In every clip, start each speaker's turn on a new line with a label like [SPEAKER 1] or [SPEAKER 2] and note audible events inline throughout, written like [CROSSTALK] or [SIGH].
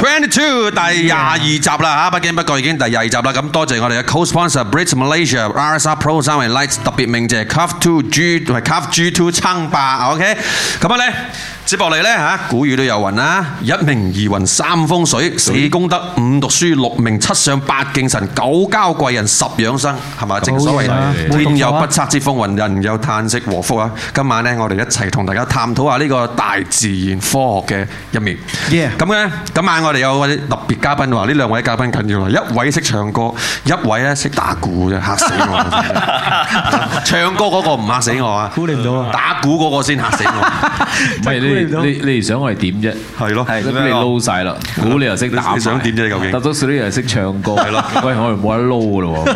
[SPEAKER 1] Twenty-two，第廿二集啦嚇，不經不覺已經第廿二集啦。咁多謝我哋嘅 Co-Sponsor，British Malaysia，RSA Pro Sound and，Lights，特別鳴謝 Cuff Two G 同埋 Cuff G Two 撐霸，OK。咁啊咧，接落嚟咧嚇，古語都有雲啦，一命二運三風水，四功德五讀書，六名七相八敬神，九交貴人十養生，係咪？正所謂啦，天有不測之風雲，人有旦夕禍福啊。今晚咧，我哋一齊同大家探討下呢個大自然科學嘅一面。Yeah。咁咧，今晚我。我哋有位特別嘉賓話：呢兩位嘉賓緊要啊！一位識唱歌，一位咧識打鼓，啫嚇死我！唱歌嗰個唔嚇死我啊？估你唔到
[SPEAKER 2] 啊？打鼓嗰個先嚇死我！唔係你你你，想我係點啫？係咯，俾你撈曬啦！鼓你又識打，你想點啫？究竟？得咗 three 又識唱歌，係咯？喂，我哋冇得撈噶咯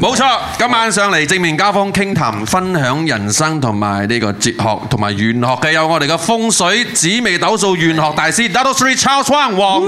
[SPEAKER 2] 喎！
[SPEAKER 1] 冇錯，今晚上嚟正面交鋒、傾談、分享人生同埋呢個哲學同埋玄學嘅，有我哋嘅風水紫微斗數玄學大師，Dato Sri
[SPEAKER 3] Charles Hwang。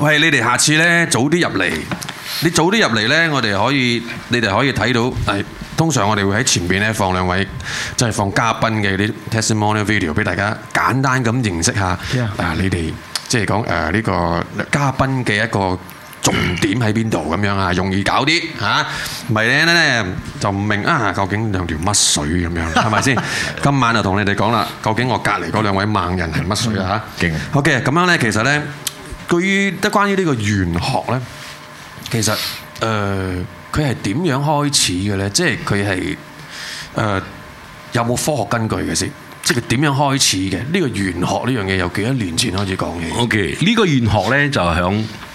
[SPEAKER 1] 喂，你哋下次咧早啲入嚟，你早啲入嚟咧，我哋可以，你哋可以睇到。係通常我哋會喺前邊咧放兩位，即係放嘉賓嘅啲 testimony video 俾大家簡單咁認識下。啊，你哋即係講誒呢個嘉賓嘅一個重點喺邊度咁樣啊，容易搞啲吓。唔係咧咧就唔明啊，究竟兩條乜水咁樣，係咪先？今晚就同你哋講啦，究竟我隔籬嗰兩位猛人係乜水啊？吓，好嘅，咁樣咧，其實咧。關於得關於呢個玄學呢，其實誒佢係點樣開始嘅呢？即係佢係誒有冇科學根據
[SPEAKER 4] 嘅先？即係點樣開始嘅？呢個玄學呢樣嘢由幾多年前開始講嘅？OK，呢個玄學呢，就響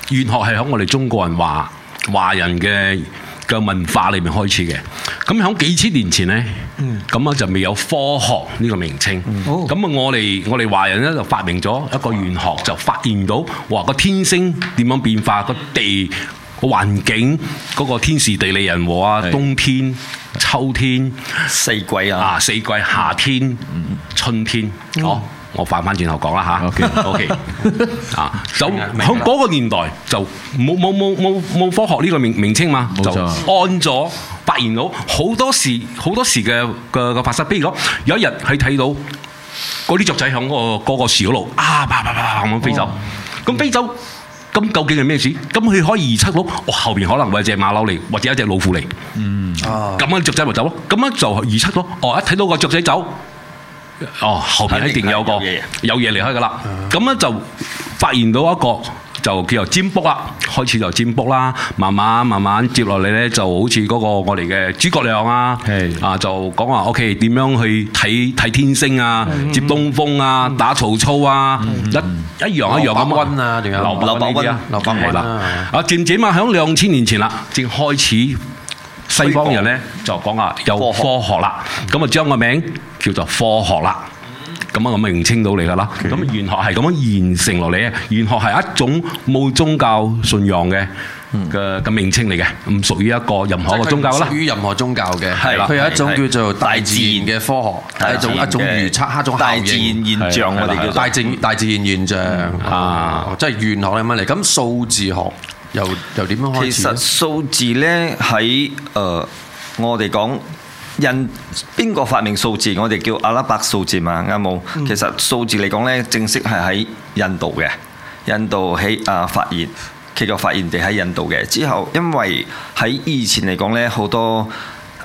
[SPEAKER 4] 玄學，係響我哋中國人華華人嘅嘅文化裏面開始嘅，咁喺幾千年前呢，咁啊、嗯、就未有科學呢個名稱，咁啊、嗯、我哋我哋華人呢，就發明咗一個玄學，就發現到話、個天星點樣變化，個地、個環境嗰、個天時地利人和啊，是冬天、秋天、是四季啊，啊，四季、夏天、嗯、春天，好、嗯。哦我反翻轉頭講啦吓，嚇，啊，就喺嗰個年代就冇冇冇冇冇科學呢個名名稱嘛，錯就按咗發現到好多時好多時嘅嘅嘅發生，譬如講有一日佢睇到嗰啲雀仔響個個個樹嗰度，啊，啪啪啪咁飛走，咁飛走，咁究竟係咩事？咁佢可以預測到，我、哦、後邊可能會有隻馬騮嚟，或者有一隻老虎嚟，嗯，咁啊雀仔咪走咯，咁樣就預測到，哦，一睇到個雀仔走。
[SPEAKER 2] 哦，後邊一定有個
[SPEAKER 4] 有嘢離開噶啦，咁咧、嗯、就發現到一個就叫做占卜啦，開始就占卜啦，慢慢慢慢接落嚟咧就好似嗰個我哋嘅諸葛亮啊，係啊就講話 OK 點樣去睇睇天星啊，嗯、接東風啊，打曹操啊，嗯、一一樣一樣咁啊，劉劉伯溫啊，劉伯溫啦，啊漸漸啊，響兩千年前啦，正開始。西方人咧就講話有科學啦，咁啊將個名叫做科學啦，咁啊個名清到嚟噶啦。咁玄學係咁樣現成落嚟，玄學係一種冇宗教信仰嘅嘅嘅名稱嚟嘅，唔屬於一個任何一個宗教啦。屬於
[SPEAKER 1] 任何宗教嘅，佢有一種叫做大自然嘅科學，一種一種預測，一種大自然現象，我哋叫大正大自然現象啊，即
[SPEAKER 5] 係玄學係乜嚟？咁數字學。又點樣？其實數字呢，喺誒、呃，我哋講印邊個發明數字，我哋叫阿拉伯數字嘛，啱冇？嗯、其實數字嚟講呢，正式係喺印度嘅，印度喺誒、啊、發現，佢個發現地喺印度嘅。之後因為喺以前嚟講呢，好多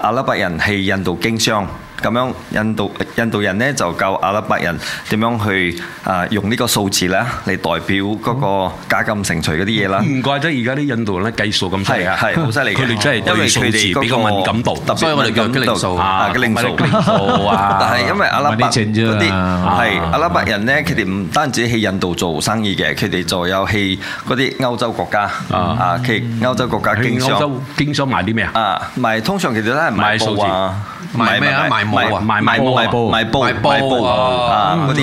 [SPEAKER 5] 阿拉伯人喺印度經商。咁樣印度印度人咧就教阿拉伯人點樣去啊用呢個數字咧嚟代表嗰個加減乘除嗰啲嘢啦。唔怪得而家啲印度人咧計數咁犀，係啊，係好犀利嘅。佢哋真係因為佢哋比較敏感度，所以我哋叫佢零數啊，佢零數啊。但係因為阿拉伯嗰啲係阿拉伯人咧，佢哋唔單止喺印度做生意嘅，佢哋仲有喺嗰啲歐洲國家啊，佢歐洲國家經商經商買啲咩啊？啊，唔係通常其實都係買數字，買咩啊？買賣啊！賣布、賣布、賣布、賣布啊！嗰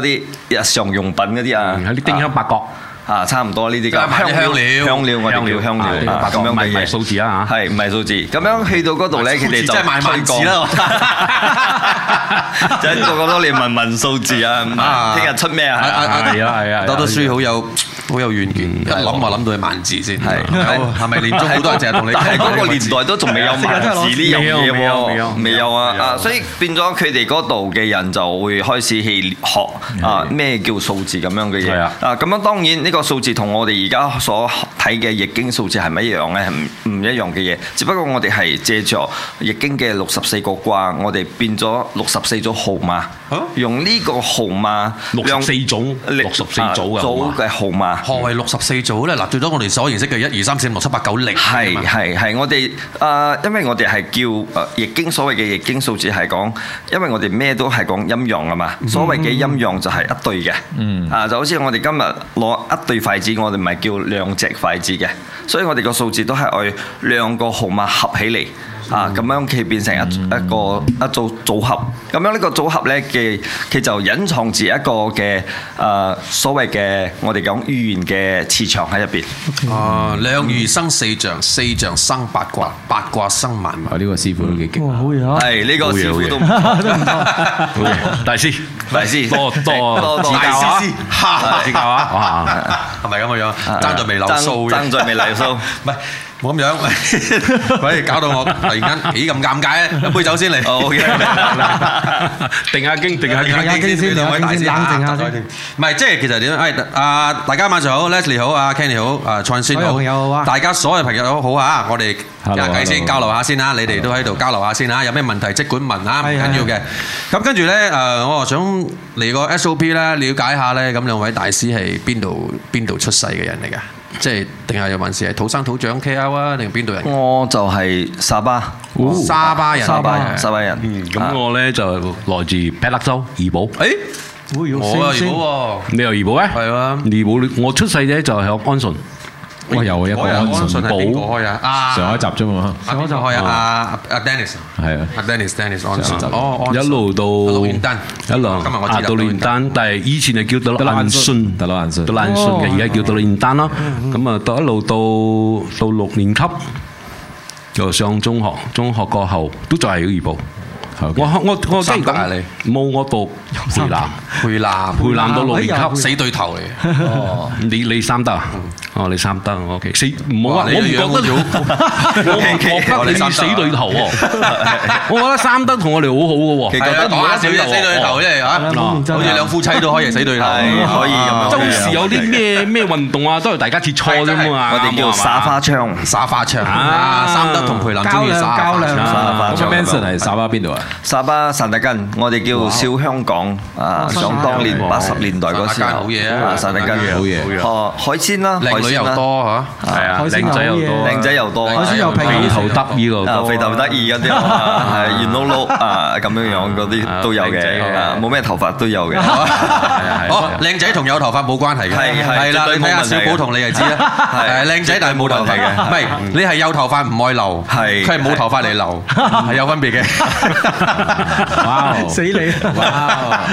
[SPEAKER 5] 啲啲日常用品嗰啲啊，啲丁香八角啊，差唔多呢啲。香料、香料，我哋香料、香料咁樣嘅嘢數字啊！係唔係數字？咁樣去到嗰度咧，其實就係賣數字啦！就係個個都嚟問問數字啊！聽日出咩啊？係啊係啊，多多書好有。
[SPEAKER 1] 好有遠見，一諗話諗到係萬字先，係咪連咗好多？成日同你，但係嗰個年代都仲未
[SPEAKER 5] 有萬字呢樣嘢喎，未有啊！啊，所以變咗佢哋嗰度嘅人就會開始去學啊，咩叫數字咁樣嘅嘢啊？咁樣當然呢個數字同我哋而家所睇嘅易經數字係咪一樣嘅？係唔唔一樣嘅嘢。只不過我哋係借助易經嘅六十四個卦，我哋變咗六十四組號碼。用呢個號碼六十四組，六十四組嘅號碼，號碼何謂六十四組咧？嗱、嗯，最多我哋所認識嘅一、二、三、四、五、六、七、八、九、零，係係係。我哋啊、呃，因為我哋係叫《易經》，所謂嘅《易經》數字係講，因為我哋咩都係講陰陽啊嘛。所謂嘅陰陽就係一對嘅，啊、嗯，就好似我哋今日攞一對筷子，我哋唔係叫兩隻筷子嘅，所以我哋個數字都係按兩個號碼合起嚟。啊，咁樣佢變成一一個一組組合，咁樣呢個組合咧嘅佢就隱藏住一個嘅誒所謂嘅我哋講語言嘅磁場喺入邊。哦，兩儀生四象，四象生八卦，
[SPEAKER 1] 八卦生萬物。啊，呢個師傅都幾
[SPEAKER 3] 勁。係呢個師傅都唔
[SPEAKER 4] 錯。
[SPEAKER 5] 大師，大師，多多多多，大師師，
[SPEAKER 4] 哈哈，師教
[SPEAKER 5] 啊，哇，係咪咁嘅樣？爭在未老，數爭在未老，數唔係。冇咁樣，
[SPEAKER 1] 喂！搞到我突然間幾咁尷尬啊！一杯酒先嚟，好嘅，定下經，定下經先，兩位大師，冷靜下先。唔係，即係其實點咧？誒啊！大家晚上好，Leslie 好啊，Kenny 好啊，創先好，所有朋友好啊！大家所有朋友都好啊！我哋交際先，交流下先啊！你哋都喺度交流下先啊！有咩問題即管問啊，唔緊要嘅。咁跟住咧，誒，我又想嚟個 SOP 咧，瞭解下咧，咁兩位大師係邊度邊度出世嘅人嚟㗎？即係定係還是係土生土長 KL 啊？定邊度人？我就係
[SPEAKER 4] 沙巴，哦、沙巴人，沙巴人，沙巴人。嗯，咁我咧、啊、就來自霹靂州怡保。誒、欸，我怡保喎，你又怡保咩？係啊，怡保、啊啊、保我出
[SPEAKER 2] 世咧就喺安順。我又一個安信係邊個開呀？上一集咋
[SPEAKER 1] 嘛！我就開阿阿 Dennis，係啊，Dennis，Dennis 安信就一路
[SPEAKER 2] 到連
[SPEAKER 4] 丹一路，今日我知到連丹，但係以前係叫到安信，大佬安信，大佬安信嘅，而家叫到連丹咯。咁啊，到一路到到六年級又上中學，中學過後都仲係預報。我我我真唔得啊你，冇我讀佩蘭，佩蘭佩蘭到六年級死對頭嚟嘅。哦，你你三得啊？我哋三德，O K，死唔好啊！我唔覺得，我覺得你死對頭
[SPEAKER 3] 喎。
[SPEAKER 4] 我覺得三德同我哋好好嘅喎。講下先，死對頭啫嚇，好似兩夫妻都可以係死對頭，可以。週時有啲咩咩
[SPEAKER 5] 運動啊，都係大家切磋啫嘛。我哋叫耍花槍，耍花槍。啊，三德同培林週時耍花槍。Manson 係沙巴邊度啊？沙巴山打根，我哋叫小香港啊！想當年八十年代嗰時候，山打根好嘢，哦，海鮮啦，海。又多嚇，係啊！靚仔又多，靚仔又多，海珠又肥頭得意喎，啊，肥頭得意嗰啲，係圓碌碌啊，咁樣樣嗰啲都有嘅，冇咩頭髮都有嘅。哦，靚仔同有頭髮冇關係嘅，係啦，你睇下小寶同你係知啦。係靚仔，但係冇頭髮嘅，唔
[SPEAKER 1] 係你係有頭髮唔愛留，係
[SPEAKER 5] 佢係冇頭髮嚟留，係有分別嘅。
[SPEAKER 2] 哇！死你
[SPEAKER 5] 啊！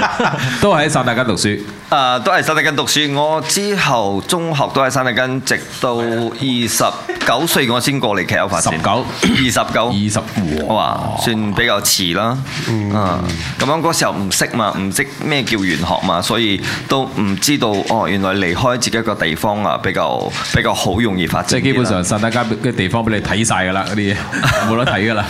[SPEAKER 5] 都係喺山打根讀書，誒，都係山打根讀書。我之後中學都喺山打根。直到二十九歲，我先過嚟其實有發展。十九，二十九，二十，哇，算比較遲啦。嗯、啊，咁樣嗰時候唔識嘛，唔識咩叫玄學嘛，所以都唔知道哦。原來離開自己一個地方啊，比較比較好容易發展。即係基本上曬大家嘅地方俾你睇晒㗎啦，嗰啲嘢冇得睇㗎啦。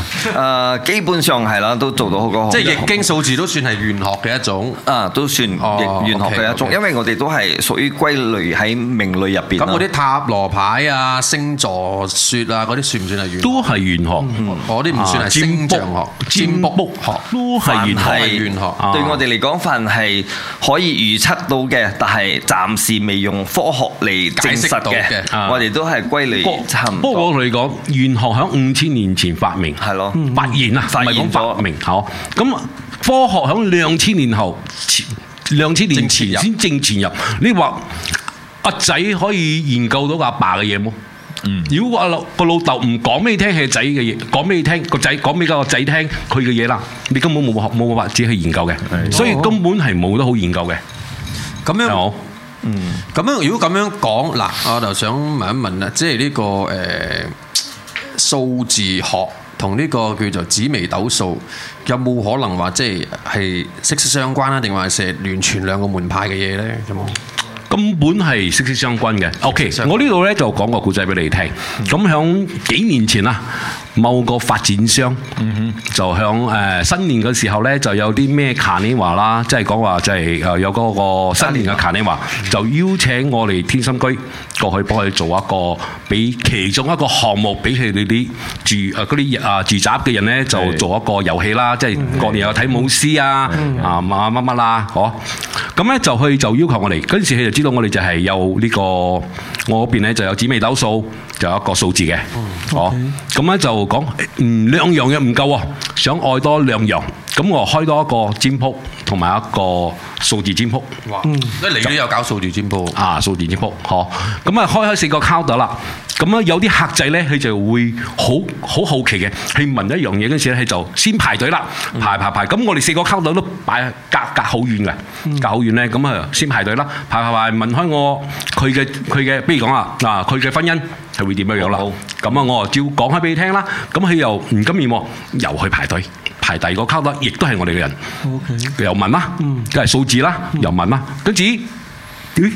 [SPEAKER 5] 誒，基本上係啦，都做到好多，即係易經數字都算係玄學嘅一種。啊，都算易玄學嘅一種，哦、okay, okay. 因為我哋都係屬於歸類喺命理入邊啦。 [LAUGHS] 啲
[SPEAKER 1] 塔羅牌啊、星座説啊嗰啲算唔算係玄？都係玄學，嗰啲唔算係星象學、占卜學，都係玄學。玄學對
[SPEAKER 5] 我哋嚟講，凡係可以預測到嘅，但係暫時未用科學嚟證實嘅，我哋都係歸類
[SPEAKER 4] 差唔多。不過我同你講，玄學響五千年前發明，係咯，發現啊，發現發明，嗬。咁科學響兩千年前，兩千年前先正傳入。你話？個仔可以研究到個阿爸嘅嘢冇？如果阿老個老豆唔講俾你聽，係仔嘅嘢；講俾你聽，個仔講俾個仔聽佢嘅嘢啦。你根本冇辦法自己去研究嘅，所以根本係冇得好研究嘅。咁樣，嗯，咁樣如果咁樣
[SPEAKER 1] 講，嗱，我就想問一問啦，即係呢個誒數字學同呢個叫做紫微斗數有冇可能話即係息
[SPEAKER 4] 息相關呀，定話係完全兩個門派嘅嘢咧？有冇。根本係息息相關嘅。OK，我呢度咧就講個故仔俾你聽，咁響幾年前啊，某個發展商就響誒新年嘅時候咧，就有啲咩卡尼華啦，即係講話，即係誒有嗰個新年嘅卡尼華，就邀請我哋天心居過去幫佢做一個俾其中一個項目俾佢哋啲住誒嗰啲啊住宅嘅人咧，就做一個遊戲啦，即係過年有睇舞獅啊，啊乜乜啦，嗬。咁咧就去就要求我哋，嗰陣時知道我哋就係有呢、這個，我嗰邊咧就有紫微斗數，就有一個數字嘅，哦、oh, okay. 嗯，咁咧就講，嗯、欸、兩樣嘢唔夠啊，想愛多兩樣，咁我開多一個占卜，同埋一個數字占卜，哇，即係、嗯、你都有搞數字占卜，啊，數字占卜，嗬，咁啊開開四個 counter 啦。咁啊，有啲客仔咧，佢就會好好好奇嘅，去問一樣嘢嗰陣時咧，就先排隊啦、嗯，排排排。咁我哋四個溝道都擺隔隔好遠嘅，隔好遠咧，咁啊、嗯、先排隊啦，排排排問開我佢嘅佢嘅，比如講啊嗱，佢嘅婚姻係會點樣樣啦？咁啊，我照講開俾你聽啦。咁佢又唔甘願喎，又去排隊排第二個溝道，亦都係我哋嘅人。佢、okay、又問啦，都係、嗯、數字啦，又問啦，跟住，咦、欸？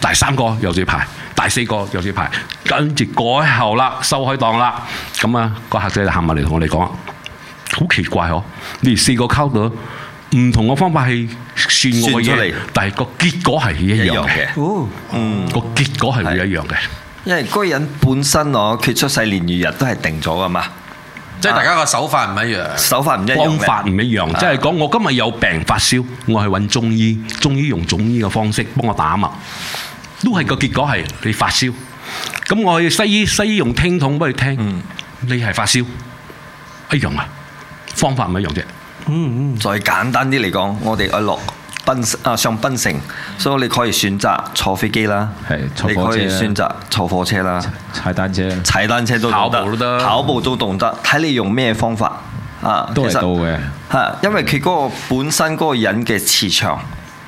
[SPEAKER 4] 第三個又再排，第四個又再排，跟住改後啦，收開檔啦。咁啊，個客仔就行埋嚟同我哋講：好奇怪，你哋四個溝度唔同嘅方法去算，算出嚟，但係個結果係一樣嘅。樣哦，嗯，個
[SPEAKER 5] 結果係會一樣嘅。因為嗰個人本身我決出世年二日都係定咗㗎嘛，
[SPEAKER 1] 即係大家個手法唔一樣，手法唔一,一樣，方法唔一樣，即係
[SPEAKER 4] 講我今
[SPEAKER 5] 日有病發
[SPEAKER 4] 燒，的我係揾中醫，中醫用中醫嘅方式幫我打脈。都係個結果係你發燒，咁我去西醫，西醫用聽筒幫你聽，嗯、你係發燒
[SPEAKER 5] 一樣啊，方法唔一樣啫。嗯嗯。再簡單啲嚟講，我哋要落檳啊上檳城，所以你可以選擇坐飛機啦，你可以選擇坐火車啦，踩單車，踩單車都得，跑步都得，跑步都得，睇你用咩方法啊。都多嘅嚇，實因為佢嗰個本身嗰個人嘅磁場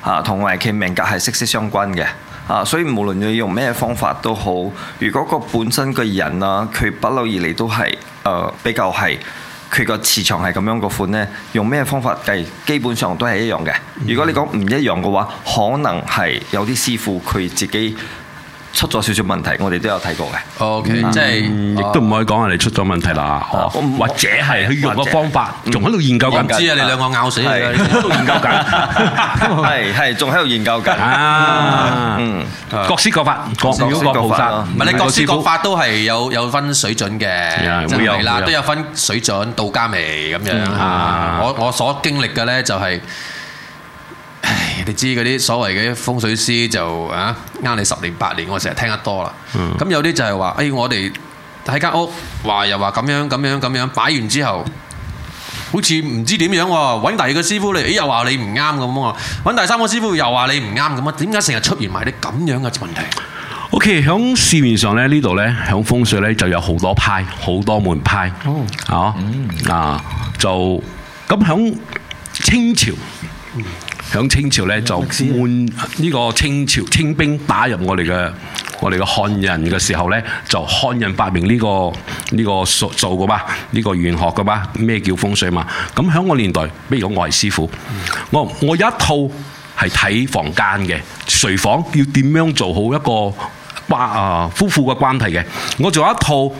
[SPEAKER 5] 啊，同埋佢命格係息息相關嘅。啊！所以無論你用咩方法都好，如果個本身個人啊，佢不嬲而嚟都係誒、呃、比較係佢個磁場係咁樣個款咧，用咩方法計基本上都係一樣嘅。如果你講唔一樣嘅話，可能係有啲師傅佢自己。出咗少少問題，我哋都有睇過嘅。O K，即係亦都唔
[SPEAKER 4] 可以講係你出咗問題啦，或者係佢用嘅方法仲喺度研究緊。唔知啊，你兩個拗死啊，都研究緊。
[SPEAKER 5] 係係，仲喺度研究緊。嗯，
[SPEAKER 4] 各師各法，各各各好差。唔係，你各師各法
[SPEAKER 1] 都係有有分水準嘅，真係啦，都有分水準。到家未咁樣啊，我我所經歷嘅咧就係。你知嗰啲所謂嘅風水師就啊啱你十年八年，我成日聽得多啦。咁、嗯、有啲就係話，哎，我哋喺間屋，話又話咁樣咁樣咁樣擺完之後，好似唔知點樣，揾第二個師傅嚟，哎，又話你唔啱咁啊，揾第三個師傅又話你唔啱咁啊！點解成日出現埋啲咁樣嘅問題
[SPEAKER 4] ？OK，響市面上咧呢度咧，響風水咧就有好多派，好多門派。哦，啊，嗯、啊，就咁響清朝。嗯喺清朝咧就換呢史、這個清朝清兵打入我哋嘅我哋嘅漢人嘅時候咧，就漢人發明呢個呢、這個做做噶嘛，呢、這個玄學噶嘛，咩叫風水嘛？咁喺我年代，譬如講我係師傅，我我有一套係睇房間嘅，睡房要點樣做好一個啊夫婦嘅關係嘅，我仲有一套。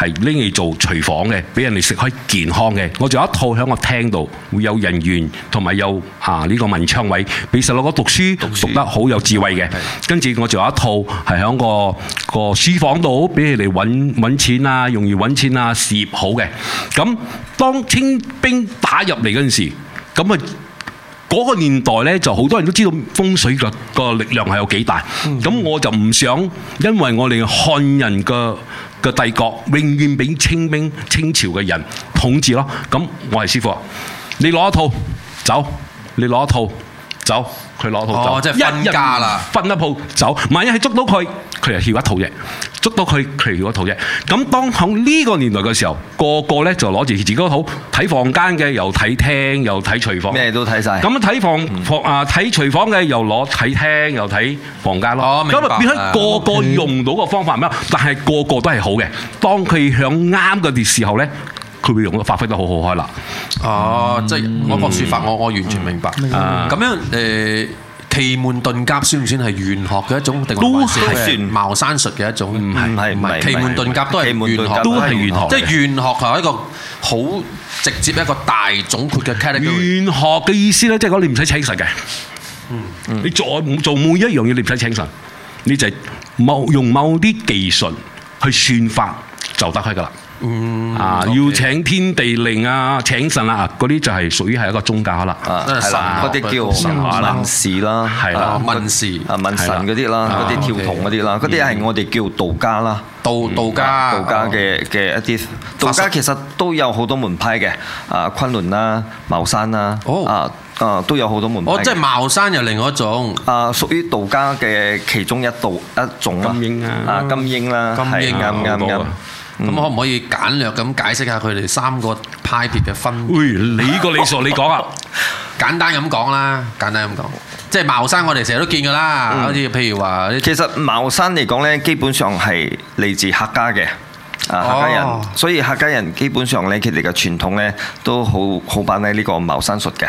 [SPEAKER 4] 係拎嚟做廚房嘅，俾人哋食開健康嘅。我仲有一套喺個廳度，會有人員同埋有啊呢、呢個文昌位，俾細佬哥讀書,讀,書讀得好有智慧嘅。書跟住我仲有一套係喺個個書房度，俾佢嚟揾揾錢啦，容易揾錢啊，事業好嘅。咁當清兵打入嚟嗰陣時，咁啊嗰個年代呢，就好多人都知道風水個個力量係有幾大。咁、嗯、我就唔想因為我哋漢人嘅。個帝國永遠俾清兵、清朝嘅人統治咯。咁，嗯，我係師傅，你攞一套走，你攞一套。走，佢攞套走，即係分家啦，一人瞓一鋪走。萬一係捉到佢，佢又撬一套啫；捉到佢，佢撬一套啫。咁當響呢個年代嘅時候，個個咧就攞住自己個套睇房間嘅，又睇廳，又睇廚房，咩都睇晒。咁睇房房啊，睇廚房嘅又攞睇廳，又睇房間咯。咁咪變咗個個用到個方法咩，但係個個都係好嘅。當佢響啱嘅時候咧。佢會用發揮得好好開啦。哦，即係我個説法，我我完全明白。
[SPEAKER 1] 咁樣誒，奇門遁甲算唔算係玄學嘅一種？都係茅山術嘅一種。唔係唔係，奇門遁甲都係玄學，都係玄學。即係玄學係一
[SPEAKER 4] 個好直接一個大總括嘅 category。玄學嘅意思咧，即係講你唔使請神嘅，
[SPEAKER 6] 你
[SPEAKER 4] 再做每一樣嘢你唔使請神，你就某用某啲技術去算法就得㗎啦。嗯，啊，要請天地靈啊，請神啊，嗰啲就係屬於係一個宗教啦。係啦，嗰啲
[SPEAKER 5] 叫神士啦，係啊，文士啊，文神嗰啲啦，嗰啲跳銅嗰啲啦，嗰啲係我哋叫道家啦，道道家道家嘅嘅一啲道家，其實都有好多門派嘅，啊，昆崙啦，茅山啦，啊啊，都有好多門派。即係茅山又另一種，啊，屬於道家嘅其中一道一種啊，金鷹
[SPEAKER 1] 啊，金鷹啦，係啊，好咁、嗯、可唔可以簡略咁解釋下佢哋三個派別嘅分別？喂，你個理數你熟，你講啊！簡單咁講啦，簡單咁講，
[SPEAKER 5] 即係茅山，我哋成日都見噶啦，好似譬如話，其實茅山嚟講呢，基本上係嚟自客家嘅啊，客家人，哦、所以客家人基本上呢，佢哋嘅傳統呢，都好好把捏呢個茅山術嘅。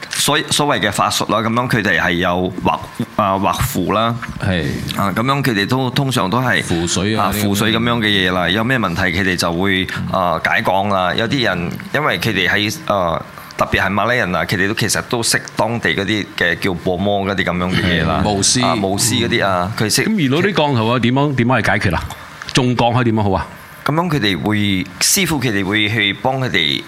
[SPEAKER 5] 所所謂嘅法術啦，咁樣佢哋係有畫啊畫符啦，係的啊，咁樣佢哋都通常都係符水啊，啊符水咁樣嘅嘢啦。有咩問題佢哋就會啊解降啦。有啲人因為佢哋喺啊特別係馬來人啊，佢哋都其實都識當地嗰啲嘅叫薄摩嗰啲咁樣嘅嘢啦，巫師巫師嗰啲啊。咁而攞啲降頭啊，點樣點樣去解決啊？中降係點樣好啊？咁樣佢哋會師傅，佢哋會去幫佢哋，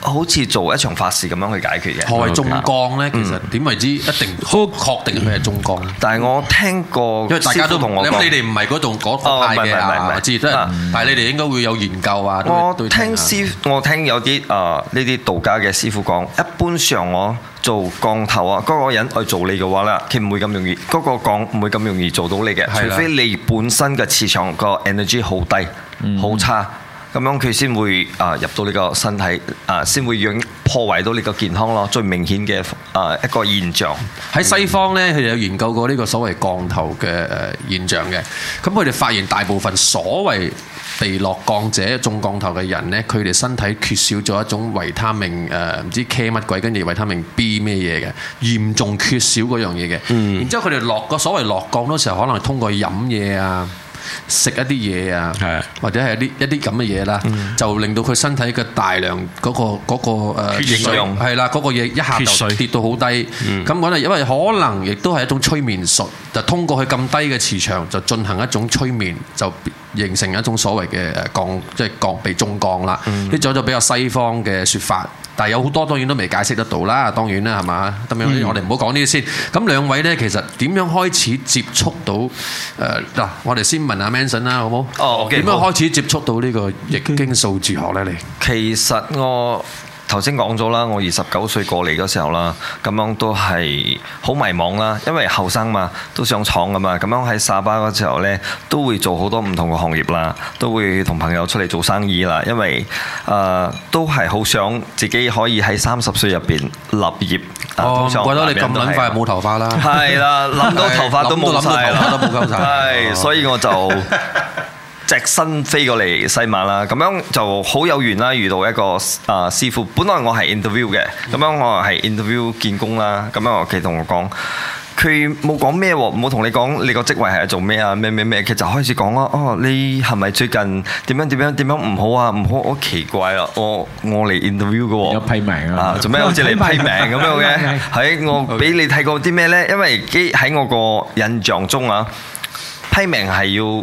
[SPEAKER 5] 好似做一場法事咁樣去解決嘅。何謂中降咧？其實點為之一定好確定佢係中降。但係我聽過，因為師傅同我講，咁你哋唔係嗰種嗰派嘅啊，哦，唔係，唔係，唔係，我知。但係你哋應該會有研究啊。我聽師，我聽有啲啊呢啲道家嘅師傅講，一般上我做降頭啊，嗰個人去做你嘅話咧，佢唔會咁容易，嗰個降唔會咁容易做到你嘅，除非你本身嘅磁場個 energy 好低，好差。咁樣佢先會啊入到你個身體啊，先會破壞到你個健康咯。最明顯嘅啊一個現象喺西方呢，佢哋有研
[SPEAKER 1] 究過呢個所謂降頭嘅誒現象嘅。咁佢哋發現大部分所謂被落降者、中降頭嘅人呢，佢哋身體缺少咗一種維他命誒，唔知 K 乜鬼，跟住維他命 B 咩嘢嘅嚴重缺少嗰樣嘢嘅。嗯。然之後佢哋落個所謂落降嗰時候，可能係通過飲嘢啊。食一啲嘢啊，是的 或者係一啲一啲咁嘅嘢啦，嗯、就令到佢身體嘅大量嗰、那個嗰、那個誒血系水啦，嗰、那個嘢一下就跌到好低。咁我哋因為可能亦都係一種催眠術，就通過佢咁低嘅磁場就進行一種催眠，就形成一種所謂嘅降，即、就、係、是、降被中降啦。呢、嗯、種就比較西方嘅說法。但係有好多當然都未解釋得到啦，當然啦係嘛，咁樣我哋唔好講呢啲先。咁、嗯、兩位呢，其實點樣開始接觸到誒嗱、呃？我哋先問下 Manson 啦，好唔好？哦，點、okay，樣開
[SPEAKER 5] 始接觸到呢個易經數字學呢？Okay. 你其實我。頭先講咗啦，我二十九歲過嚟嗰時候啦，咁樣都係好迷茫啦，因為後生嘛，都想闖噶嘛㗎嘛。咁樣喺沙巴嗰時候呢，都會做好多唔同嘅行業啦，都會同朋友出嚟做生意啦，因為誒、呃、都係好想自己可以喺三十歲入邊立業。我、哦、怪得你咁快冇頭髮啦、啊！係啦，諗 [LAUGHS] 到頭髮都冇晒啦，係， [LAUGHS] 對所以我就 [LAUGHS] 隻身飛過嚟西馬啦，咁樣就好有緣啦，遇到一個啊師傅。本來我係 interview 嘅，咁樣我係 interview 見工啦。咁樣佢同我講，佢冇講咩喎，冇同你講你個職位係做咩啊？咩咩咩，佢就開始講啦。哦，你係咪最近點樣點樣點樣唔好啊？唔好，好奇怪啊！我我嚟 interview 嘅喎，有批命啊，做咩好似你批命咁樣嘅？喺我俾你睇過啲咩呢？因為喺我個印象中啊，批命係要。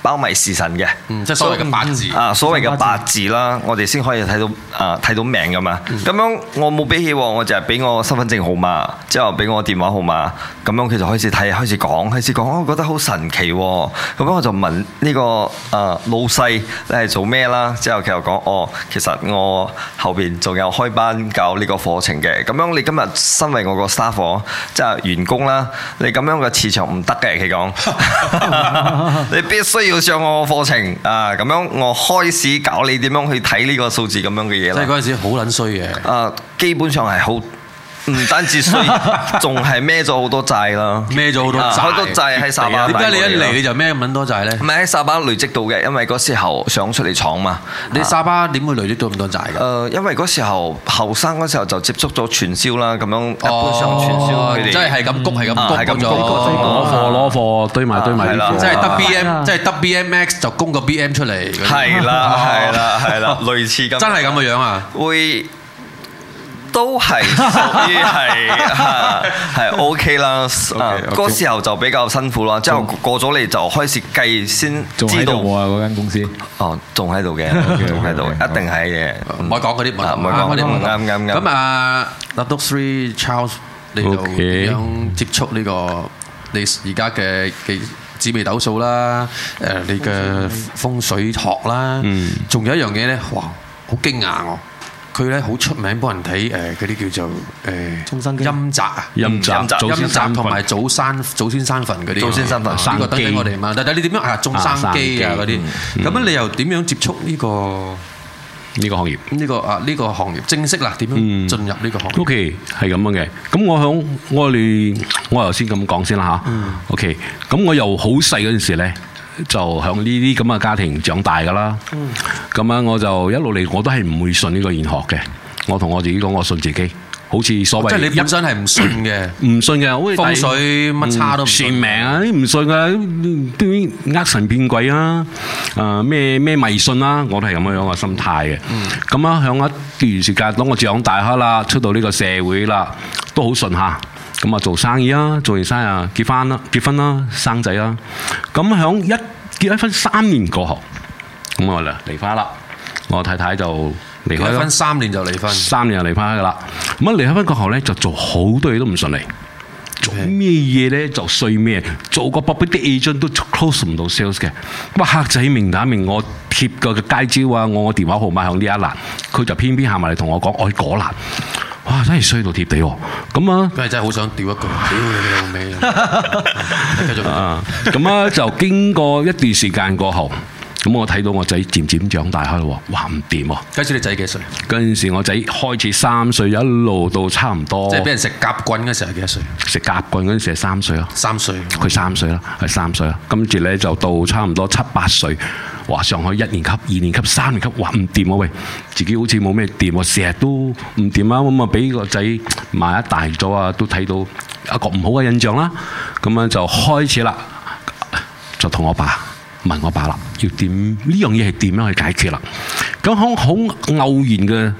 [SPEAKER 5] 包埋時辰嘅，即係、嗯、所謂嘅八字、嗯、啊，所謂嘅八字啦，我哋先可以睇到啊，睇到命㗎嘛。咁樣我冇俾起喎，我就係俾我身份證號碼，之後俾我電話號碼。咁樣佢就開始睇，開始講，開始講、哦，我覺得好神奇、啊。咁樣我就問呢、呢個啊老細，你係做咩啦？之後佢又講：哦，其實我後邊仲有開班教呢個課程嘅。咁樣你今日身為我個 staff，即係員工啦，你咁樣嘅磁場唔得嘅。佢、啊、講，你必須要。上我課程啊，咁樣我開始教你點樣去睇呢個數字咁樣嘅嘢啦。即係嗰陣時好撚衰嘅。啊，基本上係好。唔單止衰，仲係孭咗好多債咯，孭咗好多債，好多債喺沙巴。點解你一嚟你就孭咁多債咧？唔係喺沙巴累積到嘅，因為嗰時候想出嚟闖嘛。你沙巴點會累積到咁多債嘅？誒，因為嗰時候後生，嗰時候就接觸咗傳銷啦，咁樣。一般上傳銷啊，即係係咁谷，係咁供咗攞貨攞貨，堆埋堆埋。即係得
[SPEAKER 1] BM，即係得 BMX 就供個 BM 出嚟。係啦，係啦，係啦，類
[SPEAKER 5] 似
[SPEAKER 7] 咁。
[SPEAKER 1] 真
[SPEAKER 5] 係咁嘅樣啊？會。都係
[SPEAKER 1] 屬
[SPEAKER 5] 於係係 OK 啦，嗰個時候就比較辛苦啦，之後過咗嚟就開始計先知道喎嗰間公司。哦，仲喺度嘅，仲喺度嘅，一定係嘅。唔係講嗰啲問，唔係講嗰啲問。啱啱
[SPEAKER 1] 啱。咁啊，Dato Sri Charles，你又點樣接觸呢個你而家嘅紫微斗數啦？誒，你嘅風水學啦，嗯，仲有一樣嘢咧，哇，好驚訝啊。佢咧好出名，幫人睇誒嗰啲叫做種生基、誒陰宅啊、陰宅、陰宅同埋祖山、祖先山墳嗰啲祖先山墳三個登記我哋嘛。但但你點樣啊？種生基啊嗰啲，咁樣你又點樣接觸呢個呢個行業？呢個啊呢個
[SPEAKER 4] 行業正式啦，點樣進入呢個行業？OK，係咁樣嘅。咁我響我哋我頭先咁講先啦吓。OK，咁我又好細嗰陣時咧。就喺呢啲咁嘅家庭長大噶啦，咁、嗯、樣我就一路嚟我都係唔會信呢個玄學嘅。我同我自己講，我信自己。好似所謂，即係你本身係唔信嘅，唔 [COUGHS] 信嘅，好似風水乜差都唔、嗯、算。命啊！啲唔信噶，啲呃神騙鬼啊！誒咩咩迷信啦、啊，我都係咁樣樣嘅心態嘅。咁啊、嗯，響一段時間，當我長大啦，出到呢個社會啦，都好順嚇。咁啊，做生意啦、啊，做完生意啊，結婚啦，結婚啦，生仔啦、啊。咁響一結一分三年過後，咁我咧離婚啦，我太太，太就。離婚三年就離婚，三年就離婚噶啦。咁啊，離婚過後咧就做好多嘢都唔順利，做咩嘢咧就衰咩。做個百變的 agent 都 close 唔到 sales 嘅。咁啊，黑仔明打明我貼個街招啊，我個電話號碼向呢一欄，佢就偏偏行埋嚟同我講愛果欄。哇，真係衰到貼地。咁啊，我係真係好想屌一句，屌你老味。繼續講啊，咁、哎、啊，就經過一段時間過後。咁我睇到我仔漸漸長大開喎，哇唔掂喎！嗰時你仔幾歲？嗰陣時我仔開始三歲，一路到差唔多，即係俾人食甲棍嗰陣時係幾多歲？食甲棍嗰陣時係三歲咯。三歲，佢三歲啦，係三歲啦。跟住咧就到差唔多七八歲，哇！上去一年級、二年級、三年級，哇唔掂喎喂！自己好似冇咩掂喎，成日都唔掂啊，咁啊，俾個仔慢慢大咗啊，都睇到一個唔好嘅印象啦。咁樣就開始啦，就同我爸。問我爸啦，要點呢樣嘢係點樣去解決啦？咁喺好偶然嘅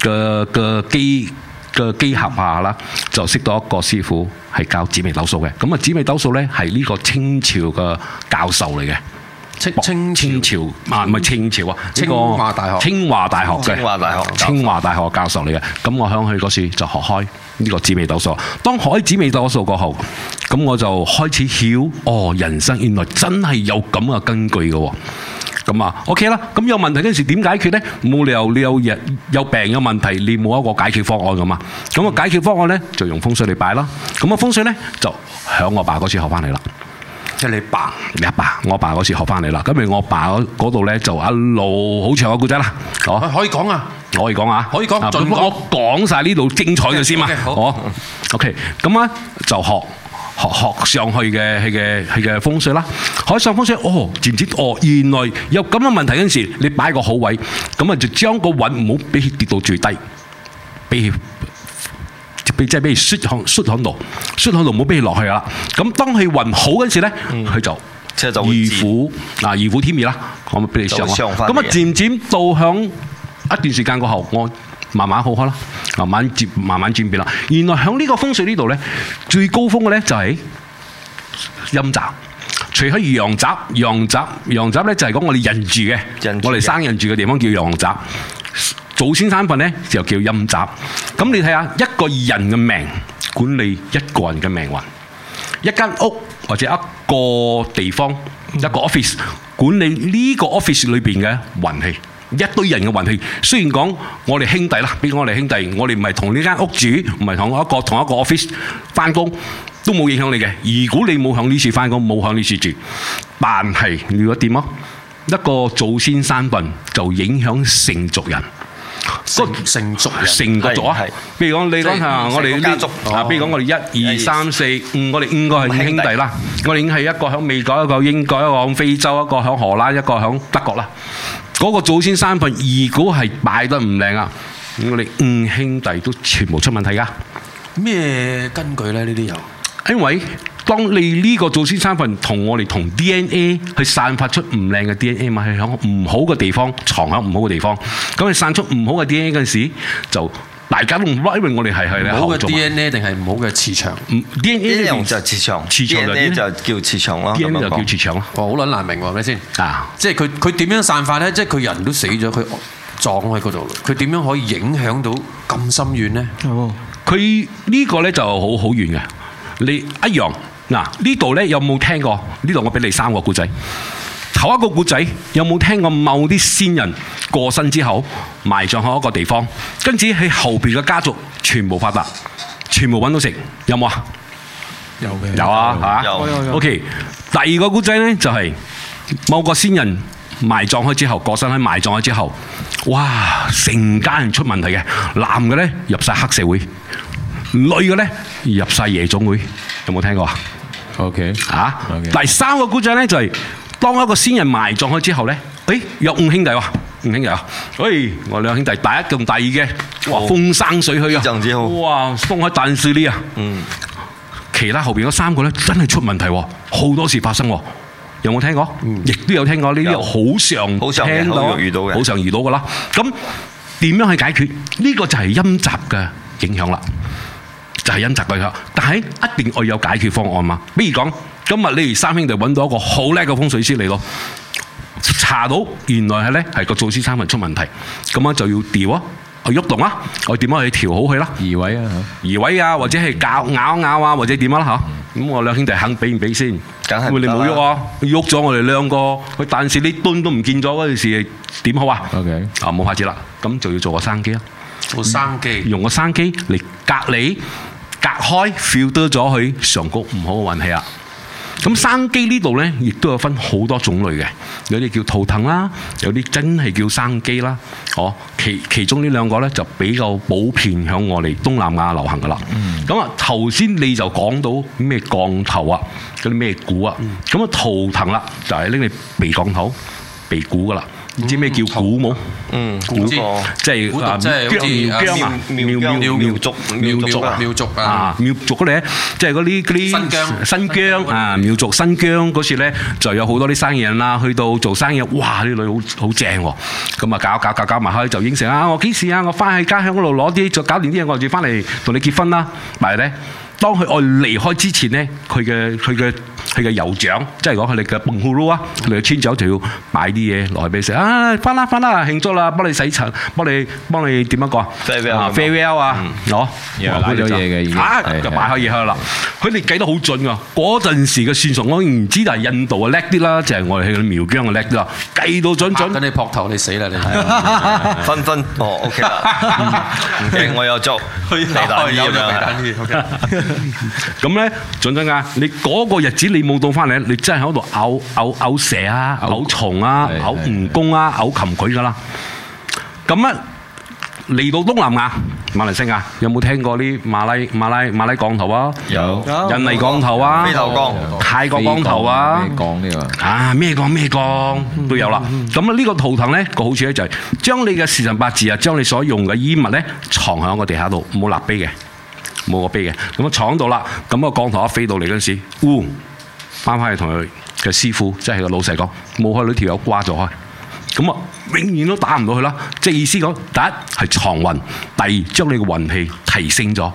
[SPEAKER 4] 嘅嘅機嘅機合下啦，就識到一個師傅係教紫微斗數嘅。咁啊，紫微斗數咧係呢個清朝嘅教授嚟嘅。清清朝，清朝啊，唔係清朝啊，呢個清華大學嘅清華大學嘅清華大學教授嚟嘅。咁我響佢嗰時就學開呢個紫微斗數。當海紫微斗數過後，咁我就開始曉哦，人生原來真係有咁嘅根據嘅。咁啊，OK 啦。咁有問題嗰時點解決咧？冇理由你有日有病嘅問題，你冇一個解決方案噶嘛。咁、那個解決方案咧就用風水嚟擺啦。咁啊，風水咧就響我爸嗰次學翻嚟啦。即係你爸，你阿爸，我阿爸嗰時學翻嚟啦。咁咪我阿爸嗰度咧就一路、啊、好長嘅古仔啦。哦，可以講啊，可以講啊，可以講。我講晒呢度精彩嘅先嘛。好，OK。咁啊就學學學上去嘅佢嘅佢嘅風水啦。海上風水哦，唔知哦，原來有咁嘅問題嗰陣時，你擺個好位，咁啊就將個運唔好俾跌到最低，俾佢。你即係比如雪響度，雪響度冇俾佢落去啊。咁當佢運好嗰時咧，去、嗯、就如虎嗱，如虎添翼啦。我咪俾你上啊。咁啊，漸漸到響一段時間過後，我慢慢好開啦，慢慢漸慢慢轉變啦。原來響呢個風水呢度咧，最高峰嘅咧就係陰宅。除咗陽宅，陽宅，陽宅咧就係講我哋人住嘅，住我哋生人住嘅地方叫陽宅。祖先山墳呢就叫陰宅，咁你睇下一個人嘅命，管理一個人嘅命運，一間屋或者一個地方，一個 office 管理呢個 office 裏邊嘅運氣，一堆人嘅運氣。雖然講我哋兄弟啦，邊我哋兄弟，我哋唔係同呢間屋住，唔係同一個同一個 office 翻工，都冇影響你嘅。如果你冇響呢處翻工，冇響呢處住，但係如果點啊？一個祖先山墳就影響成族人。族成族成個族啊！比如講，你講吓，我哋家族啊，比如講，我哋一二三四五，我哋五個係五兄弟啦。我哋已經係一個響美國，一個響英國，一個響非洲，一個響荷蘭，一個響德國啦。嗰個祖先三份，如果係擺得唔靚啊，我哋五兄弟都全部出問題噶。咩根據咧？呢啲有因為。當你呢個祖先成份同我哋同 DNA 去散發出唔靚嘅 DNA 嘛，係響唔好嘅地方藏喺唔好嘅地方，咁佢散出唔好嘅 DNA 嗰陣時，就大家都因為我哋係係後續好嘅 DNA 定係唔好嘅磁場？DNA 就係磁場，磁場就，就叫磁場咯，DNA 就叫磁場咯。我好撚難明喎，係咪先？啊、
[SPEAKER 6] ah,！
[SPEAKER 1] 即係佢佢點樣散發咧？即係佢人都死咗，佢撞喺嗰度，佢點樣可以影
[SPEAKER 4] 響到咁深遠咧？佢呢 Yeah. [NOISE] 個咧就好好遠嘅。你一樣。嗱，呢度呢，有冇聽過？呢度我俾你三個故仔。頭一個故仔有冇聽過？某啲先人過身之後埋葬喺一個地方，跟住喺後邊嘅家族全部發達，全部揾到食，有冇啊？有嘅的。有啊，有 OK，第二個故仔呢，就係某個先人埋葬開之後過身喺埋葬開之後，哇！成家人出問題嘅，男嘅呢，入晒黑社會，女嘅呢，入晒夜總會，有冇聽過啊？O K，嚇，okay, okay。第三個古仔咧就係、是、當一個先人埋葬咗之後咧，誒、欸、有五兄弟喎、啊，五兄弟啊，誒我兩兄弟第一同第二嘅，哇風生水去、哦、水啊，哇風開大樹呢啊，嗯，其他後邊嗰三個咧真係出問題喎、啊，好多事發生喎、啊，有冇聽過？亦都、嗯、有聽過呢啲，好常有聽到，好常遇到嘅，好常遇到嘅啦。咁點樣去解決？呢、這個就係陰宅嘅影響啦。就係因雜佢咯，但係一定我有解決方案嘛？比如講，今日你哋三兄弟揾到一個好叻嘅風水師嚟咯，查到原來係咧係個祖先三份出問題，咁樣就要調啊，我喐動啊，我點樣去調好佢啦？移位啊移位啊，或者係咬咬咬啊，或者點啊嚇？咁我兩兄弟肯俾唔俾先？梗係，你我哋冇喐啊，喐咗我哋兩個，佢但是你墩都唔見咗嗰陣時點好 okay 啊？OK，啊冇法子啦，咁就要做個生基啊，做生基，用，用個生基嚟隔離。隔開 feel 咗佢，上局唔好嘅運氣啊！咁、嗯、生基呢度咧，亦都有分好多種類嘅，有啲叫圖騰啦，有啲真係叫生基啦，哦，其其中呢兩個咧就比較普遍響我哋東南亞流行噶啦。咁啊、嗯，頭先你就講到咩降頭啊，嗰啲咩鼓啊，咁啊圖騰啦，就係、是、拎你鼻降頭、鼻鼓噶啦。你知咩叫古冇？嗯，古字即係啊，苗苗啊，苗族苗族啊，苗族嗰啲即係嗰啲嗰啲新疆新疆啊，苗族新疆嗰時咧就有好多啲生意人啦，去到做生意，哇啲女好好正喎，咁啊搞搞搞搞埋開就應承啊，我幾時啊？我翻去家鄉嗰度攞啲，再搞掂啲嘢，我再翻嚟同你結婚啦，咪咧？當佢愛離開之前呢，佢嘅佢嘅佢嘅酋長，即係講佢哋嘅孟庫魯啊，佢哋嘅村長就要買啲嘢落去俾你食啊！翻啦翻啦，慶祝啦，幫你洗塵，幫你幫你點樣講啊！飛飛啊，攞，又攞咗嘢嘅，嚇，就擺開嘢香啦。佢哋計得好準啊。嗰陣時嘅算術我唔知，但係印度啊叻啲啦，就係我哋去苗疆啊叻啲啦，計到準準。拍緊你撲頭，你死啦你！分分 OK
[SPEAKER 5] 我有做皮蛋。
[SPEAKER 4] 咁咧，講真噶，你嗰個日子你冇到翻嚟，你真係喺度嘔嘔嘔蛇啊、嘔蟲啊、嘔蜈蚣啊、嘔琴鬼㗎啦。咁啊，嚟對、啊啊啊、到東南亞，馬來西亞有冇聽過啲馬拉馬拉馬拉降頭啊？有，有印尼降頭啊，哦、泰國降頭啊，咩降呢個？啊，咩降咩降都有啦。咁啊，呢個圖騰咧、那個好處咧就係、是，將你嘅時辰八字啊，將你所用嘅衣物咧，藏喺個地下度，唔好立碑嘅。冇我悲嘅，咁啊闖到啦，咁、那個降頭一飛到嚟嗰陣時，呼、哦，翻返去同佢嘅師傅，即係個老細講，冇開嗰條友瓜咗開，咁啊永遠都打唔到佢啦。即係意思講，第一係藏運，第二將你嘅運氣提升咗，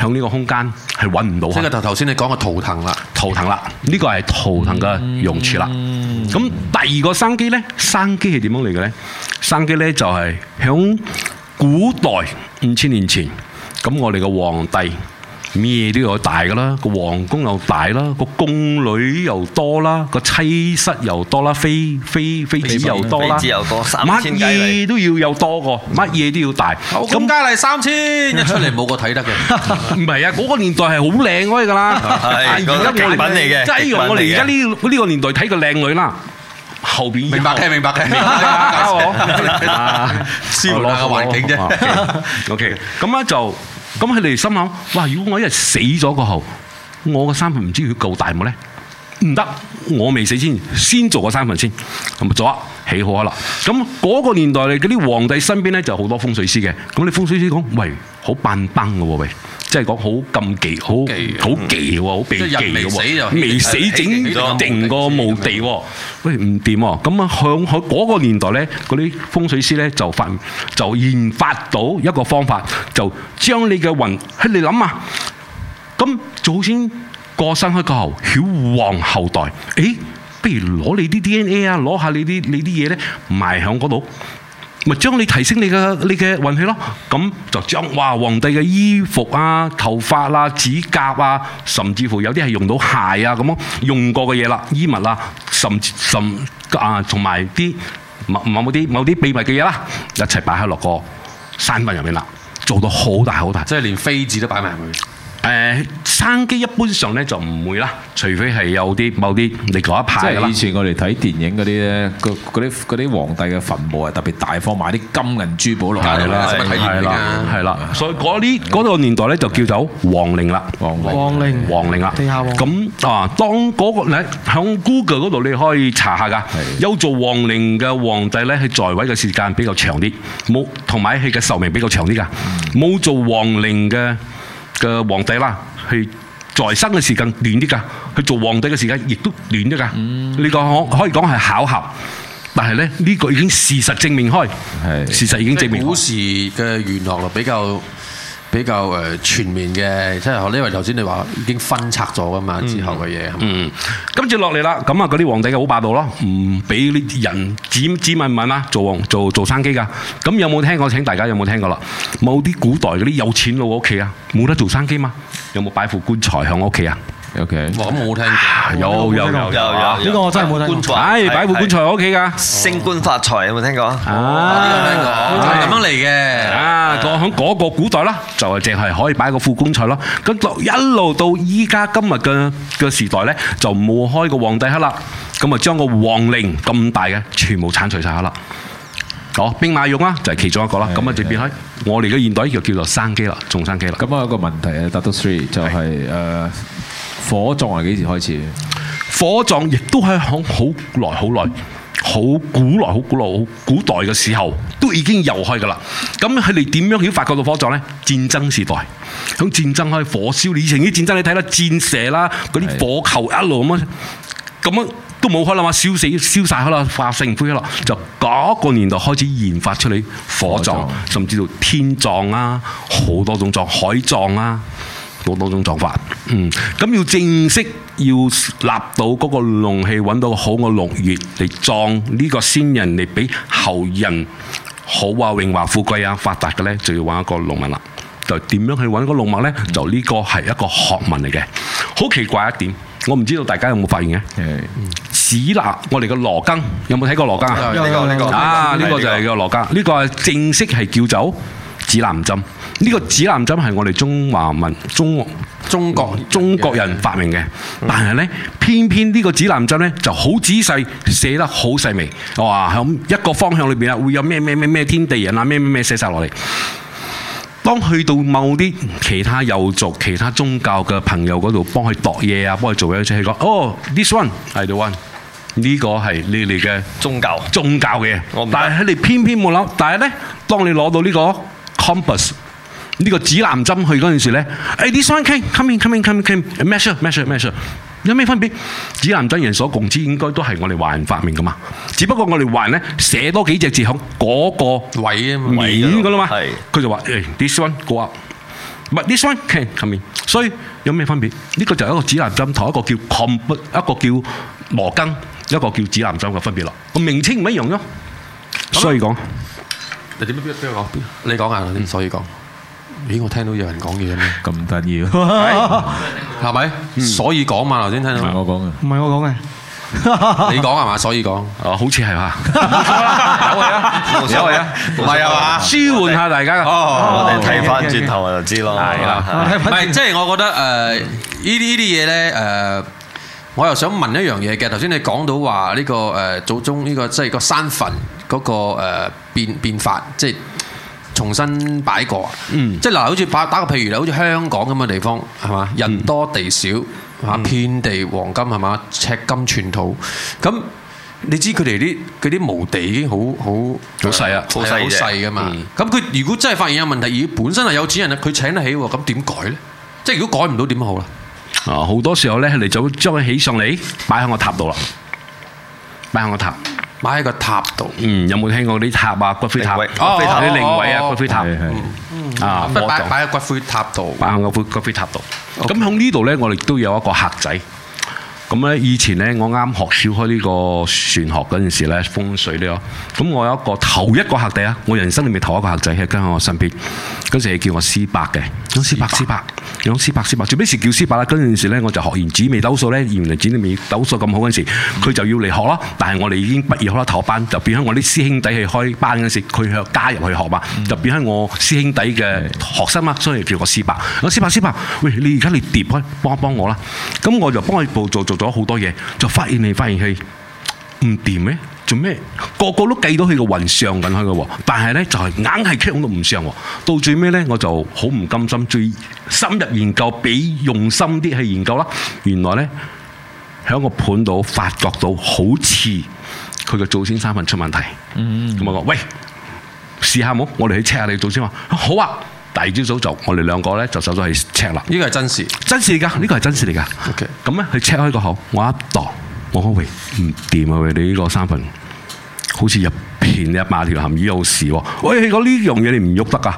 [SPEAKER 4] 響呢個空間係揾唔到。即係頭先你講、呢個圖騰啦，圖騰啦，呢個係圖騰嘅用處啦。咁第二個生基咧，生基係點樣嚟嘅咧？生基咧就係響古代五千年前。咁我哋個皇帝咩嘢都要有大噶啦，個皇宮又大啦，個宮女又多啦，個妻室又多啦，妃妃妃子又多啦，乜嘢都要有多個，乜嘢都要大。
[SPEAKER 2] 咁佳麗三千，一出
[SPEAKER 4] 嚟冇個睇得嘅。唔係啊，嗰個年代係好靚開噶啦，係個精品嚟嘅，即係我哋而家呢呢個年代睇個靚女啦，後邊明白？聽明白嘅，搞我，舒羅下個環境啫。OK，咁樣就。咁佢哋心諗：，哇！如果我一日死咗過後，我個三分唔知要夠大冇咧？唔得，我未死先，先做個三分先。咁做啊，起好啊啦。咁嗰個年代嚟，嗰啲皇帝身邊咧就好多風水師嘅。咁你風水師講：，喂，好笨崩嘅喎，喂。即係講好禁忌，好好忌喎，好避忌喎，未死整定個墓地喎。喂，唔掂喎。咁啊，響喺嗰個年代咧，嗰啲風水師咧就發就研發到一個方法，就將你嘅魂。你諗啊，咁祖先過身開個後，曉旺後代。誒，不如攞你啲 DNA 啊，攞下你啲你啲嘢咧，埋響嗰度。咪將你提升你嘅你嘅運氣咯，咁就將哇皇帝嘅衣服啊、頭髮啊、指甲啊，甚至乎有啲係用到鞋啊咁咯，用過嘅嘢啦、衣物啦，甚至甚啊，同埋啲某某啲某啲秘密嘅嘢啦，一齊擺喺落個山洞入面啦，做到好大好大，即係連妃子都擺埋去。誒，生機一般上
[SPEAKER 2] 咧就唔會啦，除非係有啲某啲你嗰一排啦。即係以前我哋睇電影嗰啲咧，個嗰啲嗰啲皇帝嘅墳墓係特別大方，買啲金銀珠寶落去啦。係啦，係啦。
[SPEAKER 4] 所以嗰啲嗰個年代咧就叫做皇
[SPEAKER 2] 陵啦，皇皇陵，皇陵啦。地下喎。
[SPEAKER 4] 咁啊，當嗰個你喺 Google 嗰度你可以查下噶。有做皇陵嘅皇帝咧，佢在位嘅時間比較長啲，冇同埋佢嘅壽命比較長啲噶。冇做皇陵嘅嘅皇帝啦，佢在生嘅時間短啲噶，佢做皇帝嘅時間亦都短啲噶。呢、嗯、個可可以講係巧合，但係咧呢、這個已經事實證明開，的事實已經證明開。就是、古時嘅娛
[SPEAKER 1] 樂就比較。比較誒、呃、全面嘅，即係因為頭先你話已經分拆
[SPEAKER 4] 咗㗎嘛，之後嘅嘢。嗯，咁就落嚟啦。咁啊、嗯，嗰啲皇帝就好霸道咯，唔俾呢啲人指指問問，做做做，做生基㗎。咁有冇聽過？請大家有冇聽過啦？冇啲古代嗰啲有錢佬屋企啊，冇得做生基嘛？有冇擺副棺材響我屋企啊？O K，哇咁好聽，有有有有，呢個我真係冇聽過，係擺副棺
[SPEAKER 5] 材我屋企噶，升官發財有冇聽過？啊呢個聽過，係咁樣嚟嘅。啊，
[SPEAKER 4] 我響嗰個古代啦，就係淨係可以擺個副棺材咯。咁一路到依家今日嘅嘅時代咧，就冇開個皇帝黑啦。咁啊，將個皇陵咁大嘅全部鏟除晒啦。哦，兵馬俑啦，就係其中一個啦。咁啊，再變開我哋
[SPEAKER 2] 嘅現代，就叫做生基啦，種生基啦。咁啊，有個問題啊，達到 three 就係誒。火葬係幾時開始？火葬亦都係響好耐、好耐、
[SPEAKER 4] 好古老、好古老、好古代嘅時候都已經有開噶啦咁佢哋點樣已經發覺到火葬咧？戰爭時代響戰爭開火燒，以前啲戰爭你睇啦，箭射啦，嗰啲火球一路咁樣，咁是的 樣都冇可能話，燒死燒晒可能化成灰啦，就嗰個年代開始研發出嚟，火葬，火葬甚至到天葬啊，好多種葬，海葬啊。我多種葬法，嗯，咁要正式要立到嗰個龍氣，揾到好嘅龍穴嚟葬呢個先人嚟，俾後人好啊榮華富貴啊發達嘅咧，就要揾一個龍脈啦。就點、是、樣去揾個龍脈咧？嗯、就呢個係一個學問嚟嘅。好奇怪一點，我唔知道大家有冇發現嘅。誒，屎、嗯、立，我哋嘅羅庚有冇睇過羅庚啊？呢、這個呢個就係個羅庚，呢個正式係叫走。指南針呢、這個指南針係我哋中華民中中國、mm, yeah. 中國人發明嘅，但係呢，偏偏呢個指南針呢就好仔細寫得好細微，我話喺一個方向裏邊啊，會有咩咩咩咩天地人啊咩咩咩寫晒落嚟。當去到某啲其他友族、其他宗教嘅朋友嗰度，幫佢度嘢啊，幫佢做一啲，佢講：哦、oh,，this one 係 the one，呢個係你哋嘅宗教宗教嘅。但係你偏偏冇諗，但係呢，當你攞到呢個。Compass 呢個指南針去嗰陣時咧，哎、hey,，this one can come in，come in，come in，come in，measure，measure，measure，in. 有咩分別？指南針人所共知應該都係我哋華人發明噶嘛？只不過我哋華人咧寫多幾隻字喺嗰個位啊面噶嘛。佢就話，哎、hey,，this one 過，唔係 this one can come in。所以有咩分別？呢、這個就一個指南針頭，同一個叫 compass 一個叫羅庚，一個叫指南針嘅分別咯。個名稱唔一樣咯，樣所以講。你點樣邊邊個講？你講下！頭先所
[SPEAKER 1] 以講，咦？我聽到有人講嘢咩？咁得意，係咪？所以講嘛，頭先聽到我講嘅，唔係我講嘅，你講係嘛？所以講，哦，好似
[SPEAKER 2] 係嘛？冇所謂啊，冇所謂啊，唔係啊嘛，舒緩下大家。哦，我哋
[SPEAKER 1] 睇翻轉
[SPEAKER 5] 頭我就知咯。係啊，係
[SPEAKER 1] 即係我覺得誒呢啲呢啲嘢咧誒，我又想問一樣嘢嘅。頭先你講到話呢個誒祖宗呢個即係個山墳。嗰個誒變變法，即係重新擺過。嗯，即係嗱，好似打打個譬如啦，好似香港咁嘅地方，係嘛？人多地少，啊，遍地黃金係嘛？赤金寸土。咁你知佢哋啲嗰啲墓地已經好好好細啊，好細嘅嘛。咁佢如果真係發現有問題，而本身係有錢人啊，佢請得起喎，咁點改咧？即係如果改唔到，點好啦？啊，好
[SPEAKER 4] 多時候咧，你就將佢起上嚟，擺喺我塔度啦，擺喺我塔。擺喺個塔度。嗯，有冇聽過啲塔啊？骨灰塔，骨灰塔啲靈位啊，骨灰塔。啊，都擺喺骨灰塔度。擺喺骨骨灰塔度。咁喺呢度咧，我哋都有一個客仔。咁咧，以前咧，我啱學小開呢個船學嗰陣時咧，風水咧，咁我有一個頭一個客仔啊，我人生裏面頭一個客仔係跟喺我身邊，嗰時叫我師伯嘅。師伯，師伯，師伯，老師伯，最屘時叫師伯啦。嗰陣時咧，我就學完紫微斗數咧，原來紙裏面斗數咁好嗰陣時，佢就要嚟學啦。但係我哋已經畢業好咗頭班，就變咗我啲師兄弟去開班嗰時，佢加入去學嘛，就變咗我師兄弟嘅學生啦，所以叫我師伯。師伯，師伯，喂，你而家你疊開，幫一幫我啦。咁我就幫佢做做做。做咗好多嘢，就發現你發現佢唔掂咩？做咩？個個都計到佢個運上緊佢噶喎，但係咧就係、是、硬係傾到唔上。到最尾咧，我就好唔甘心，最深入研究，畀用心啲去研究啦。原來咧喺個盤度發覺到，好似佢個祖先三份出問題。嗯，咁我講喂，試下冇？我哋去請下你祖先喎。好啊。第二朝早做，我哋兩個咧就走咗去赤啦。呢個係真事，真事㗎，呢個係真事嚟㗎。咁咧 Okay.，佢切開個口，我一擋，我可會唔掂啊？喂，你呢個三份好似入片你阿媽條鹹魚有事喎。喂，我呢樣嘢你唔喐得㗎，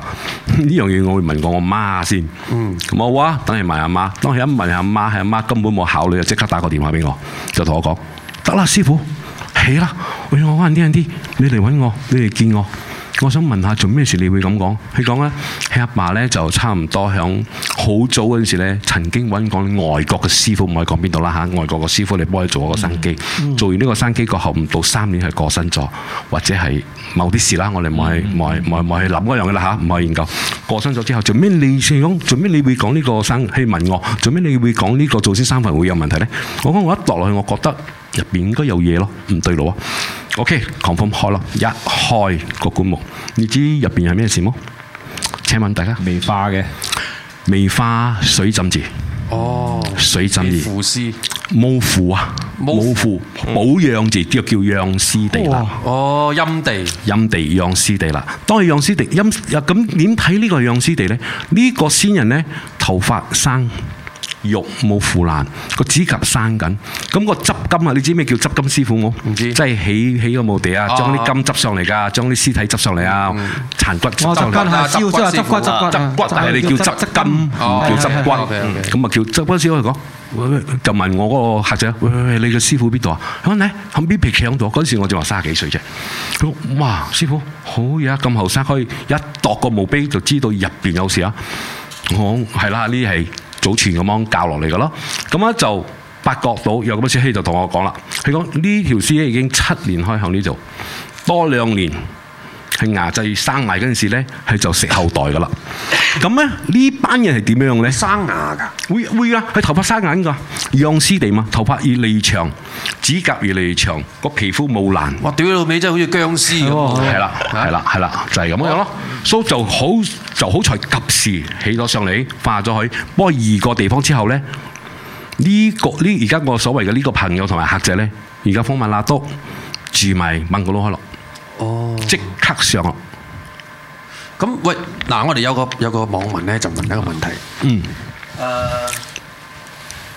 [SPEAKER 4] 呢樣嘢我會問過我阿媽先。嗯，咁好啊，等佢問阿媽，媽。當佢一問阿媽，媽，阿媽，媽根本冇考慮，就即刻打個電話俾我，就同我講：得啦，師傅起啦。喂，我快啲、啲，你嚟揾我，你嚟見我。我想問下做咩事你會咁講？佢講咧，佢阿、mm hmm. 爸咧就差唔多響好早嗰陣時咧，曾經揾講外國嘅師傅，唔係講邊度啦嚇，外國嘅師傅嚟幫佢做一個生基。Mm hmm. 做完呢個生基之後，唔到三年係過身咗，或者係某啲事啦，我哋唔係唔係唔係唔係諗嗰樣嘅啦吓，唔係、mm hmm. 研究。過身咗之後，做咩你先做咩你會講呢個生？佢問我，做咩你會講呢個做先生份會有問題咧？我講我一讀落去，我覺得入邊應該有嘢咯，唔對路啊！O K，狂風開咯，一開個棺木，你知入邊係咩事麼？請問大家？未化嘅未化水浸字哦，水浸字。腐屍冇腐啊，冇腐冇樣字，呢個叫養屍地啦。哦，陰地陰地養屍地啦。當係養屍地陰，咁點睇呢個係養屍地咧？呢個先人咧頭髮生。肉冇腐爛，個指甲生緊，咁個執金啊？你知咩叫執金師傅冇？唔知，即係起起個墓地啊，將啲金執上嚟噶，將啲屍體執上嚟啊，殘骨執上嚟啊，執骨執骨，但係你叫執執金唔叫執骨，咁啊叫執骨師傅嚟講，就問我嗰個客仔，你嘅師傅邊度啊？我話你喺邊皮搶到嗰陣時，我就話卅幾歲啫。佢話：哇，師傅好嘢，咁後生可以一度個墓碑，就知道入邊有事啊。我係啦，呢係。祖傳咁樣教落嚟嘅咯，咁啊就發覺到有咁多師兄就同我講啦，佢講呢條師兄已經七年開向呢度多兩年。係牙齋生埋嗰陣時咧，佢就食後代噶啦。咁咧呢班人係點樣咧？生牙噶，會會啊！佢頭髮生眼嘅，養屍地嘛，頭髮越嚟越長，指甲越嚟越長，個皮膚冇爛。哇！屌老味真係好似僵屍咁。係啦，係啦，係啦，就係咁樣咯。所以就好就好彩，及時起咗上嚟，化咗佢。不過二個地方之後咧，呢個呢而家我所謂嘅呢個朋友同埋客仔咧，而家方文亞都住埋曼谷老開樂。即刻上，
[SPEAKER 1] 咁喂嗱，我哋有個有個網民咧就問一個問題，嗯，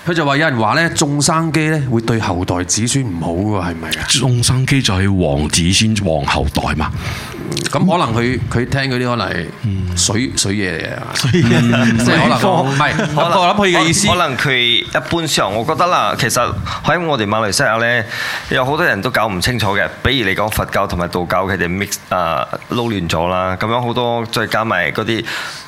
[SPEAKER 1] 誒，佢就話有人話咧種生基咧會對後代子孫唔好喎，係咪啊？種生基就係旺子孫旺後代嘛。咁可能佢佢聽嗰啲可能係水水嘢嚟嘅，即係可能
[SPEAKER 5] 我唔係，我諗佢嘅意思，可能佢一般上，我覺得啦，其實喺我哋馬來西亞咧，有好多人都搞唔清楚嘅。比如你講佛教同埋道教佢哋 mix 啊撈亂咗啦，咁樣好多，再加埋嗰啲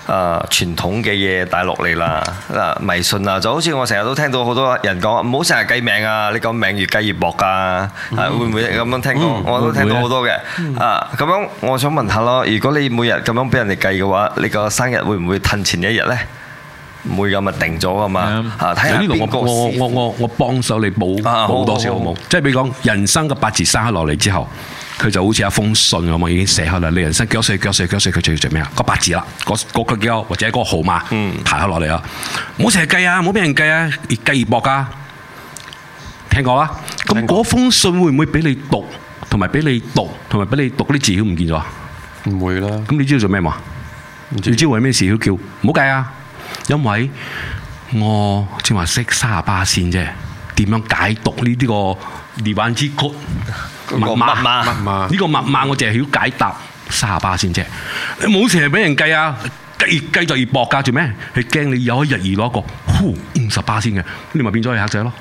[SPEAKER 5] 啊傳統嘅嘢帶落嚟啦，啊迷信啊，就好似我成日都聽到好多人講唔好成日計命啊，你講命越計越薄噶，啊會唔會咁樣聽過？我都聽到好多嘅啊咁樣我。我想問下咯，如果你每日咁樣俾人哋計嘅話，你個生日會唔會褪前一日咧？唔會噶，咪定咗啊嘛。睇下呢度，我我
[SPEAKER 4] 我我我幫手你補補、啊、多少好冇？即係比如講，人生嘅八字生開落嚟之後，佢就好似一封信咁嘛，已經寫開啦。你人生幾多歲？幾多歲？幾多歲？佢仲要做咩、那個那個嗯、啊？八字啦，個幾或者個號碼，嗯，排開落嚟啊。唔好成日計啊，唔好俾人計啊，越計越薄噶。聽過啊？咁嗰過過封信會唔會俾你讀？同埋俾你讀，同埋俾你讀啲字都唔見咗，唔會啦。咁你知道做咩嘛？知你知道為咩事，要叫？唔好計啊，因為我正話識三十八線啫，點樣解讀呢、這、啲個《列王之曲》那
[SPEAKER 5] 個、密碼？密
[SPEAKER 4] 碼呢碼碼個密碼我淨係要解答三十八線啫。你冇成日俾人計啊，計計就越薄噶，做咩？佢驚你有一日而攞個五十八線嘅，你咪變咗係黑仔咯。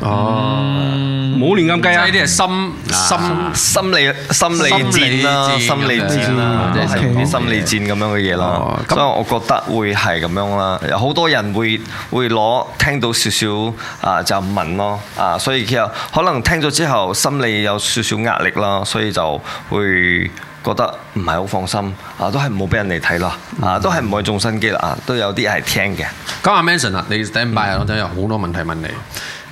[SPEAKER 4] 哦，唔好亂咁計啊！呢啲係心心、啊、
[SPEAKER 5] 心理心理戰啦，心理戰啦，啊，即係啲心理戰咁樣嘅嘢咯。所以我覺得會係咁樣啦。有好多人會會攞聽到少少啊就問咯啊，所以其實可能聽咗之後心理有少少壓力啦，所以就會覺得唔係好放心啊，都係唔好俾人哋睇啦啊，都係唔好種生基啦啊，啊，都有啲係聽嘅。咁阿 Manson 啊，你 stand by 啊，我真有好多問題問你。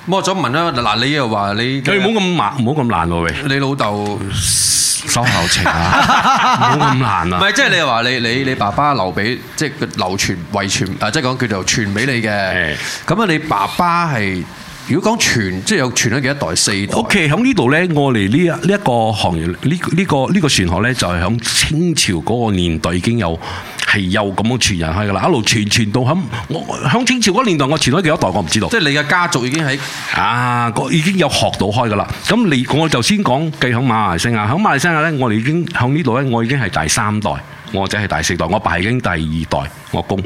[SPEAKER 1] 我想問啦，嗱，你又話你，你冇咁麻，冇咁難喎，你老豆
[SPEAKER 3] 守孝情啊，冇咁難啊！
[SPEAKER 1] 唔係，即係你又話你爸爸留俾，即係留傳遺傳，即係講叫做傳俾你嘅。咁是的 你爸爸
[SPEAKER 4] 係。唉是如果講傳，即係有傳咗幾多代，四代。O K，響呢度咧，我哋呢一呢一個行業，呢個呢個船行咧，就係響清朝嗰個年代已經有係有咁樣傳人開噶啦，一路傳傳到響我響清朝嗰年代，我傳咗幾多代，我唔知道。即係你嘅家族已經喺啊，已經有學到開噶啦。咁你我就先講繼響馬來西亞，響馬來西亞咧，我哋已經響呢度咧，我已經係第三代。我仔係第四代，我爸係已經第二代，我公。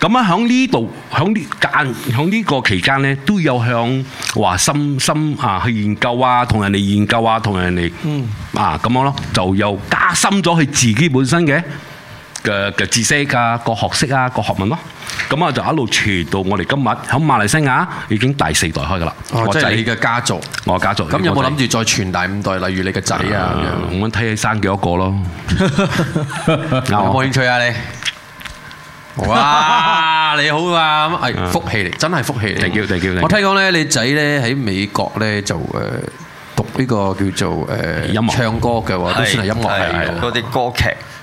[SPEAKER 4] 咁樣，喺呢度，喺呢間，喺呢個期間咧，都有向話深深啊去研究啊，同人哋研究啊，同人哋啊咁樣咯，就又加深咗佢自己本身嘅。嘅嘅知識啊，個學識啊，個學問咯，咁啊就一路傳到我哋今日喺馬來西亞已經第四代開噶啦。哦，即係你嘅家族，我家族。咁有冇諗住再傳第五代？例如你嘅
[SPEAKER 1] 仔啊，我睇下生幾多個咯。嗱，有冇興趣啊？你哇，你好啊！咁係福氣嚟，真係福氣嚟。我聽講咧，你仔咧喺美國咧就誒讀呢個叫做誒音樂唱歌嘅話，都算係音樂係
[SPEAKER 5] 嗰啲歌劇。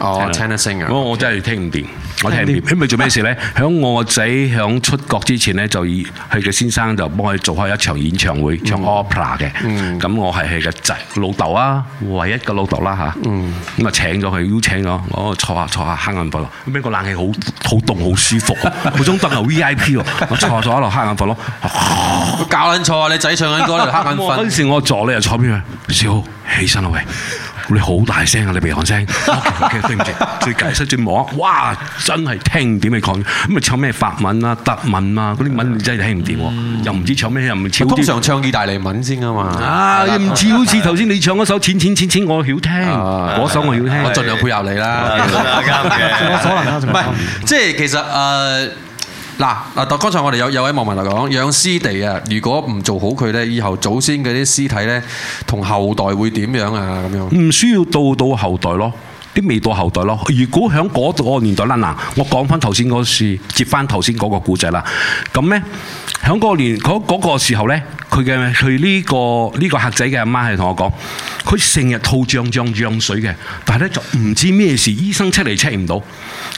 [SPEAKER 4] 哦，聽得聲啊！我我真係聽唔掂，我聽唔掂。因為做咩事咧？響我個仔響出國之前咧，就以佢嘅先生就幫佢做開一場演唱會，唱 opera 嘅。咁我係佢嘅仔老豆啊，唯一嘅老豆啦吓，咁啊請咗佢，邀請咗。我坐下坐下，瞌眼瞓咯。咁邊個冷氣好好凍，好舒服。嗰張凳又 VIP 我坐咗落嚟，瞌眼瞓咯。
[SPEAKER 1] 教緊坐啊！你仔唱緊歌，度瞌眼瞓。嗰陣
[SPEAKER 4] 時我坐你又坐邊啊？小號，起身啦喂！你好大聲啊！你鼻鼾聲，OK OK，對唔住，最近失住網，哇！真係聽點嚟講，咁啊唱咩法文啊、德文啊嗰啲文真係聽唔掂喎，又唔知唱咩又唔超。通常唱意大利文先啊嘛，啊又唔似好似頭先你唱嗰首淺淺淺淺我曉聽，嗰首我曉聽，我盡量配合你啦，我所能啦就。唔係，
[SPEAKER 1] 即係其實誒。嗱嗱、啊，剛才我哋有有位網民嚟講，養屍地啊，如果唔做好佢呢，以後祖先嘅啲屍體呢，同後代會點樣
[SPEAKER 4] 啊？咁樣唔需要到到後代咯，啲未到後代咯。如果響嗰個年代啦，嗱，我講翻頭先嗰事，接翻頭先嗰個故仔啦。咁呢，響嗰個年嗰嗰、嗰個時候呢，佢嘅佢呢個呢、呢個客仔嘅阿媽係同我講，佢成日吐醬醬醬醬水嘅，但係呢，就唔知咩事，醫生出嚟 check 唔到，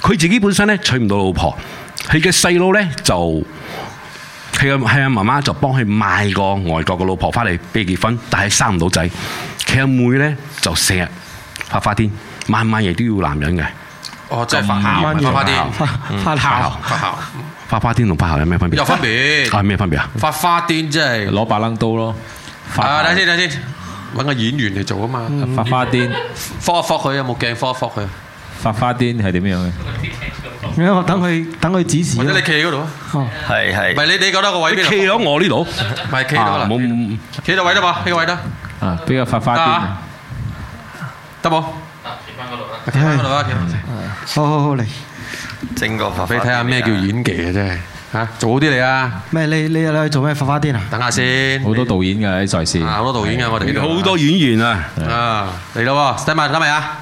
[SPEAKER 4] 佢自己本身呢，娶唔到老婆。佢嘅細佬咧就，佢嘅佢嘅媽媽就幫佢買個外國嘅老婆翻嚟俾佢結婚，但係生唔到仔。佢阿妹咧就成日發花癲，晚晚亦都要男人嘅。哦、
[SPEAKER 1] 喔，即係發姣，發花癲校，發姣、嗯，
[SPEAKER 4] 發發花癲同發姣有咩分別？有分別。啊，咩分別啊？
[SPEAKER 1] 發花癲即係攞把冷刀咯。啊，等先、啊啊、等先，揾個演員嚟做啊嘛。
[SPEAKER 2] 嗯、發花癲，
[SPEAKER 1] 科一科佢，有冇鏡，科一科佢？
[SPEAKER 2] 發花癲係點樣嘅？我等佢等佢指示啦。或者你
[SPEAKER 1] 企喺嗰度啊？係係。唔係你你覺得個位邊度？企喺我呢度。唔係企喺我。企個位得冇？呢個位得。啊，俾個發花癲。
[SPEAKER 2] 得冇？啊，企翻嗰度啦。企
[SPEAKER 3] 翻嗰度啦，
[SPEAKER 2] 企。好好好嚟。
[SPEAKER 1] 整個發花癲。俾睇下咩叫演技啊！真係嚇，早啲嚟啊！
[SPEAKER 3] 咩？你你你
[SPEAKER 1] 做
[SPEAKER 2] 咩發花癲啊？等下先。好多導演噶喺台先。啊，好多導演噶我哋。邊度好多
[SPEAKER 1] 演員啊！啊，嚟咯喎！睇咪睇咪啊！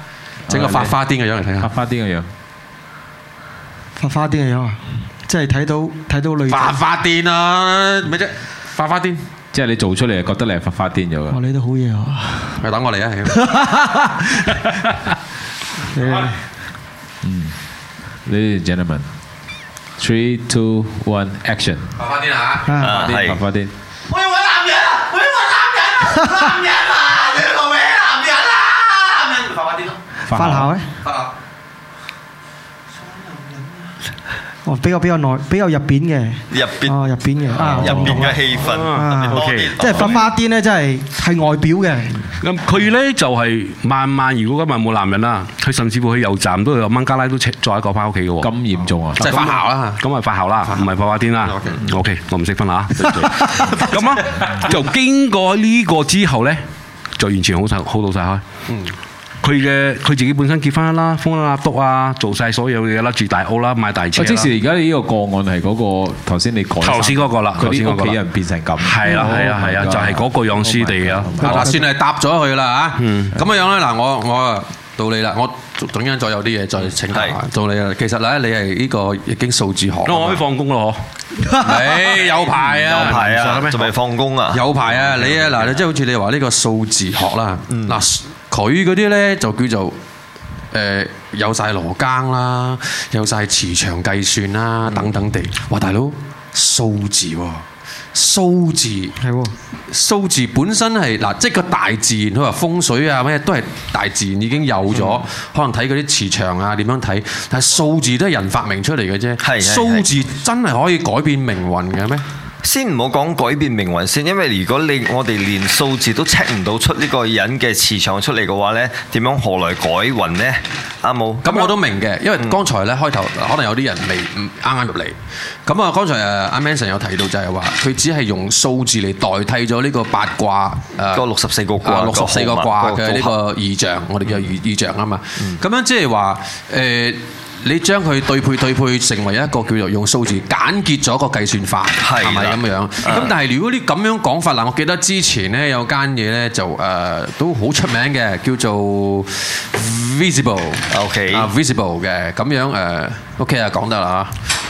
[SPEAKER 2] 整個發花癲嘅樣嚟睇下，發花癲嘅樣，
[SPEAKER 3] 發花癲嘅樣啊！即係睇到睇到女，發
[SPEAKER 2] 花癲啊！咩啫？發花癲，即係你做出嚟，覺得你係發花癲咗啊！哦，你都好嘢啊！係等我嚟啊！係。嗯，呢位 gentlemen，three two one action，發花癲啊！啊，係。發花癲！
[SPEAKER 3] 我要搵男人，我要搵男人，男人啊！發姣咧啊！哦，比較比較耐，比較入邊嘅入
[SPEAKER 5] 邊哦，入邊嘅啊，入邊嘅氣氛，O K，即
[SPEAKER 3] 係發花癲咧，即係係外表嘅。
[SPEAKER 5] 咁佢咧
[SPEAKER 4] 就係慢慢，如果今日冇男人啦，佢甚至乎去油站都有孟加拉都再一個翻屋企嘅喎。咁嚴重啊！即係發姣啊！咁啊發姣啦，唔係發花癲啦。O K，我唔識分啦。咁啊，就經過呢個之後咧，就完全好晒，好到晒開。嗯。佢嘅佢自己本身結婚啦，封咗拿督啊，做晒所有嘢啦，住
[SPEAKER 2] 大屋啦，買大車啦。即時而家呢個個案係嗰個頭先你講頭先嗰個啦，嗰啲屋企人變成咁。係啦，係啊，係啊，就係
[SPEAKER 4] 嗰個養屍地啊。算係答咗佢啦
[SPEAKER 1] 嚇。咁樣樣咧，嗱，我我到你啦，我等陣再有啲嘢再請下。到你啦，其實咧，你係呢個易經數字學。我可以放工咯，
[SPEAKER 5] 嗬。誒，有排啊！有排啊！仲未放工啊？有排啊！你啊，嗱，即
[SPEAKER 1] 係好似你話呢個數字學啦，嗱。佢嗰啲呢，就叫做誒、呃、有晒羅庚啦，有晒磁場計算啦，等等地。哇，大佬數字喎，數字係、哦、喎，數字本身係嗱，即係個大自然，佢話風水啊咩都係大自然已經有咗，的可能睇嗰啲磁場啊點樣睇，但係數字
[SPEAKER 5] 都係人發明出嚟嘅啫。係的數字真係可以改變命運嘅咩？先唔好講改變命運先，因為如果你我哋連數字都測唔到出呢個人嘅磁場出嚟嘅話呢，點樣何來改運呢？阿、啊、毛，咁我都明嘅，因為剛才呢、嗯、開
[SPEAKER 1] 頭可能有啲人未啱啱入嚟。咁啊，剛才阿、啊、Manson 有提到就係話，佢只係用數字嚟代替咗呢個八卦誒，六十四個卦，六十四個卦嘅呢個異象，我哋叫異象啊嘛。咁、嗯嗯、樣即係話誒。呃你將佢對配對配成為一個叫做用數字簡潔咗一個計算法係咪咁樣？咁但係如果你咁樣講法嗱，uh, 我記得之前咧有間嘢咧就誒、uh, 都好出名嘅，叫做 Visible，OK 啊 Visible 嘅咁 Okay.、uh, 樣誒、uh,，OK 啊講得啦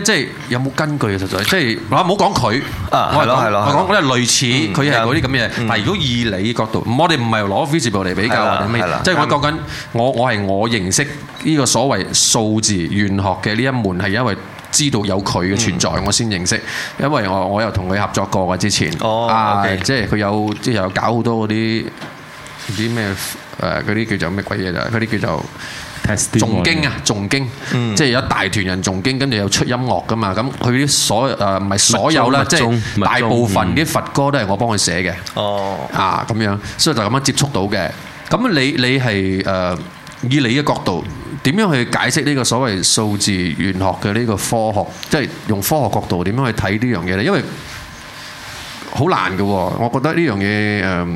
[SPEAKER 1] 即係有冇根據啊？實在即係嗱，唔好講佢啊，我係講我講嗰啲類似佢係嗰啲咁嘅。但如果以你角度，我哋唔係攞 visible 嚟比較或者咩，即係我講緊我我係我認識呢個所謂數字玄學嘅呢一門，係因為知道有佢嘅存在，我先認識，因為我我又同佢合作過嘅之前，啊即係佢有即係有搞好多嗰啲唔知咩誒嗰啲叫做咩鬼嘢啦，嗰啲叫做。誦經啊，誦經，經嗯、即係有一大團人誦經，跟住又出音樂噶嘛，咁佢啲所，誒唔係所有啦，即係大部分啲佛歌都係我幫佢寫嘅，哦，嗯、啊咁樣，所以就咁樣接觸到嘅。咁你你係誒、呃、以你嘅角度，點樣去解釋呢個所謂數字玄學嘅呢個科學？即係用科學角度點樣去睇呢樣嘢咧？因為好難㗎，我覺得呢樣嘢誒。呃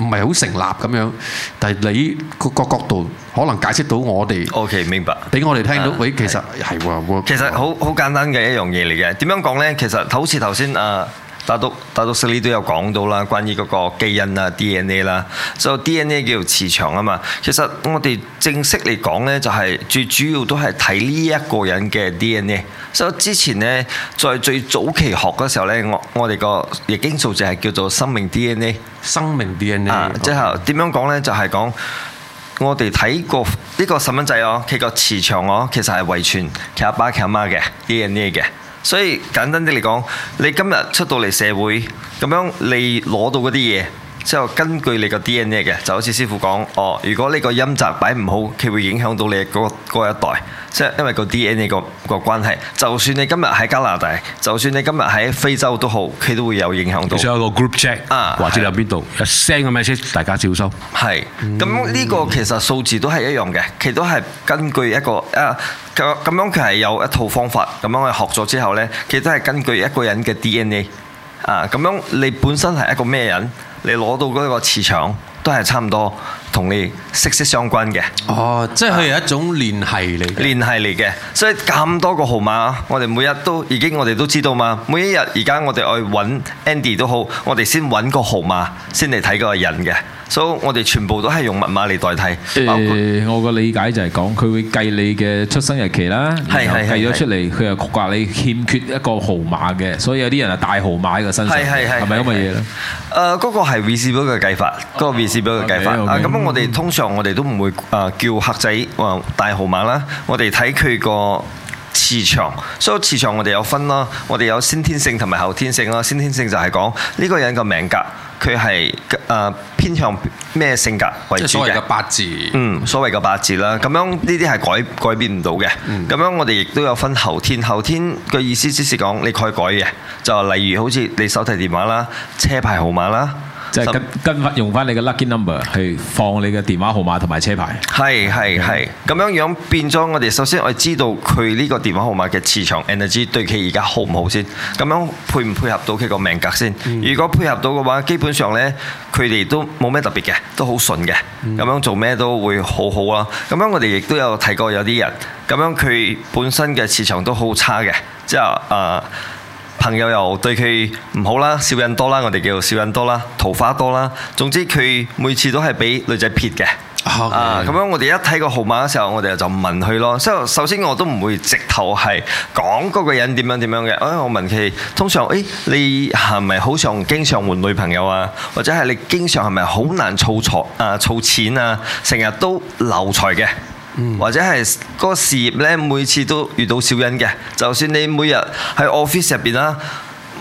[SPEAKER 1] 唔係好成立咁樣，但係你個個角度可能解釋到我哋。OK，明白。俾我哋聽到，喂，其實
[SPEAKER 5] 係喎。其實好好簡單嘅一樣嘢嚟嘅。點樣講咧？其實好似頭先啊。拿督拿督斯里都有講到啦，關於嗰個基因啊、DNA 啦，所以 DNA 叫做磁場啊嘛。其實我哋正式嚟講呢，就係最主要都係睇呢一個人嘅 DNA。所以之前呢，在最早期學嗰時候呢，我我哋個易經數字係叫做生命 DNA，生命 DNA。啊，之後點樣講咧？就係、是、講我哋睇過呢個細蚊仔哦，佢個磁場哦，其實係遺傳，佢阿爸佢阿媽嘅 DNA 嘅。所以簡單啲嚟講，你今日出到嚟社會咁樣你，你攞到嗰啲嘢之後，根據你個 DNA 嘅，就好似師傅講，哦，如果呢個陰宅擺唔好，佢會影響到你嗰嗰、那個那個、一代。即係因為個 DNA 個個關係，就算你今日喺加拿大，就算你今日喺非洲都好，佢都會有影響到。仲有一個 group check 啊？或者是有邊度？send 個 message，大家照收。係是，咁呢、嗯、個其實數字都係一樣嘅，佢都係根據一個誒個咁樣，佢係有一套方法，咁樣我哋學咗之後咧，佢都係根據一個人嘅 DNA 啊，咁樣你本身係一個咩人，你攞到嗰個磁場都係差唔多。同你息息相關嘅，哦，即係佢係一種聯繫嚟嘅。啊，聯繫嚟嘅，所以咁多個號碼，我哋每日都已經我哋都知道嘛，每一日而家我哋去揾 Andy 都好，我哋先揾個號碼先嚟睇嗰個人嘅。所以，我哋全部都係用密碼嚟代替。
[SPEAKER 2] 誒，我個理解就係講佢會計你嘅出生日期啦，計咗出嚟，佢又估計你欠缺一個號碼嘅，所以有啲人啊大號碼喺個身上，係係係，係咪咁
[SPEAKER 5] 嘅嘢咧？誒，嗰個係 visible 嘅計法，嗰個 visible 嘅計法。啊，咁我哋通常我哋都唔會啊叫客仔話大號碼啦。我哋睇佢個磁場，所以磁場我哋有分啦。我哋有先天性同埋後天性啦。先天性就係講呢個人個命格。佢係誒，偏向咩性格為主嘅？八字，嗯，所謂嘅八字啦，咁樣呢啲係改改變唔到嘅。咁樣，嗯，我哋亦都有分後天，後天嘅意思即是講你可以改嘅，就例如好似你手提電話啦、車牌號碼啦。即係跟用翻你嘅 lucky number 去放你
[SPEAKER 2] 嘅電話號碼同埋車牌，
[SPEAKER 5] 係係係咁樣樣變咗。我哋首先我哋知道佢呢個電話號碼嘅磁場 energy 對佢而家好唔好先。咁樣配唔配合到佢個命格先。嗯、如果配合到嘅話，基本上呢，佢哋都冇咩特別嘅，都好順嘅。咁樣做咩都會好好啊。咁樣我哋亦都有睇過有啲人，咁樣佢本身嘅磁場都好差嘅，即係啊。呃朋友又對佢唔好啦，小人多啦，我哋叫做小人多啦，桃花多啦。總之佢每次都係畀女仔撇嘅。Oh, okay. 啊，咁樣我哋一睇個號碼嘅時候，我哋就問佢咯。所以首先我都唔會直頭係講嗰個人點樣點樣嘅，啊。哎，我問佢，通常誒你係咪好想經常換女朋友啊？或者係你經常係咪好難儲財啊，儲錢啊？成日都流財嘅。或者係嗰個事業咧，每次都遇到小人嘅。就算你每日喺 office 入邊啦，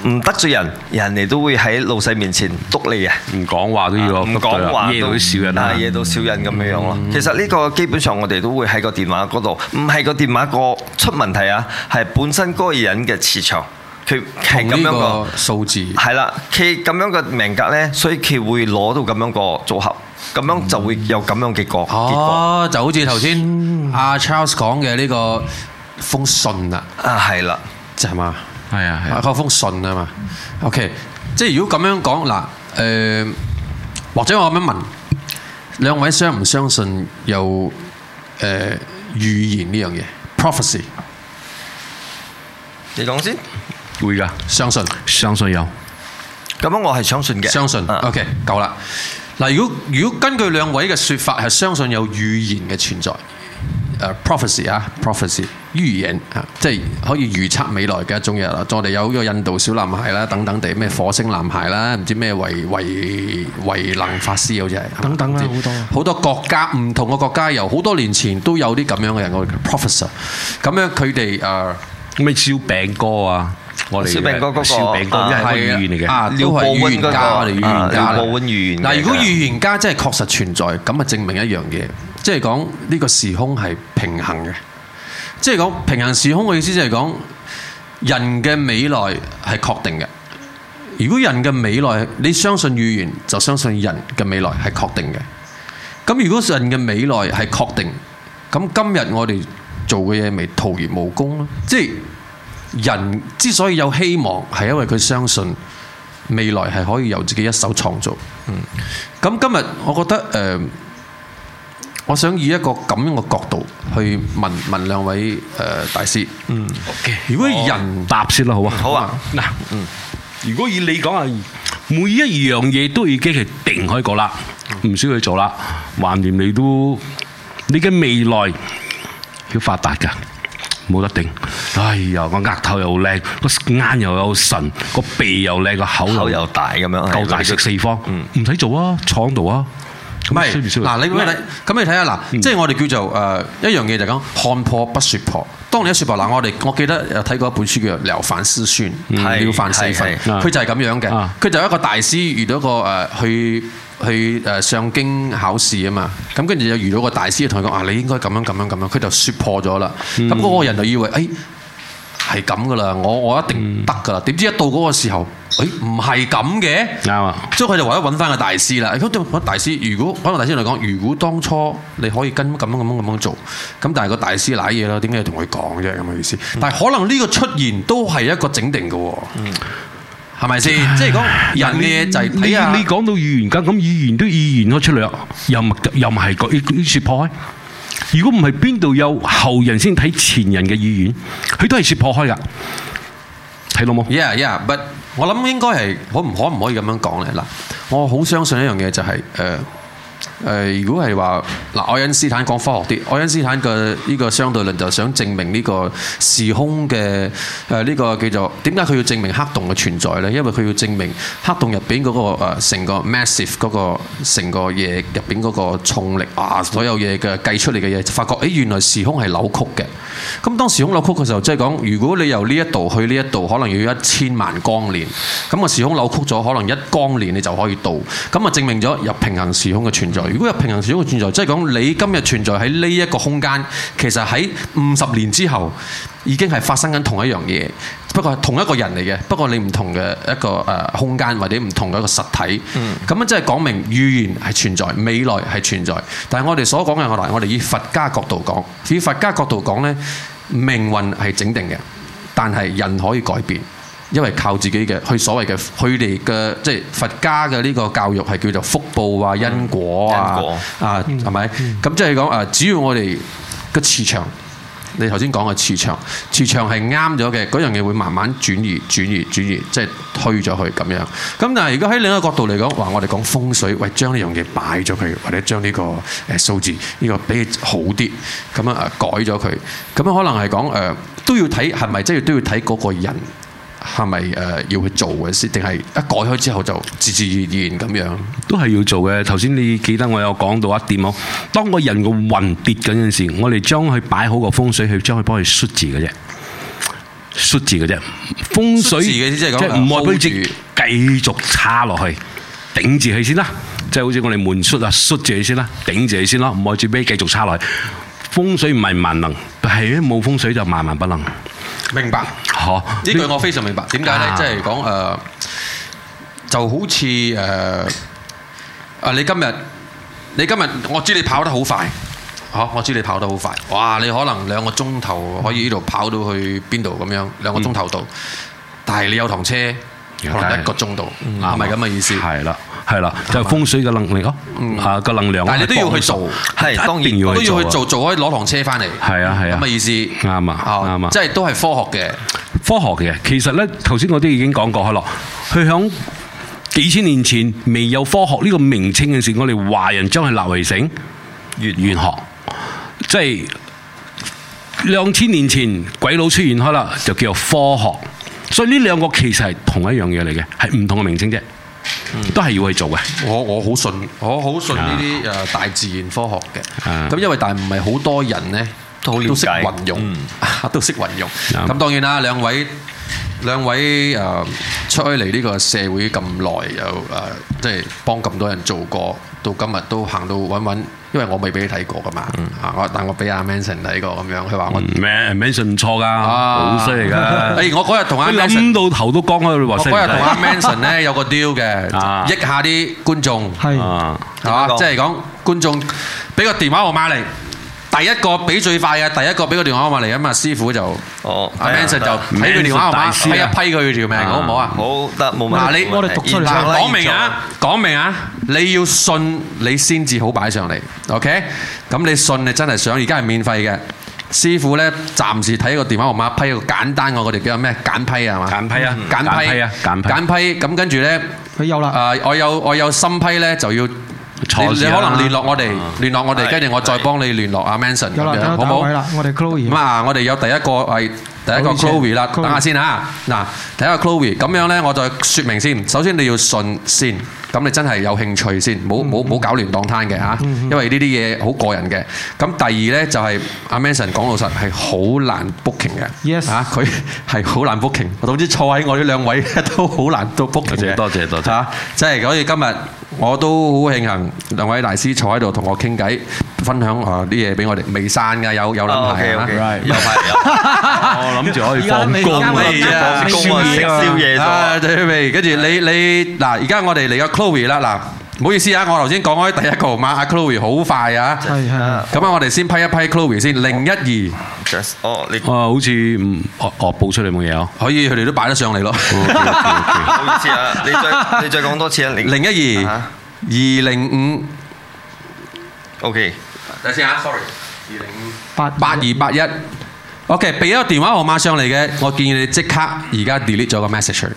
[SPEAKER 5] 唔得罪人，人哋都會喺老細面前篤你嘅，唔講話都要，唔講、啊、話都小人、啊，惹到小人咁樣樣咯。嗯、其實呢個基本上我哋都會喺個電話嗰度，唔係個電話個出問題啊，係本身嗰個人嘅磁場。佢咁樣個數字係啦，佢咁樣個名格咧，所以佢會攞到咁樣個組合，咁樣就會有咁樣嘅結果。結果，嗯哦、就好似頭先
[SPEAKER 1] 阿 Charles 講嘅呢個封信啦。啊，係啦，即係嘛，係啊，係啊，嗰、啊、封信啊嘛。OK，即係如果咁樣講嗱，誒、呃，或者我咁樣問兩位，相唔相信有誒、呃、語言呢樣嘢？Prophecy，你講先。會噶，相信相信有。咁樣我係相信嘅。相信。O K. 夠啦。嗱、okay,，如果如果根據兩位嘅說法，係相信有預言嘅存在。誒、uh,，prophecy 啊、uh,，prophecy 預、uh, 言、uh, 即係可以預測未來嘅一種人啦。我哋有一個印度小男孩啦，等等地咩火星男孩啦，唔知咩維維維能法師好似係
[SPEAKER 5] 等等啦、啊，
[SPEAKER 1] 好多好、啊、多國家唔同嘅國家，由好多年前都有啲咁樣嘅人，我哋、 [LAUGHS] uh, 叫 professor。咁樣佢
[SPEAKER 4] 哋誒咩燒餅歌啊？我哋小明哥嗰個係啊，都係預言家，我哋預言家嚟。嗱，如果預
[SPEAKER 1] 言家真係確實存在，咁啊證明一樣嘢，即係講呢個時空係平衡嘅。即係講平衡時空嘅意思，就係講人嘅未來係確定嘅。如果人嘅未來，你相信預言，就相信人嘅未來係確定嘅。咁如果人嘅未來係確定，咁今日我哋做嘅嘢咪徒然無功咯，即係。人之所以有希望，係因為佢相信未來係可以由自己一手創造。嗯，咁今日我覺得誒、呃，我想以一個咁樣嘅角度去問問兩位誒、呃、大
[SPEAKER 4] 師。嗯，okay, 如果人我先答先啦，好啊，好啊。嗱來，如果以你講啊，每一樣嘢都已經係定開過啦，唔、嗯、需要去做啦，橫掂你都，你嘅未來要發達噶。冇得定，哎呀！個額頭，頭又靚，個眼又有神，個鼻又靚，個口又大咁樣，夠大食四方，唔使做啊，闖度啊！唔係嗱，你咁樣睇，
[SPEAKER 1] 咁你睇下嗱，看看嗯、即係我哋叫做誒、呃、一樣嘢就係講看破不說破。當你一說破嗱，我哋我記得有睇過一本書叫做《了凡師孫》，了凡、嗯、是四訓，佢的的就係咁樣嘅，佢就係一個大師遇到一個誒去。去誒上京考試啊嘛，咁跟住就遇到個大師，同佢講：啊，你應該咁樣咁樣咁樣。佢就説破咗啦。咁嗰、嗯、個人就以為：誒係咁噶啦，我我一定得噶啦。點、嗯、知一到嗰個時候，誒唔係咁嘅。啱啊！嗯、所以佢就為咗揾翻個大師啦。咁、嗯、大師如果，可能大師嚟講，如果當初你可以跟咁樣咁樣咁樣做，咁但係個大師賴嘢啦。點解要同佢講啫？咁、那、嘅、個、意思。嗯、但係可能呢個出現都係一個整定噶。嗯。係咪先？即係是講、啊、人嘅嘢就係你你
[SPEAKER 4] 講到預言家咁預言都預言咗出嚟，又唔又唔係講說破開。如果唔係邊度有後人先睇前人嘅預言，佢都係說破開㗎。睇到冇？Yeah yeah，but 我諗應該係
[SPEAKER 1] 可唔可唔可以咁樣講咧？嗱，我好相信一樣嘢就係、是、誒。呃誒、呃，如果係話，嗱、呃，愛因斯坦講科學啲，愛因斯坦嘅呢個相對論就想證明呢個時空嘅誒呢個叫做點解佢要證明黑洞嘅存在咧？因為佢要證明黑洞入邊、嗰個、呃、個成 mass、嗰個 massive 個成個嘢入邊個重力啊，所有嘢嘅計出嚟嘅嘢，就發覺誒、欸、原來時空係扭曲嘅。咁當時空扭曲嘅時候，即係講如果你由呢一度去呢一度，可能要一千萬光年。咁啊時空扭曲咗，可能一光年你就可以到。咁啊證明咗入平行時空嘅存在。如果有平衡時鐘嘅存在，即係講你今日存在喺呢一個空間，其實喺五十年之後已經係發生緊同一樣嘢，不過係同一個人嚟嘅，不過你唔同嘅一個誒空間或者唔同嘅一個實體。咁樣、嗯，即係講明預言係存在，未來係存在。但係我哋所講嘅，我嚟我哋以佛家角度講，以佛家角度講呢，命運係整定嘅，但係人可以改變。因為靠自己嘅，去所謂嘅，佢哋嘅即係佛家嘅呢個教育係叫做福報啊、因果啊啊，係咪？咁即係講啊，只要我哋個磁場，你頭先講嘅磁場，磁場係啱咗嘅，嗰樣嘢會慢慢轉移、轉移、轉移，即係推咗佢咁樣。咁但係如果喺另一個角度嚟講，話我哋講風水，喂，將呢樣嘢擺咗佢，或者將呢個誒數字呢個比好啲，咁啊改咗佢，咁樣可能係講誒都要睇係咪，即係都要睇嗰個人。係咪誒要去做嘅先？定係一
[SPEAKER 4] 改開之後就自自然然咁樣？都係要做嘅。頭先你記得我有講到一點咯。當個人個運跌緊陣時，我哋將佢擺好個風水，去將佢幫佢縮住嘅啫，縮住嘅啫。風水嘅即係唔愛杯接，繼續插落去，頂住佢先啦。即係好似我哋門縮啊，縮住佢先啦，頂住佢先啦。唔愛住杯繼續插落去。風水唔係萬能，但係咧冇風水就萬萬不能。
[SPEAKER 1] 明白。呢句我非常明白，點解咧？即係講誒，就好似誒，啊！你今日你今日我知你跑得好快，吓我知你跑得好快。哇！你可能兩個鐘頭可以呢度跑到去邊度咁樣，兩個鐘頭到，但係你有堂車可能一個鐘度，
[SPEAKER 4] 係咪咁嘅意思？係啦，係啦，就係風水嘅能力咯，吓個能量，但係你都要去做，係當然都要去做，做可以攞堂車翻嚟，係啊係啊咁嘅意思，啱啊啱啊，即係都係科學嘅。科學嘅，其實呢，頭先我都已經講過開啦。佢響幾千年前未有科學呢個名稱嘅時候，我哋華人將佢留為成玄學，即係兩千年前鬼佬出現開啦，就叫做科學。所以呢兩個其實係同一樣嘢嚟嘅，係唔同嘅名稱啫，都係要去做嘅，嗯。我我好信，我好信呢啲誒大自然科學嘅。
[SPEAKER 1] 咁、嗯、因為但係唔係好多人呢。都識運用，都識運用。咁當然啦，兩位兩位誒出嚟呢個社會咁耐，又誒即係幫咁多人做過，到今日都行到揾揾。因為我未俾你睇過㗎嘛，啊！但我俾阿 Manson 睇過，咁樣佢話我
[SPEAKER 4] Manson 唔錯㗎，好犀利㗎。誒，我嗰日同阿諗到頭都光開。我嗰日同阿 Manson 咧
[SPEAKER 1] 有個 deal 嘅，益下啲觀眾。係啊，係嘛？即係講觀眾俾個電話號碼嚟。第一個俾最快嘅，第一個俾個電話號碼嚟啊嘛，師傅就哦，阿 Manson 就睇佢電話號碼批一批
[SPEAKER 5] 佢條命，好唔好啊？好得冇問題。嗱，你我哋
[SPEAKER 1] 讀出嚟，講明啊，講明啊，你要信你先至好擺上嚟，OK？咁你信你真係想，而家係免費嘅，師傅咧暫時睇個電話號碼，批個簡單，我哋叫咩簡批係嘛？簡批啊，簡批啊，簡批。咁跟住咧，佢有啦。啊，我有我有新批咧，就要。你可能聯絡我哋，嗯、聯絡我哋，跟住、嗯、我再幫你聯絡阿 Manson 好唔好？我哋有第一個第一個 Chloe 等下先嚇。第一個 Chloe，咁樣呢，我再説明先。首先你要信先。咁你真係有興趣先，冇冇冇搞亂當攤嘅嚇，因為呢啲嘢好個人嘅。咁第二咧就係阿 Manson 講老實係好難 booking 嘅，Yes，嚇佢係好難 booking。我總之坐喺我呢兩位咧都好難都 booking 嘅。多謝多謝多謝嚇，即係所以今日我都好慶幸兩位大師坐喺度同我傾偈，分享啊啲嘢俾我哋。未散㗎，有有諗住啊，有派。
[SPEAKER 6] 我諗住可
[SPEAKER 1] 以放工嘅啊，食宵夜啊，跟住你你嗱，而家我哋嚟個。Clowry 啦，嗱，唔好意思啊，我頭先講開第一個號碼，阿 Clowry 好快啊，係啊，咁啊，我哋先批一批 Clowry 先，零一二，哦，哦，好似唔，哦，報出嚟冇嘢啊，可以，佢哋都擺得上嚟咯，唔好
[SPEAKER 3] 意思啊，你
[SPEAKER 1] 再你再講多次啊，零一二二零五，OK，等先啊，Sorry，二零五八八二八一，OK，俾咗個電話號碼上嚟嘅，我建議你即刻而家 delete 咗個 message。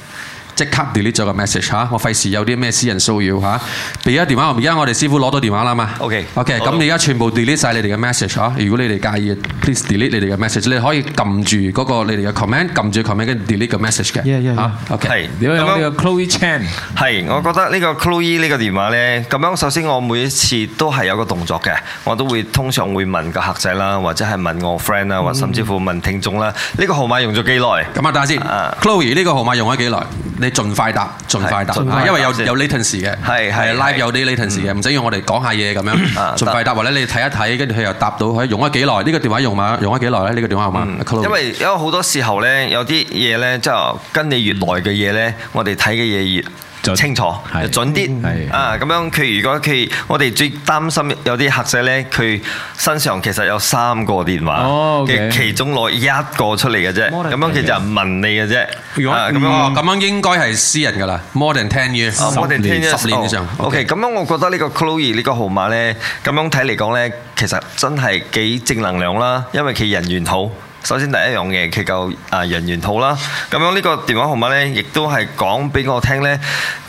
[SPEAKER 1] 即刻 delete 咗個 message 嚇，我費事有啲咩私人騷擾嚇。而家電話，而家我哋師傅攞到電話啦嘛。OK，OK，咁而家全部 delete 曬你哋嘅 message 嚇。如果你哋介意，please delete 你哋嘅 message。你可以撳住嗰個你哋嘅 command，撳住 command 跟 delete 個 message 嘅。嚇
[SPEAKER 5] ，OK。呢個 Chloe Chan。係，我覺得呢個 Chloe 呢個電話咧，咁樣首先我每一次都係有個動作嘅，我都會通常會問個客仔啦，或者係問我 friend 啊，或甚至乎問聽眾啦。呢個號碼用咗幾耐？咁啊，等下先。Chloe 呢個號碼用咗幾耐？你盡快答，盡快答，因為有有
[SPEAKER 1] latency 嘅，係係 live 有啲 latency 嘅，唔使要我哋講下嘢咁樣，盡快答或者你睇一睇，跟住佢又答到，可以用咗幾耐？呢個電話用埋，用咗幾耐咧？呢個電話係嘛？因為
[SPEAKER 5] 因為好多時候咧，有啲嘢咧，即係跟你越耐嘅嘢咧，我哋睇嘅嘢越就清楚，準啲、嗯、啊！咁樣佢如果佢，我哋最擔心有啲客仔呢，佢身上其實有三個電話嘅，哦 okay. 其中攞一個出嚟嘅啫。咁樣佢就問你嘅啫。咁樣咁樣應該係私人㗎啦。More than
[SPEAKER 1] ten years，十、啊、年，年以上。哦、OK，
[SPEAKER 5] 咁 okay. 樣我覺得呢個 Chloe 呢個號碼呢，咁樣睇嚟講呢，其實真係幾正能量啦，因為佢人緣好。首先第一 [LAUGHS] 樣嘢，佢夠啊人緣好啦，咁樣呢個電話號碼咧，亦都係講畀我聽咧，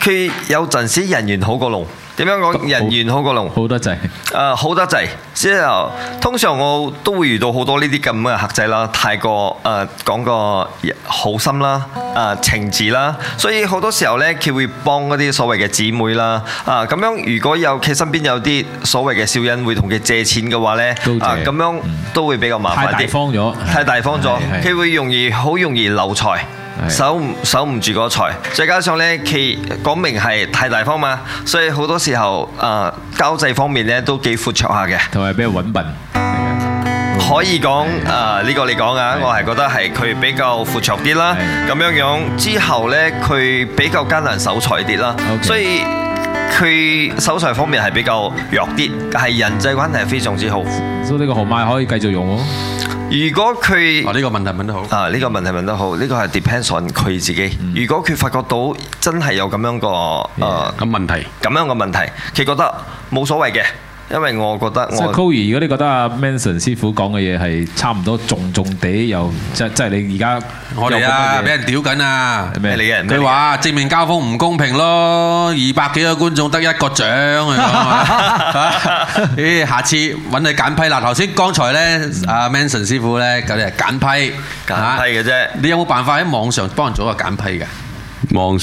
[SPEAKER 5] 佢有陣時人緣好過龍。點樣講？人緣好過龍，好得滯。誒，好得滯、啊。通常我都會遇到好多呢啲咁嘅客仔啦，太過誒、呃、講個好心啦，誒、啊、情字啦。所以好多時候呢，佢會幫嗰啲所謂嘅姊妹啦。啊，咁樣如果有佢身邊有啲所謂嘅小人會同佢借錢嘅話呢，咁謝、啊、樣都會比較麻煩啲、嗯。太大方咗，太大方咗，佢的會容易好容易流財。守唔守唔住個財，再加上咧，佢講明係太大方嘛，所以好多時候啊，交際方面咧都幾闊綽下嘅，同埋比較穩笨，可以講啊呢個你講啊，我係覺得係佢比較闊綽啲啦，咁樣樣之後咧，佢比較艱難守財啲啦，所以佢守財方面係比較弱啲，但係人際關係係非常之好，所以呢個號碼可以繼續用哦。如果佢呢、哦呢個問題問得好啊呢、呢個問題問得好呢、呢個係 depends on 佢自己。嗯、如果佢發覺到真係有咁樣個誒咁問題，咁樣個問題，佢覺得冇所謂嘅。因為我覺得，即係 Coir，
[SPEAKER 2] 如果你覺得阿 Manson 師傅講嘅嘢係差唔多，重重地又即即係你而家我哋啊，俾人屌緊啊！咩你嘅人？佢話正面交鋒唔公平
[SPEAKER 1] 咯，二百幾個觀眾得一個獎啊！咦，下次揾你簡批嗱，頭先剛才咧，阿 Manson 師傅咧，佢哋係簡批簡批嘅啫。你有冇辦法喺網上幫人做個簡批嘅？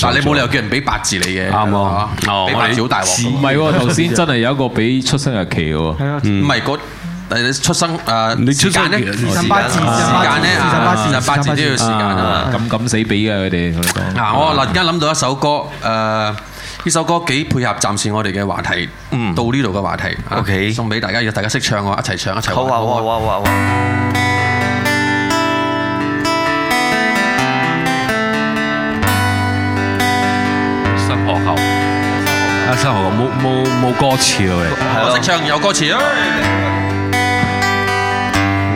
[SPEAKER 1] 但係你冇理由叫人俾八字你嘅，啱唔啱？哦，俾八字好大鑊。唔係喎，頭先真係有一
[SPEAKER 2] 個俾出生日期嘅喎，
[SPEAKER 1] 唔係個，但係出生誒，時間咧，八字時間咧，其實八字都要時間啊嘛，咁
[SPEAKER 2] 咁死俾嘅佢哋同你講。嗱，我突然
[SPEAKER 1] 間諗到一首歌，誒，呢首歌幾配合暫時我哋嘅話題，嗯，到呢度嘅話題，OK，送俾大家，如果大家識唱嘅話，一齊唱一齊。好啊，哇
[SPEAKER 5] 哇哇哇哇！
[SPEAKER 4] 一生何求，冇冇冇歌詞嘅，
[SPEAKER 1] 我識唱有歌詞啊。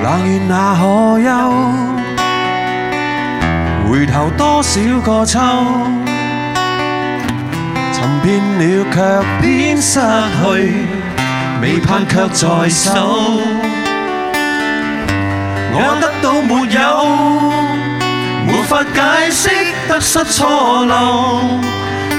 [SPEAKER 3] 冷暖哪可休，回頭多少個秋，尋遍了卻偏失去，未盼卻在手。我得到沒有，沒法解釋得失錯漏。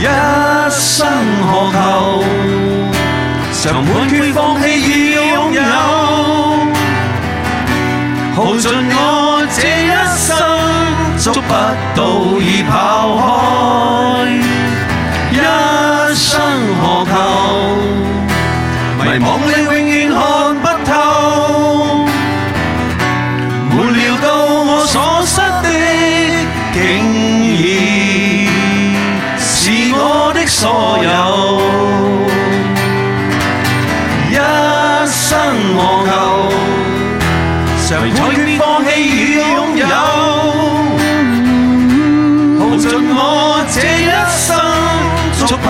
[SPEAKER 3] 一生何求？常判決放棄與擁有，耗盡我這一生，觸不到已跑開。一生何求？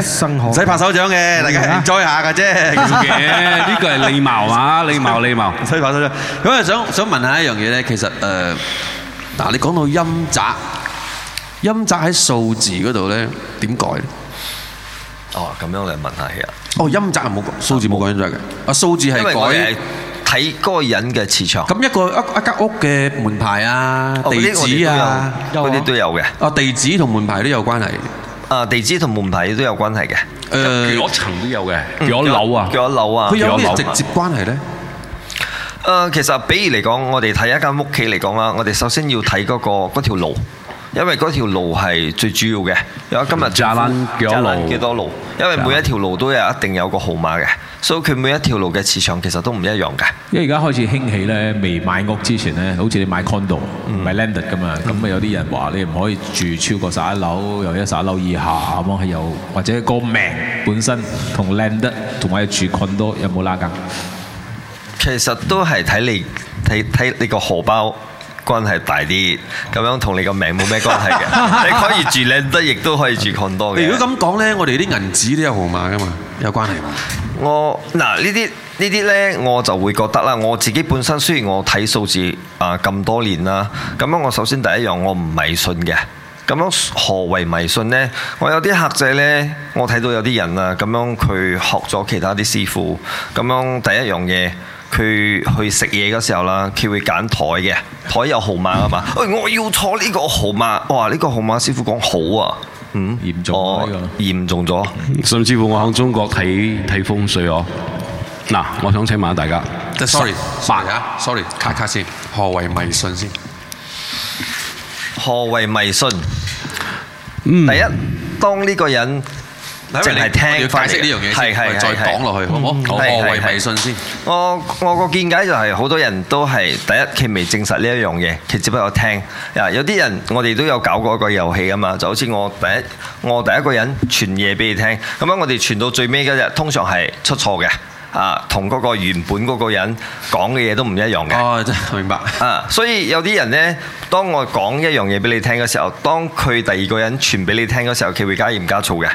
[SPEAKER 1] 唔使拍手掌嘅，大家慶祝下噶啫。
[SPEAKER 4] 呢個係禮貌嘛？禮貌，
[SPEAKER 1] 禮貌。所以拍手掌。咁啊，想想問下一樣嘢咧，其實誒，嗱，你講到陰宅，陰宅喺數字嗰度咧點改？哦，咁樣嚟問下嘅。哦，陰宅係冇，數字冇講陰宅嘅。啊，數字係改係
[SPEAKER 5] 睇嗰個人嘅磁場。咁
[SPEAKER 1] 一個一一間屋嘅門牌啊、地址啊，嗰啲
[SPEAKER 5] 都有嘅。哦，地址同門牌都有關係。啊！地址同門牌都有關係嘅，誒、呃，幾多層都有嘅，幾多樓啊，幾多樓啊，佢有咩直接關係咧？誒、啊呃，其實，比如嚟講，我哋睇一間屋企嚟講啊，我哋首先要睇嗰、嗰個嗰條路，因為嗰條路係最主要嘅，有今日炸爛多幾多路？因為每一條路都有一定有一個號碼嘅，所以佢每一條路嘅磁場其實都唔一樣嘅。
[SPEAKER 2] 因為而家開始興起咧，未買屋之前咧，好似你買 condo、買 landed 㗎嘛，咁啊有啲人話你唔可以住超過十一樓，又一十一樓以下，咁啊有，或者個名本身同 landed、er, 同埋住 condo 有冇拉近？
[SPEAKER 5] 其實都係睇你睇睇你個荷包。關係大啲，咁樣同你個名冇咩關係嘅， [LAUGHS] 你可以住靚得，亦都可以住更多嘅。如果咁講呢，我哋啲銀紙都有號碼噶嘛，有關係喎。我嗱呢啲呢啲呢，我就會覺得啦，我自己本身雖然我睇數字啊咁多年啦，咁樣我首先第一樣我唔迷信嘅。咁樣何為迷信呢？我有啲客仔呢，我睇到有啲人啊，咁樣佢學咗其他啲師傅，咁樣第一樣嘢。佢去食嘢嘅時候啦，佢會揀枱嘅，枱有號碼啊嘛，誒 [LAUGHS] 我要坐呢個號碼，哇呢、呢個號碼師傅講好啊，嗯我嚴重咗，嚴重咗，甚至乎我響中國睇睇風水哦，嗱、啊、我想請問下大家，sorry，, sorry 白啊 sorry，sorry，卡卡先，何為迷信先？何為迷信？嗯、第一，當呢個人。即係聽解釋呢樣嘢先，再講落去好唔好？我個迷信先。我我個見解就係、是、好多人都係第一，佢未證實呢一樣嘢，其實只不過聽。嗱，有啲人我哋都有搞過一個遊戲噶嘛，就好似我第一我第一個人傳嘢俾你聽，咁樣我哋傳到最尾嗰日，通常係出錯嘅。啊，同嗰個原本嗰個人講嘅嘢都唔一樣嘅。哦，明白。啊， [LAUGHS] 所以有啲人呢，當我講一樣嘢俾你聽嘅時候，當佢第二個人傳俾你聽嘅時候，佢會加鹽加醋嘅。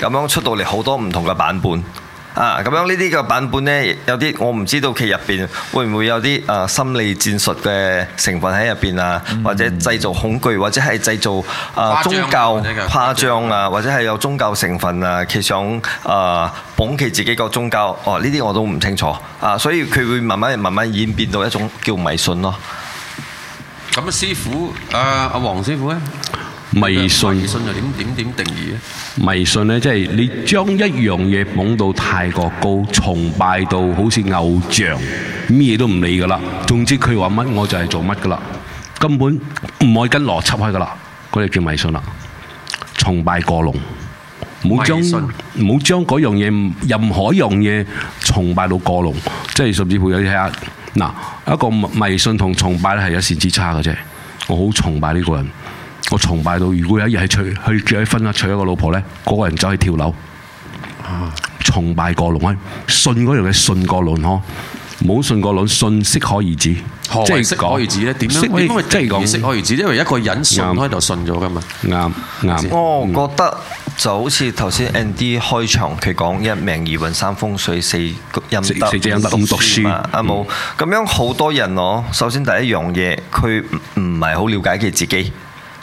[SPEAKER 5] 咁樣出到嚟好多唔同嘅版本啊！咁樣呢啲嘅版本呢，有啲我唔知道佢入邊會唔會有啲誒、呃、心理戰術嘅成分喺入邊啊，嗯、或者製造恐懼，或者係製造誒、呃、張宗教誇張啊，或者係有宗教成分啊，佢想誒捧佢自己個宗教。哦、啊，呢啲我都唔清楚啊，所以佢會慢慢慢慢演變到一種叫迷信咯。咁師傅，阿阿黃師傅呢？迷信就點點定義咧？迷信呢，即係你
[SPEAKER 4] 將一樣嘢捧到太過高，崇拜到好似偶像，咩都唔理噶啦。總之佢話乜我就係做乜噶啦，根本唔可以跟邏輯去噶啦。嗰啲叫迷信啦，崇拜過龍，冇將冇將嗰樣嘢，任何一樣嘢崇拜到過龍，即係甚至乎有啲睇下，嗱，一個迷信同崇拜咧係一線之差嘅啫。我好崇拜呢個人。我崇拜到，如果有一日係娶去結婚啦，娶咗個老婆咧，嗰、嗰個人走去跳樓，啊！崇拜個龍啊，信嗰樣嘢，信個卵嗬，冇信個卵，信適可而止。何位 即係講適可而
[SPEAKER 5] 止咧，點樣？因為識即係講適可而止，因為一個人信開、嗯、頭信咗噶嘛。啱啱，我覺得就好似頭先 ND 開場佢講一命二運三風水四陰德，四陰德五讀書啊，冇咁、嗯嗯、樣好多人咯。首先第一樣嘢，佢唔係好了解佢自己。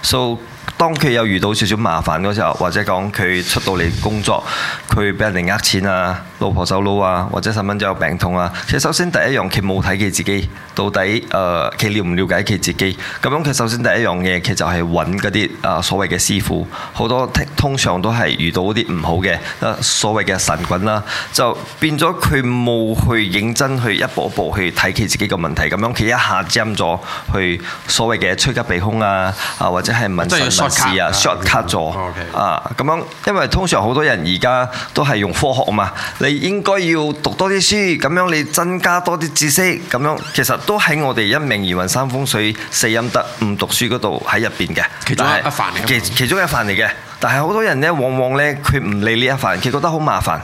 [SPEAKER 5] So，當佢有遇到少少麻煩嗰時候，或者講佢出到嚟工作，佢俾人哋呃錢啊。老婆走佬啊，或者細蚊仔有病痛啊。其實首先第一樣，佢冇睇佢自己到底誒，佢了唔了解佢自己咁樣。佢首先第一樣嘢，其實就係揾嗰啲啊所謂嘅師傅，好多通常都係遇到啲唔好嘅所謂嘅神棍啦，就變咗佢冇去認真去一步一步去睇佢自己個問題。咁樣佢一下子咗去所謂嘅趨吉避凶啊，啊或者係問術士啊 short cut 咗啊咁樣，因為通常好多人而家都係用科學啊嘛。你應該要讀多啲書，咁樣你增加多啲知識，咁樣其實都喺我哋一命二運三風水四陰德五讀書嗰度喺入邊嘅，其中一其，其中一範嚟嘅，但係好多人呢，往往呢，佢唔理呢一範，佢覺得好麻煩，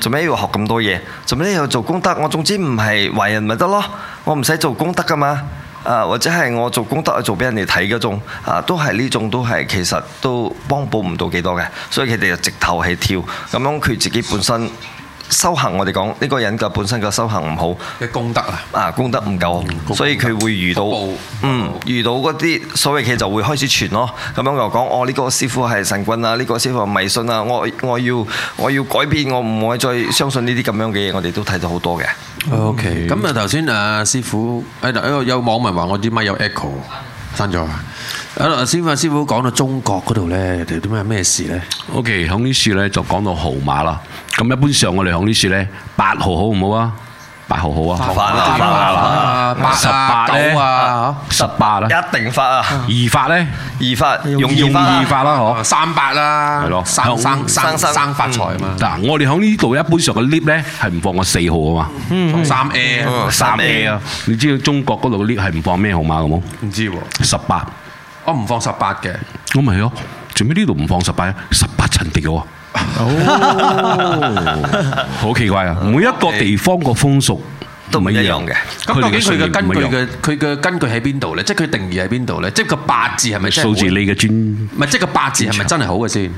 [SPEAKER 5] 做咩要學咁多嘢？做咩要做功德？我總之唔係壞人咪得咯，我唔使做功德㗎嘛。啊，或者係我做功德做俾人哋睇嗰種啊，都係呢種都係其實都幫補唔到幾多嘅，所以佢哋就直頭係跳咁樣，佢自己本身。修行我哋講呢個人嘅本身嘅修行唔好嘅功德啊啊功德唔夠，嗯、所以佢會遇到報嗯遇到嗰啲，所謂嘅會開始傳咯。咁、嗯、樣嚟講，哦呢、這個師傅係神棍啊，呢、這個師傅迷信啊，我我要我要改變，我唔會再相信呢啲咁樣嘅嘢。我哋都睇到好多嘅。OK，咁啊頭先啊
[SPEAKER 1] 師傅，有、哎、有網民話我點解有 echo？分咗啊！阿先發
[SPEAKER 4] 師傅講到中國嗰度咧，條啲咩咩事咧？O K，響呢處咧、okay, 就講到號碼啦。咁一般上我哋響呢處咧，八號好唔好啊？八號好啊，
[SPEAKER 1] 八八十八
[SPEAKER 5] 啊，十八啦，一定發啊！二發咧，二發用二發啦，嗬，三八啦，係咯，生生生生發財啊
[SPEAKER 4] 嘛！嗱，我哋喺呢度一般上嘅 lift 咧，係唔放個四號啊嘛，放
[SPEAKER 1] 三 A、三 A 啊！
[SPEAKER 4] 你知道中國嗰度 lift 係唔放咩號碼嘅冇？唔知喎，十八，我唔放十八嘅，咁咪係咯，做咩呢度唔放十八啊，十八層掉咗。哦，oh. 好奇怪啊！每一個地方個風俗、okay. 都唔一樣嘅。
[SPEAKER 1] 咁究竟佢嘅根據嘅，佢嘅根據喺邊度咧？即係佢定義喺邊度咧？即係、嗯、個八字係咪數字？你嘅專唔係即係個八字係咪真係好嘅先？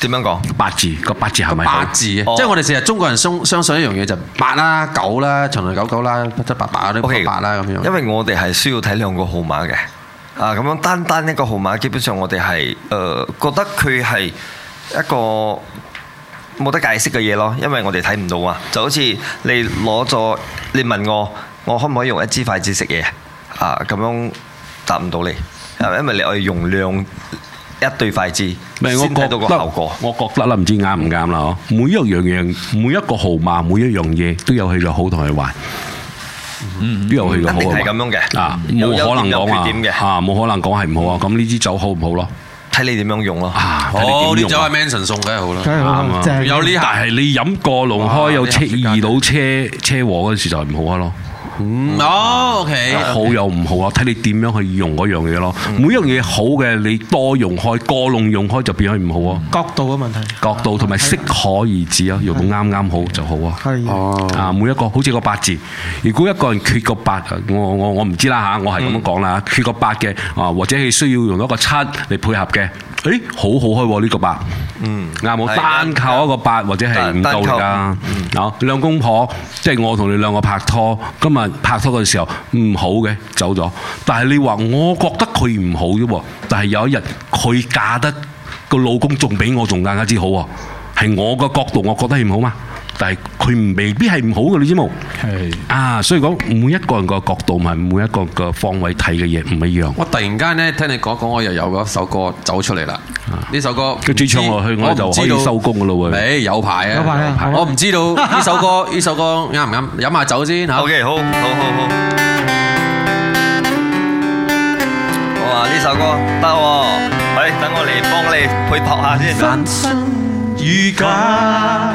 [SPEAKER 1] 點樣講？八字個八字係咪八字？即係我哋
[SPEAKER 5] 成日中國人相相信一樣嘢就八啦、九啦、長長久久啦、七七八八啊、啲八八啦咁樣。因為我哋係需要睇兩個號碼嘅啊，咁樣單單一個號碼，基本上我哋係誒覺得佢係。一個冇得解釋嘅嘢咯，因為我哋睇唔到啊，就好似你攞咗你問我，我可唔可以用一支筷子食嘢啊？咁樣答唔到你，因為你可以用兩一對筷子先睇到個效果。
[SPEAKER 4] 我覺得啦，唔知啱唔啱啦嗬，每一樣嘢，每一個號碼，每一樣嘢都有佢嘅好同佢壞，都有佢嘅。肯定係咁樣嘅，啊冇可能講佢點嘅，冇可能講係唔好啊！咁呢支酒好唔好咯？睇你點樣用咯，啊！哦，你走
[SPEAKER 1] 阿 Manson 送，梗係好啦，梗係啱啊！有呢下，但係你
[SPEAKER 4] 飲過龍開有車，遇到車車禍嗰陣時就唔好啊咯。嗯，哦、oh，OK, okay. 好又唔好啊，睇你點樣去用嗰樣嘢咯。嗯、每一樣嘢好嘅，你多用開過籠用開就變咗唔好啊。角度嘅問題，角度同埋適可而止啊。的用到啱啱好就好啊。係的，啊，每一個好似個八字，如果一個人缺個八，我我我我唔知啦吓，我係咁樣講啦、嗯、缺個八嘅啊，或者係需要用一個七嚟配合嘅。誒，好好開喎、啊、呢、這個八，啱冇？單靠一個八但或者係唔夠噶，啊靠，兩公婆，即係、嗯就是、我同你兩個拍拖，今日拍拖嘅時候唔好嘅走咗，但係你話我覺得佢唔好啫噃，但係有一日佢嫁得個老公仲比我仲更加之好喎，係我嘅角度我覺得唔好嗎？但係佢未必係唔好嘅，你知冇？係啊，所以講每一個人個角度同埋每一個個方位睇嘅嘢唔一樣。
[SPEAKER 1] 我突然間咧聽你講講，我又有嗰首歌走出嚟啦。呢首歌佢最唱我去，我就知道收工嘅咯喎。誒有排啊！我唔知道呢首歌呢首歌啱唔啱？飲下酒先嚇。O K，好，好好好。
[SPEAKER 5] 我話呢首歌得喎，誒等我嚟幫你去拍下先。真與假。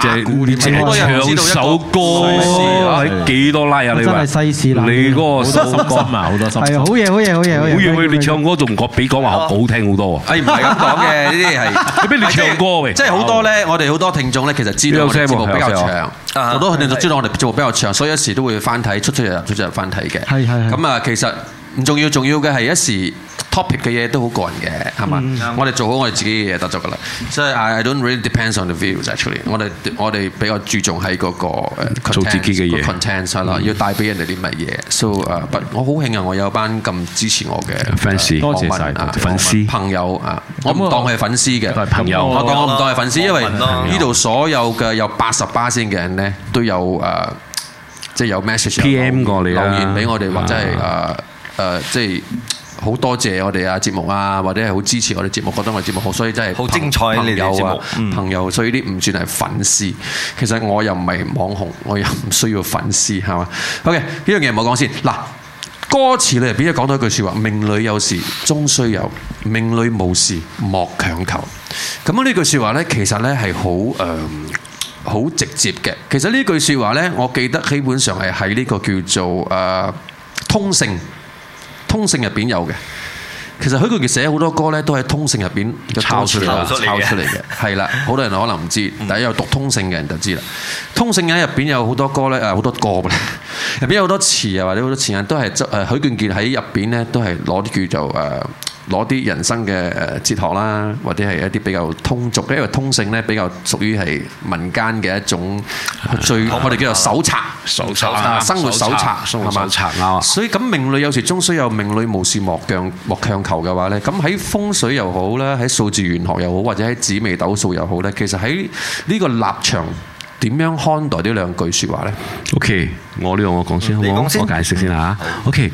[SPEAKER 4] 借借唱首歌，幾多拉 i 啊？你話真係世
[SPEAKER 5] 事難，你嗰個心肝啊，好多心。係啊，
[SPEAKER 4] 好嘢，好嘢，好嘢，好嘢！你唱歌仲唔覺比講話好聽好多啊？哎，唔係咁講嘅，呢啲
[SPEAKER 6] 係。邊你
[SPEAKER 1] 唱歌？嘅，即係好多咧，我哋好多聽眾咧，其實知道我哋比較長。好多聽就知道我哋做比較長，所以一時都會翻睇，出出入入，出出入入翻睇嘅。係係。咁啊，其實唔重要，重要嘅係一時。topic 嘅嘢都好個人嘅，係嘛？我哋做好我哋自己嘅嘢得咗㗎啦。所以 I don't really depend on the views actually。我哋我哋比較注重喺嗰個做自己嘅嘢。content 啦，要帶俾人哋啲乜嘢。So 誒，我好慶幸我有班咁支持我嘅 fans、網民、粉絲、朋友啊！我唔當佢係粉絲嘅，朋友。我講我唔當係粉絲，因為呢度所有嘅有八十巴仙嘅人咧，都有誒，即係有 message、PM 過你留言俾我哋，或者係誒誒即係。好多謝我哋啊節目啊，或者係好支持我哋節目，覺得我哋節目好，所以真係好精彩朋友啊、嗯、朋友，所以啲唔算係粉絲。嗯、其實我又唔係網紅，我又唔需要粉絲，係嘛？OK，呢樣嘢唔好講先。嗱，歌詞裏邊咧講到一句説話：命裏有時終須有，命裏無時莫強求。咁呢句説話呢，其實呢係好誒好直接嘅。其實呢句説話呢，我記得基本上係喺呢個叫做誒、呃、通勝」。通勝入邊有嘅，其實許冠傑寫好多歌咧，都喺通勝入邊嘅抄出嚟嘅，抄出嚟嘅，係啦， [LAUGHS] 好多人可能唔知，但係有讀通勝嘅人就知啦。通勝喺入邊有好多歌咧，誒、啊、好多歌嘅， [LAUGHS] 入邊有好多詞啊，或者好多詞啊，都係誒、呃、許冠傑喺入邊咧，都係攞啲叫做。誒、呃。攞啲人生嘅誒哲學啦，或者係一啲比較通俗，因為通勝咧比較屬於係民間嘅一種最我哋叫做手
[SPEAKER 4] 冊，手冊生活手冊，生活手冊
[SPEAKER 1] 啊。所以咁命理有時終須有，命理無事莫強莫強求嘅話咧，咁喺風水又好啦，喺數字玄學又好，或者喺紫微斗數又好咧，其實喺呢個立場。點樣看待呢兩句
[SPEAKER 4] 説話呢？o、okay, k 我呢度我講先，我我解釋先嚇。嗯、OK，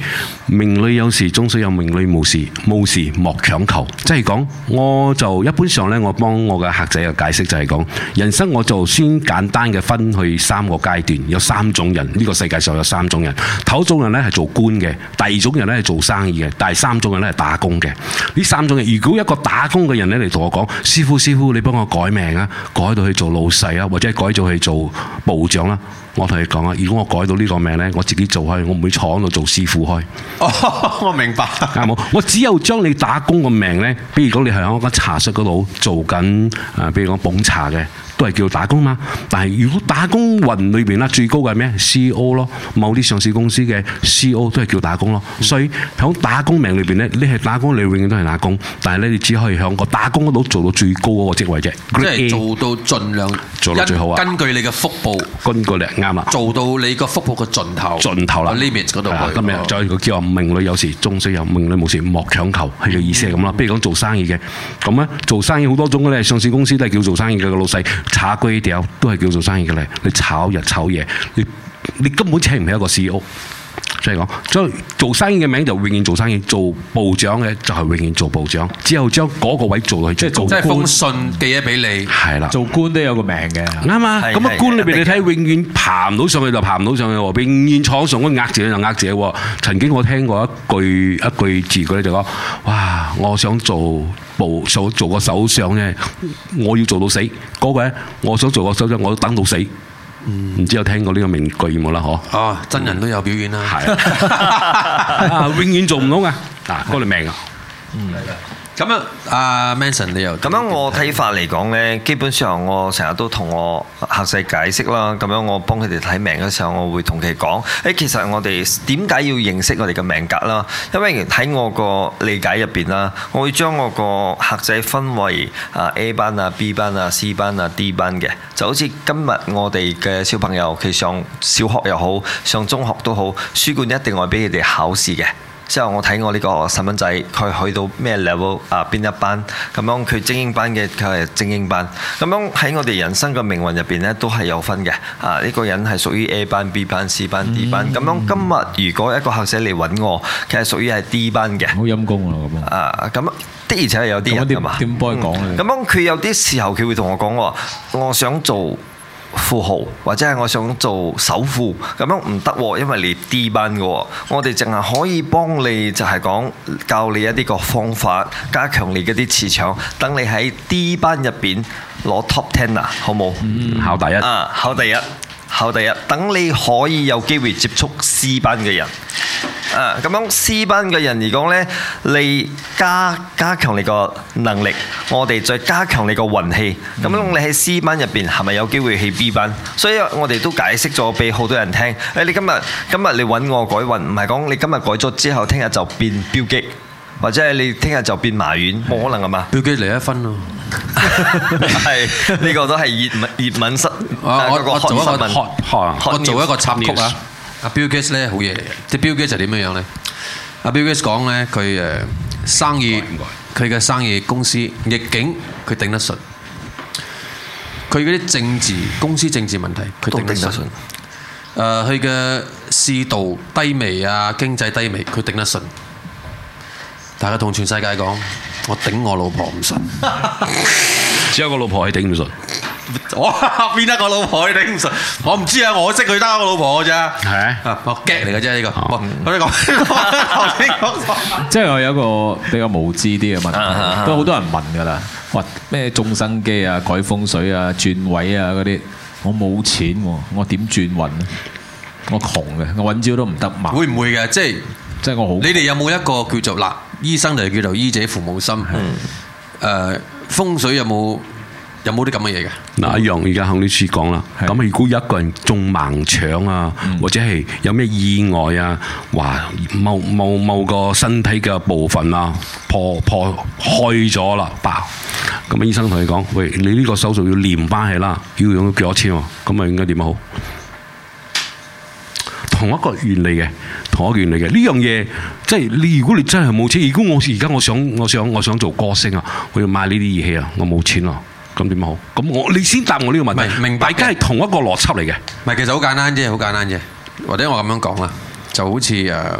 [SPEAKER 4] 命裏有時終須有，命裏無時無時莫強求。即係講，我就一般上呢，我幫我嘅客仔嘅解釋就係講，人生我就先簡單嘅分去三個階段，有三種人。呢、這個世界上有三種人。第一種人呢係做官嘅，第二種人呢係做生意嘅，第三種人呢係打工嘅。呢三種人，如果一個打工嘅人呢嚟同我講，師傅師傅，你幫我改命啊，改到去做老細啊，或者改咗去。你做部長啦，我同你講啊，如果我改到呢個名呢，我自己做開，我唔會坐喺度做師傅開。
[SPEAKER 3] [LAUGHS]
[SPEAKER 4] 我明白，阿冇。我只有將你打工個命呢，比如講你係喺一間茶室嗰度做緊，誒，比如講捧茶嘅。係叫打工嘛？但係如果打工運裏邊咧，最高嘅係咩 CEO 咯，某啲上市公司嘅 CEO 都係叫打工咯。嗯、所以喺打工命裏邊咧，你係打工，你永遠都係打工。但係咧，你只可以響個打工嗰度做到最高嗰個職位啫。即係做到儘量，做到最好一根據你嘅福報，根據你啱啦。做到你個福報嘅盡頭，盡頭啦。limit 嗰度。咁樣再叫命裏有時，終須有，命裏冇時，莫強求係嘅意思係咁啦。不、嗯、如講做生意嘅，咁咧做生意好多種嘅咧，上市公司都係叫做生意嘅老細。炒居屌都係叫做生意嘅你你炒日炒夜，你你根本請唔起一個 CEO。即係講，做做生意嘅名就永遠做生意，做部長嘅就係永遠做部長。之後將嗰個位做落去，即係做官即係封
[SPEAKER 2] 信寄嘢俾你，係啦的。做官都有個名嘅，啱啊吧。咁啊的
[SPEAKER 4] 官裏邊你睇，永遠爬唔到上去就爬唔到上去，永遠坐上嗰厄字就厄字、哦。曾經我聽過一句一句字句就講：哇！我想做部做做個首相咧，我要做到死。嗰、那個咧，我想做個首相，我要等到死。嗯，唔知有聽過呢個名句冇啦？嗬，哦，嗯、真人都有表演啦、啊嗯，係、啊 [LAUGHS] 啊，永遠做唔
[SPEAKER 5] 到㗎，嗱、啊，嗰條、嗯、命啊，嗯。咁樣阿 Manson 你又咁樣，咁樣我睇法嚟講呢，基本上我成日都同我客仔解釋啦。咁樣我幫佢哋睇命嘅時候，我會同佢哋講：誒，其實我哋點解要認識我哋嘅命格啦？因為喺我個理解入邊啦，我會將我個客仔分為啊 A 班啊、B 班啊、C 班啊、D 班嘅。就好似今日我哋嘅小朋友，佢上小學又好，上中學都好，書館一定會俾佢哋考試嘅。之後我我，我睇我呢個細蚊仔，佢去到咩 level 啊？邊一班咁樣？佢精英班嘅，佢係精英班咁樣。喺我哋人生嘅命運入邊咧，都係有分嘅啊！呢、呢個人係屬於 A 班、B 班、C 班、D 班咁、嗯、樣。今日如果一個客社嚟揾我，佢係屬於係 D 班嘅，好陰功啊咁啊！咁、嗯嗯嗯、的而且係有啲人。啊？點幫佢講咁樣，佢有啲時候佢會同我講，我想做。富豪或者係我想做首富咁樣，唔得喎，因為你 D 班嘅，我哋淨係可以幫你就係講教你一啲個方法，加強你嗰啲磁場，等你喺 D 班入邊攞 top ten 啊，好冇？嗯，考第一啊，考第一。考第一，等你可以有機會接觸 C 班嘅人。啊，咁樣 C 班嘅人嚟講呢，你加加強你個能力，我哋再加強你個運氣。咁樣你喺 C 班入邊係咪有機會去 B 班？所以我哋都解釋咗俾好多人聽。誒，你今日今日你揾我改運，唔係講你今日改咗之後，聽日就變標擊。或者係你聽日就變麻丸，冇可能㗎嘛？Bill Gates 嚟一分咯，係呢個都係葉葉敏失啊！我我做一個插曲啊！
[SPEAKER 1] 阿 Bill Gates 咧好嘢嚟嘅，啲 Bill Gates 就點樣樣咧？阿 Bill Gates 講咧，佢誒生意，佢嘅生意公司逆境，佢頂得順。佢嗰啲政治公司政治問題，佢頂得順。誒，佢嘅市道低迷啊，經濟低迷，佢頂得順。大家同全世界講，我頂我老婆唔順，
[SPEAKER 4] 只有我老婆可以頂唔順。我邊得我老婆可以頂唔順？我唔知啊，我識佢得我老婆嘅啫。係啊，我夾嚟嘅啫呢個。我你講頭先講，
[SPEAKER 2] 即係我有一個比較無知啲嘅問題，都好多人問㗎啦。話咩種生基啊、改風水啊、轉位啊嗰啲，我冇錢喎，我點轉運咧？我窮嘅，我揾招都唔得嘛。會唔會嘅？即係即係我好。你哋
[SPEAKER 1] 有冇一個叫做嗱？醫生就叫做醫者父母心。誒的、呃，風水有冇有冇啲咁嘅嘢嘅？
[SPEAKER 4] 嗱，一樣而家向你講啦。咁的如果一個人中盲腸啊，嗯、或者係有咩意外啊，話某某某個身體嘅部分啊破破開咗啦爆，咁啊、嗯、醫生同你講：喂，你呢個手術要連翻起啦，要用幾多錢？咁啊應該點好？同一個原理嘅，同一個原理嘅呢樣嘢，即係你如果你真係冇錢，如果我而家我想我想我想做歌星啊，我要買呢啲儀器啊，我冇錢啊，咁點好？咁我你先答我呢個問題，明白，大家係同一個邏輯嚟嘅。唔係其實好簡
[SPEAKER 1] 單啫，好簡單啫，或者我咁樣講啦，就好似誒、uh,，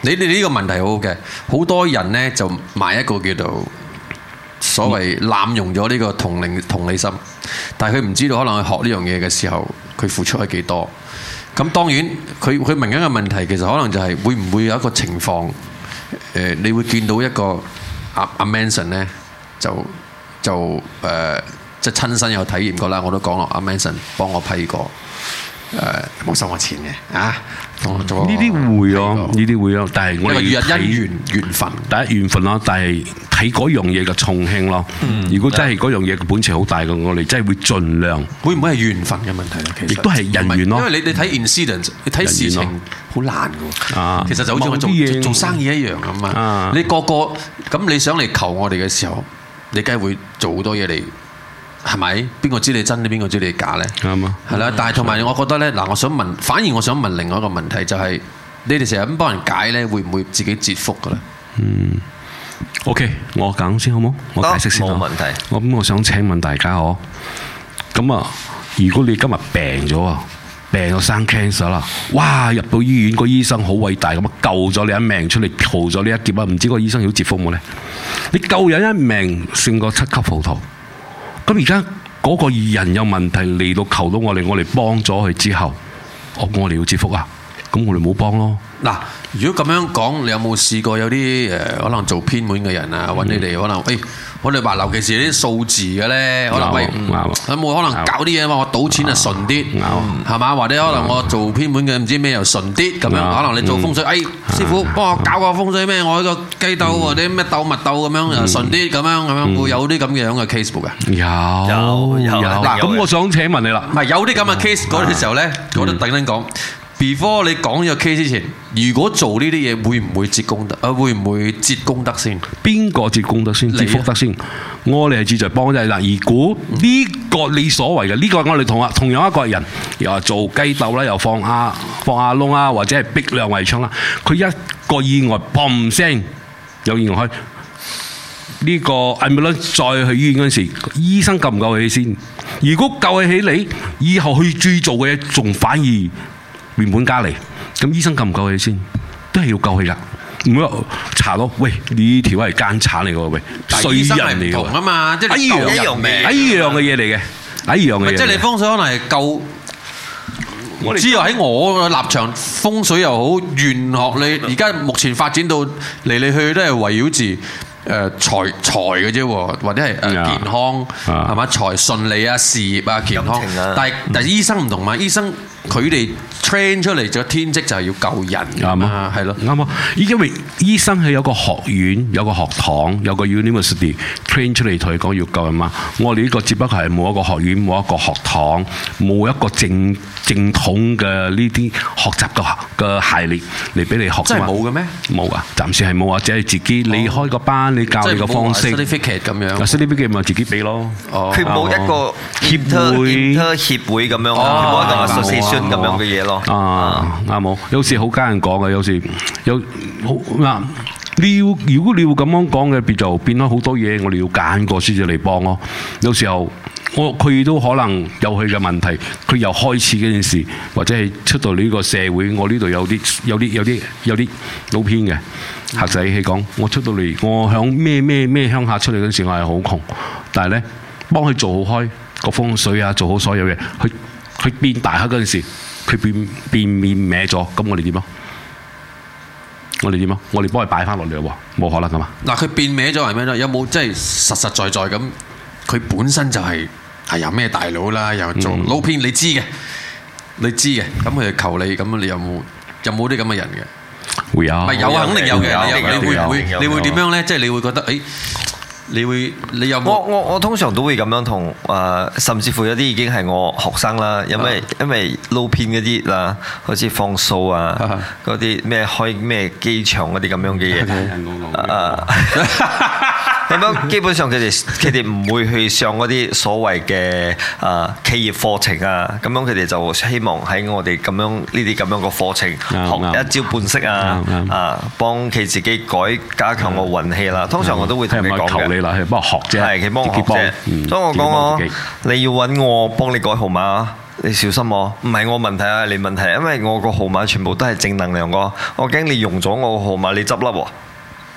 [SPEAKER 1] 你哋呢個問題好好嘅，好多人呢，就買一個叫做所謂濫用咗呢個同齡、嗯、同理心，但係佢唔知道可能佢學呢樣嘢嘅時候，佢付出係幾多。咁當然，佢佢問緊個問題其實可能就係、是、會唔會有一個情況誒、呃，你會見到一個阿阿 Manson 咧，就就誒，即係親身有體驗過啦，我都講咯，阿 Manson 幫我批過。
[SPEAKER 4] 誒，冇收我錢嘅啊，呢啲會咯，呢啲會咯，但係我哋一緣分，第一緣分咯，但係睇嗰樣嘢嘅重慶咯。如果真係嗰樣嘢嘅本錢好大嘅，我哋真係會盡量。會唔會係緣分嘅問題？其實亦都係人緣咯。因為你你睇人
[SPEAKER 1] 緣，你睇事情好難
[SPEAKER 4] 㗎。其實就好似做
[SPEAKER 1] 做生意一樣啊嘛。你個個咁你想嚟求我哋嘅時候，你梗係會做好多嘢嚟。係咪？邊個知你真咧？邊個知你假咧？啱啊！係啦，但係同埋，我覺得咧，嗱、嗯，我想問，反而我想問另外一個問題，就是，就係你哋成日咁幫人解咧，會唔會自己折福噶咧？
[SPEAKER 4] 嗯，OK，我講先好唔好？我解釋先冇、啊、問題。我、嗯、我想請問大家好咁啊？如果你今日病咗啊，病咗生 cancer 啦，哇！入到醫院個醫生好偉大，咁啊救咗你一命出嚟，逃咗呢一劫啊！唔知個醫生要折福冇咧？你救人一命，算個七級浮屠。咁而家嗰個二人有問題嚟到求到我哋，我哋幫咗佢之後，我我哋要接福啊？咁我哋冇幫咯。
[SPEAKER 1] 嗱，如果咁樣講，你有冇試過有啲誒、呃、可能做偏門嘅人啊搵你哋、嗯、可能誒？哎我哋話，尤其是啲數字嘅咧，可能喂，有冇可能搞啲嘢嘛？我賭錢啊順啲，係嘛？或者可能我做偏門嘅唔知咩又順啲咁樣？可能你做風水，哎，師傅幫我搞個風水咩？我呢個雞竇或者咩竇密竇咁樣又順啲咁樣咁樣，會有啲咁嘅樣嘅 casebook
[SPEAKER 4] 㗎？有有有，嗱，咁
[SPEAKER 1] 我想請問你啦，唔係有啲咁嘅 case 嗰啲時候咧，我哋等陣講。Before 你講咗個 case 之前，如果做呢啲嘢會唔會折功德？啊，會
[SPEAKER 4] 唔會折功德先？邊個折功德先？折福德先？啊、我哋係志在幫啫啦。而如果呢個你所謂嘅呢、這個我，我哋同啊同樣一個人又做雞竇啦，又放下、啊、放下、啊、窿啊，啊，或者係逼兩圍窗啦，佢一個意外砰聲有意外，呢、這個 ambulance 再去醫院嗰時，醫生救唔救起先？如果救起你，以後去再做嘅嘢，仲反而。原本加嚟，咁醫生夠唔夠氣先？都係要救氣噶，唔好查咯。喂，呢條係奸產嚟嘅，喂衰人嚟嘅。但係醫生係唔同嘅嘛，即係一樣一樣嘅嘢嚟嘅，一樣嘅嘢。即係你
[SPEAKER 1] 風水可能係救，唔知喎。喺我立場，風水又好，玄學你而家目前發展到嚟嚟去去都係圍繞住誒財財嘅啫，或者係誒健康係嘛，財順利啊、事業啊、健康。但係但係醫生唔同嘛，醫生。佢哋
[SPEAKER 4] train 出嚟咗天職就係要救人，啱嘛？係咯，啱啊！因為醫生係有個學院、有個學堂、有個 university train 出嚟，同你講要救啊嘛。我哋呢個只不過係冇一個學院、冇一個學堂、冇一個正正統嘅呢啲學習嘅嘅系列嚟俾你學習，冇嘅咩？冇啊！暫時係冇啊，即係自己你開個班，你教你個方式。冇啊！Certificate 咁樣。Certificate 咪自己俾咯。佢冇一個
[SPEAKER 5] 協會，協會咁樣，哦。冇啊！冇
[SPEAKER 4] 咁樣嘅嘢咯啊啱冇、嗯啊，有時好家人講嘅，有時有嗱你要如果你要咁樣講嘅，變就變咗好多嘢，我哋要揀個先至嚟幫咯。有時候我佢都可能有佢嘅問題，佢又開始嗰件事，或者係出到呢個社會，我呢度有啲有啲有啲有啲老偏嘅客仔係講、嗯。我出到嚟，我響咩咩咩鄉下出嚟嗰時，我係好窮，但係呢，幫佢做好開個風水啊，做好所有嘢。佢。佢變大黑嗰陣時，佢變變面歪咗，咁我哋點呀？我哋點呀？我哋幫佢擺翻落嚟喎，冇可能噶嘛？
[SPEAKER 1] 嗱，佢變歪咗係咩？有冇？即係實實在在咁？佢本身就係係有咩大佬啦，又做老片，你知嘅，你知嘅。咁佢就求你，咁你有冇有冇啲咁嘅人嘅？
[SPEAKER 4] 會有，唔係
[SPEAKER 1] 有肯定有嘅。你你會唔會，有會？會有你會點
[SPEAKER 5] 樣咧？即係你會覺得誒？你會，你有，有我我我通常都會咁樣同誒、呃，甚至乎有啲已經係我學生啦，因為、啊、因為撈片嗰啲啦，好似放數啊，嗰啲咩開咩機場嗰啲咁樣嘅嘢啊。咁樣基本上佢哋佢哋唔會去上嗰啲所謂嘅啊企業課程啊，咁樣佢哋就希望喺我哋咁樣呢啲咁樣嘅課程、嗯、學一招半式啊啊，幫佢、嗯嗯啊、自己改加強個運氣啦。嗯、通常我都會同你講嘅，求你啦，幫我學啫，係佢幫我學啫。帳所以我講我、嗯、你要揾我幫你改號碼、啊，你小心我，唔係我問題啊，你問題，因為我個號碼全部都係正能量個，我驚你用咗我個號碼你執笠喎。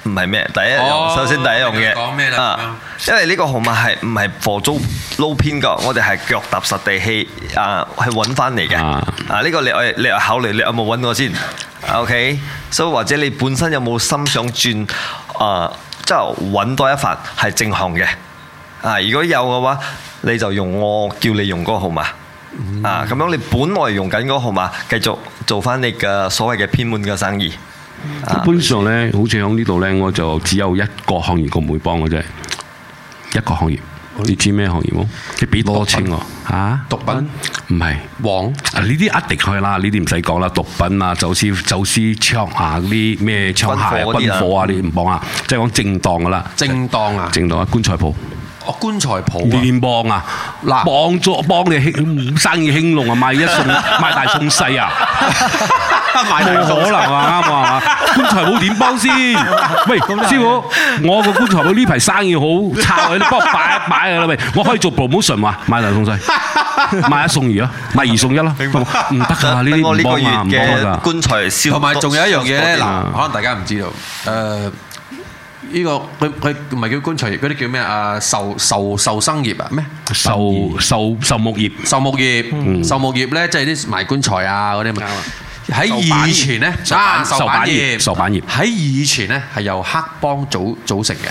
[SPEAKER 5] 唔係咩？第一，哦、首先第一樣嘢講咩啊，因為呢個號碼係唔係佛祖撈偏角，我哋係腳踏實地去啊去揾翻嚟嘅。啊呢、啊啊這個你你考慮，你，慮你有冇揾我先？OK，所、so, 以或者你本身有冇心想轉啊，即係揾多一份係正行嘅啊？如果有嘅話，你就用我叫你用嗰個號碼、嗯、啊。咁樣你本來用緊嗰個號碼，繼續做翻你嘅所謂嘅偏門嘅生意。
[SPEAKER 4] 啊、基本上咧，啊、好似喺呢度咧，我就只有一個行業個唔會幫嘅啫，一個行業、嗯，你知咩行業冇？即係俾多錢我啊？毒品？唔係，黃啊！呢啲一定去啦，呢啲唔使講啦。毒品啊，走、就、私、是、走私槍啊，嗰啲咩槍下軍火啊，嗯、你唔幫啊？即係講正當噶啦，正當啊，正當啊，棺材鋪。棺材鋪，連幫啊，嗱，幫咗，幫你興生意興隆啊，買一送買大送細啊，買冇可能啊，啱啊！棺材鋪點幫先？喂，師傅，我個棺材鋪呢排生意好差，你幫我擺一擺啦喂，我可以做 promotion 啊，買大送細，買一送二啊，買二送一咯，唔得㗎，呢啲
[SPEAKER 1] 唔幫啊，唔幫㗎。棺材，同埋仲有一樣嘢，嗱，可能大家唔知道，誒。呢個佢佢唔係叫棺材業，嗰啲叫咩啊？壽壽壽生業啊咩？壽壽壽木業，壽木業，壽木業咧，嗯，即係啲賣棺材啊嗰啲。喺以吧二前咧，壽板業，壽板業，喺以前咧係由黑幫組組成嘅。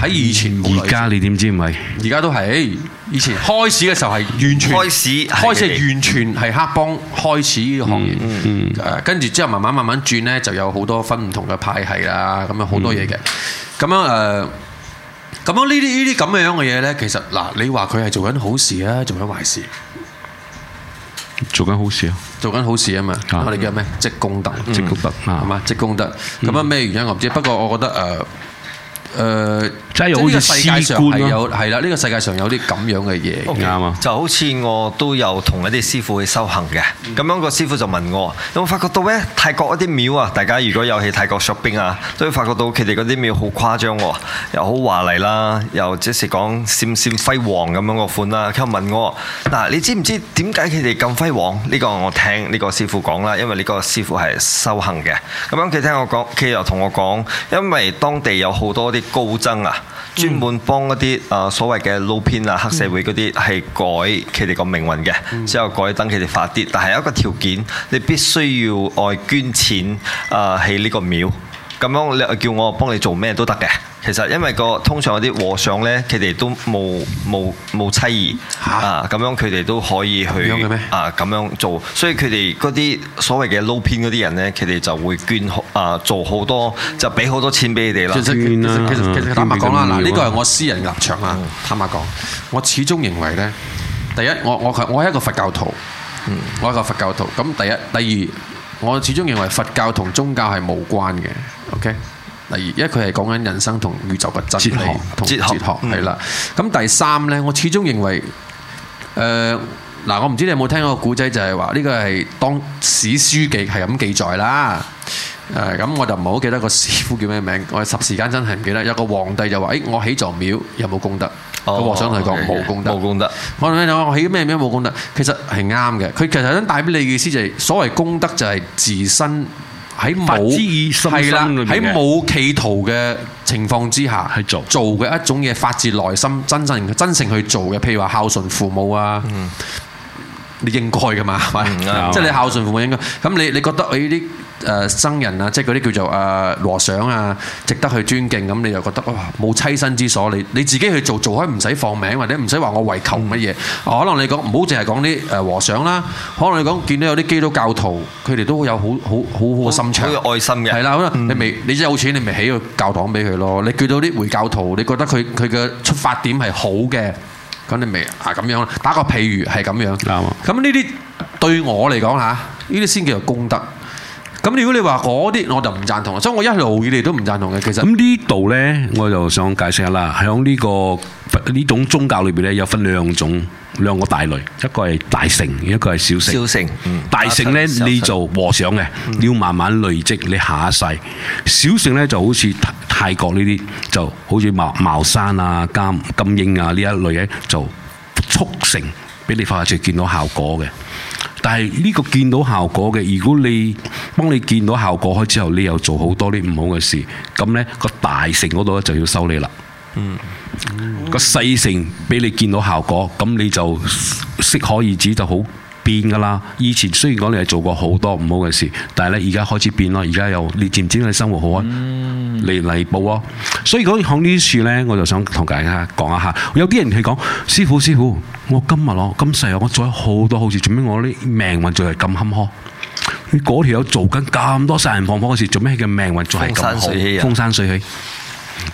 [SPEAKER 1] 喺以前，而家你點知唔係？而家都係，以前開始嘅時候係完全開始，開始係完全係黑幫開始呢個行業。嗯，誒，跟住之後慢慢慢慢轉咧，就有好多分唔同嘅派系啦，咁樣好多嘢嘅。咁樣誒，咁樣呢啲呢啲咁嘅樣嘅嘢咧，其實嗱，你話佢係做緊好事啊，做緊壞事？
[SPEAKER 4] 做緊好事啊！
[SPEAKER 1] 做緊好事啊嘛！我哋叫咩？積功德，積功德，係嘛？積功德。咁啊，咩原因我唔知，不過我覺得誒。誒，呃、真即係好似世界上有係啦，呢、啊呢個世界上有啲咁樣嘅嘢 Okay,
[SPEAKER 5] 吧。就好似我都有同一啲師傅去修行嘅，咁、mm hmm. 樣個師傅就問我，有冇發覺到咧？泰國一啲廟啊，大家如果有去泰國 shopping 啊，都會發覺到佢哋嗰啲廟好誇張喎，又好華麗啦，又即是講閃閃輝煌咁樣個款啦。佢問我：嗱，你知唔知點解佢哋咁輝煌？呢、呢個我聽呢個師傅講啦，因為呢個師傅係修行嘅。咁樣佢聽我講，佢又同我講，因為當地有好多啲。高僧啊，專門幫一啲誒所謂嘅撈片啊、黑社會嗰啲，係、嗯、改佢哋個命運嘅，之後、嗯、改等佢哋發啲。但係有一個條件，你必須要愛捐錢啊，喺、呃、呢個廟。咁樣你叫我幫你做咩都得嘅。其實因為個通常嗰啲和尚呢，佢哋都冇冇冇妻兒啊，咁樣佢哋都可以去啊咁樣做。所以佢哋嗰啲所謂嘅撈偏嗰啲人呢，佢哋就會捐啊，做好多就俾好多錢俾你哋啦。其實，其實，其實，啊、坦白講啦，嗱呢個係我私人立場啦。啊、坦白講，
[SPEAKER 1] 我始終認為呢，第一我我我係一個佛教徒，嗯，我係個佛教徒。咁第一第二，我始終認為佛教同宗教係無關嘅。OK，嗱，第二佢係講緊人生同宇宙嘅真理同哲學係啦。咁、嗯、第三呢，我始終認為，誒，嗱，我唔知你有冇聽過個古仔，就係話呢個係當史書記係咁記載啦。誒、呃，咁我就唔係好記得個師傅叫咩名，我霎時間真係唔記得。有個皇帝就話：誒、哎，我起座廟有冇功德？個和尚同佢講冇功德。冇功德。我同你講，我起咩名冇功德。其實係啱嘅。佢其實想帶俾你嘅意思就係、是，所謂功德就係自身。喺冇知信喺冇企圖嘅情況之下去做做嘅一種嘢，發自內心、真正、真誠去做嘅。譬如話孝順父母啊，嗯、你應該噶嘛，即係你孝順父母應該。咁你你覺得誒呢啲？誒僧人啊，即係嗰啲叫做誒和尚啊，值得去尊敬。咁你又覺得哇，冇棲身之所，你你自己去做做開，唔使放名，或者唔使話我為求乜嘢。可能你講唔好，淨係講啲誒和尚啦。可能你講見到有啲基督教徒，佢哋都有好好好好嘅心腸，愛心嘅係啦。你咪你真有錢，你咪起個教堂俾佢咯。你見到啲回教徒，你覺得佢佢嘅出發點係好嘅，咁你咪啊咁樣打個譬如係咁樣，咁呢啲對我嚟講
[SPEAKER 4] 嚇，呢啲先叫做功德。咁如果你話嗰啲我就唔贊同啦，所以我一路以嚟都唔贊同嘅。其實咁呢度咧，我就想解釋下啦。喺呢個呢種宗教裏邊咧，有分兩種兩個大類，一個係大乘，一個係小乘。小乘，大乘咧，你做和尚嘅，你要慢慢累積你下一世；小乘咧，就好似泰國呢啲，就好似茅茅山啊、金金英啊呢一類嘢，就速成俾你快脆見到效果嘅。但係呢個見到效果嘅，如果你幫你見到效果開之後，你又做多好多啲唔好嘅事，咁呢、嗰個大成嗰度就要收你啦、嗯。嗯，個細成俾你見到效果，咁你就適可而止就好。變噶啦！以前雖然講你係做過好多唔好嘅事，但係咧而家開始變咯。而家又你知唔知？你生活好安，嚟嚟、嗯、報啊！所以講響呢啲事咧，我就想同大家講一下。有啲人係講：師傅，師傅，我今日咯咁細，今世我做咗好多好事，做咩我啲命運仲係咁坎坷？你嗰條友做緊咁多殺人放火嘅事，做咩嘅命運仲係咁好？風山水起，風山水起。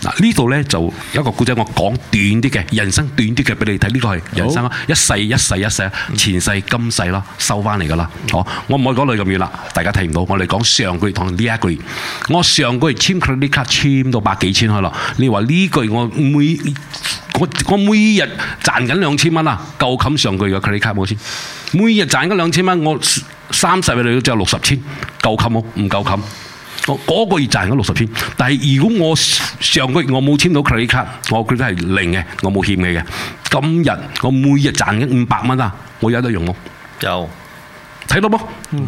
[SPEAKER 4] 嗱，呢度咧就有一個故仔，我講短啲嘅，人生短啲嘅俾你睇。呢個係人生，好一世一世一世，前世今世啦，收翻嚟噶啦。好，我唔可以講耐咁遠啦，大家睇唔到。我哋講上個月同呢一個月，我上個月簽 credit card，簽到百幾千開咯。你話呢句我每我，我每日賺緊兩千蚊啊，夠冚上個月嘅 credit card 冇先。每日賺緊兩千蚊，我三十日嚟就有六十千，夠冚冇？唔夠冚？我嗰個月賺咗六十千，但係如果我上個月我冇簽到 credit card，我覺得係零嘅，我冇欠你嘅。今日我每日賺緊五百蚊啊，我有得用咯。有睇到冇？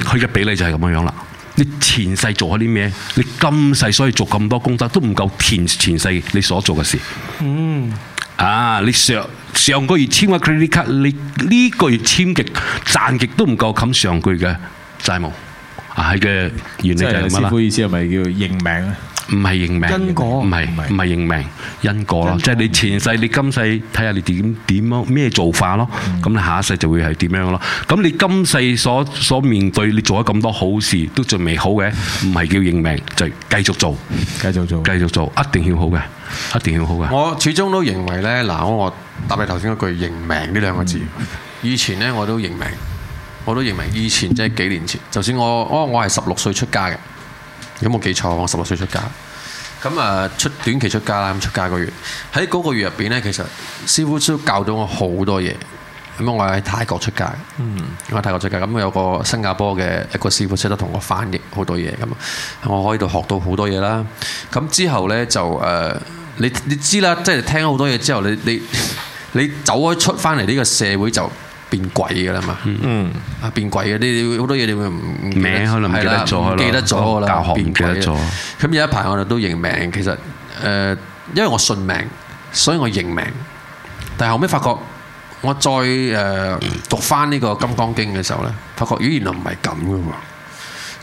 [SPEAKER 4] 佢嘅、嗯、比例就係咁樣樣啦。你前世做咗啲咩？你今世所以做咁多功德都唔夠填前世你所做嘅事。
[SPEAKER 7] 嗯。
[SPEAKER 4] 啊！你上上個月簽咗 credit card，你呢個月簽極賺極都唔夠冚上個月嘅債務。係嘅，原理就係咁。師傅意思係咪叫認命咧？唔係認命，因果唔係唔係認命，因果咯。即係你前世、你今世，睇下你點點樣咩做法咯。咁你下一世就會係點樣咯。咁你今世所所面對，你做咗咁多好事，都仲未好嘅，唔係叫認命，就繼續做，繼續做，繼續做，一定要好嘅，一定要好嘅。我始終都認為咧，嗱，我答你頭
[SPEAKER 1] 先嗰句認命呢兩個字，以前咧我都認命。我都認為以前即係幾年前，就算我哦，我係十六歲出家嘅，有冇記錯，我十六歲出家。咁啊，出短期出家啦，咁出家一個月。喺嗰個月入邊咧，其實師傅都教到我好多嘢。咁我係泰國出家，嘅、嗯，我泰國出家。咁有個新加坡嘅一個師傅識得同我翻譯好多嘢。咁我可以度學到好多嘢啦。咁之後咧就誒、呃，你你知啦，即係聽好多嘢之後，你你你走咗出翻嚟呢個社會就。變鬼㗎啦嘛，嗯啊變鬼嘅啲好多嘢你會唔明，可能唔記得咗，教學記得咗啦變鬼咗。咁有一排我哋都認命，其實誒、呃，因為我信命，所以我認命。但係後尾發覺，我再誒、呃、讀翻、這、呢個金剛經嘅時候咧，發覺咦、呃、原來唔係咁噶喎，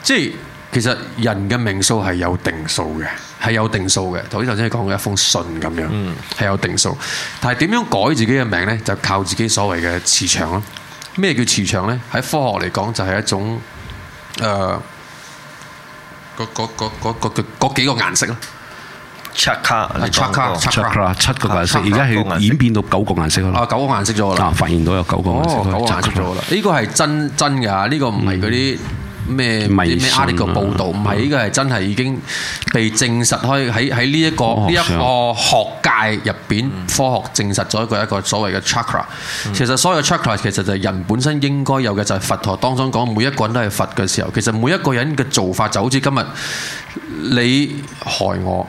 [SPEAKER 1] 即、就、係、是。其實人嘅命數係有定數嘅，係有定數嘅。頭先頭先講嘅一封信咁樣，係、嗯、有定數。但係點樣改自己嘅名咧？就靠自己所謂嘅磁場咯。咩叫磁場咧？喺科學嚟講就係一種誒，嗰嗰嗰嗰嗰嗰幾個顏色咯。七卡七卡
[SPEAKER 4] 七個顏色，而家係演變到九個顏色咯。啊，九個顏色咗啦。啊，發現到有九個顏色，九個顏色咗啦。
[SPEAKER 1] 呢個係真真噶，呢個唔係嗰啲。咩啲咩 article 嘅報導，唔係，呢個係真係已經被證實開喺喺呢一個呢一個學界入邊，科學證實咗一個一個所謂嘅 chakra。其實所有 chakra 其實就係人本身應該有嘅，就係佛陀當中講每一個人都係佛嘅時候。其實每一個人嘅做法就好似今日你害我，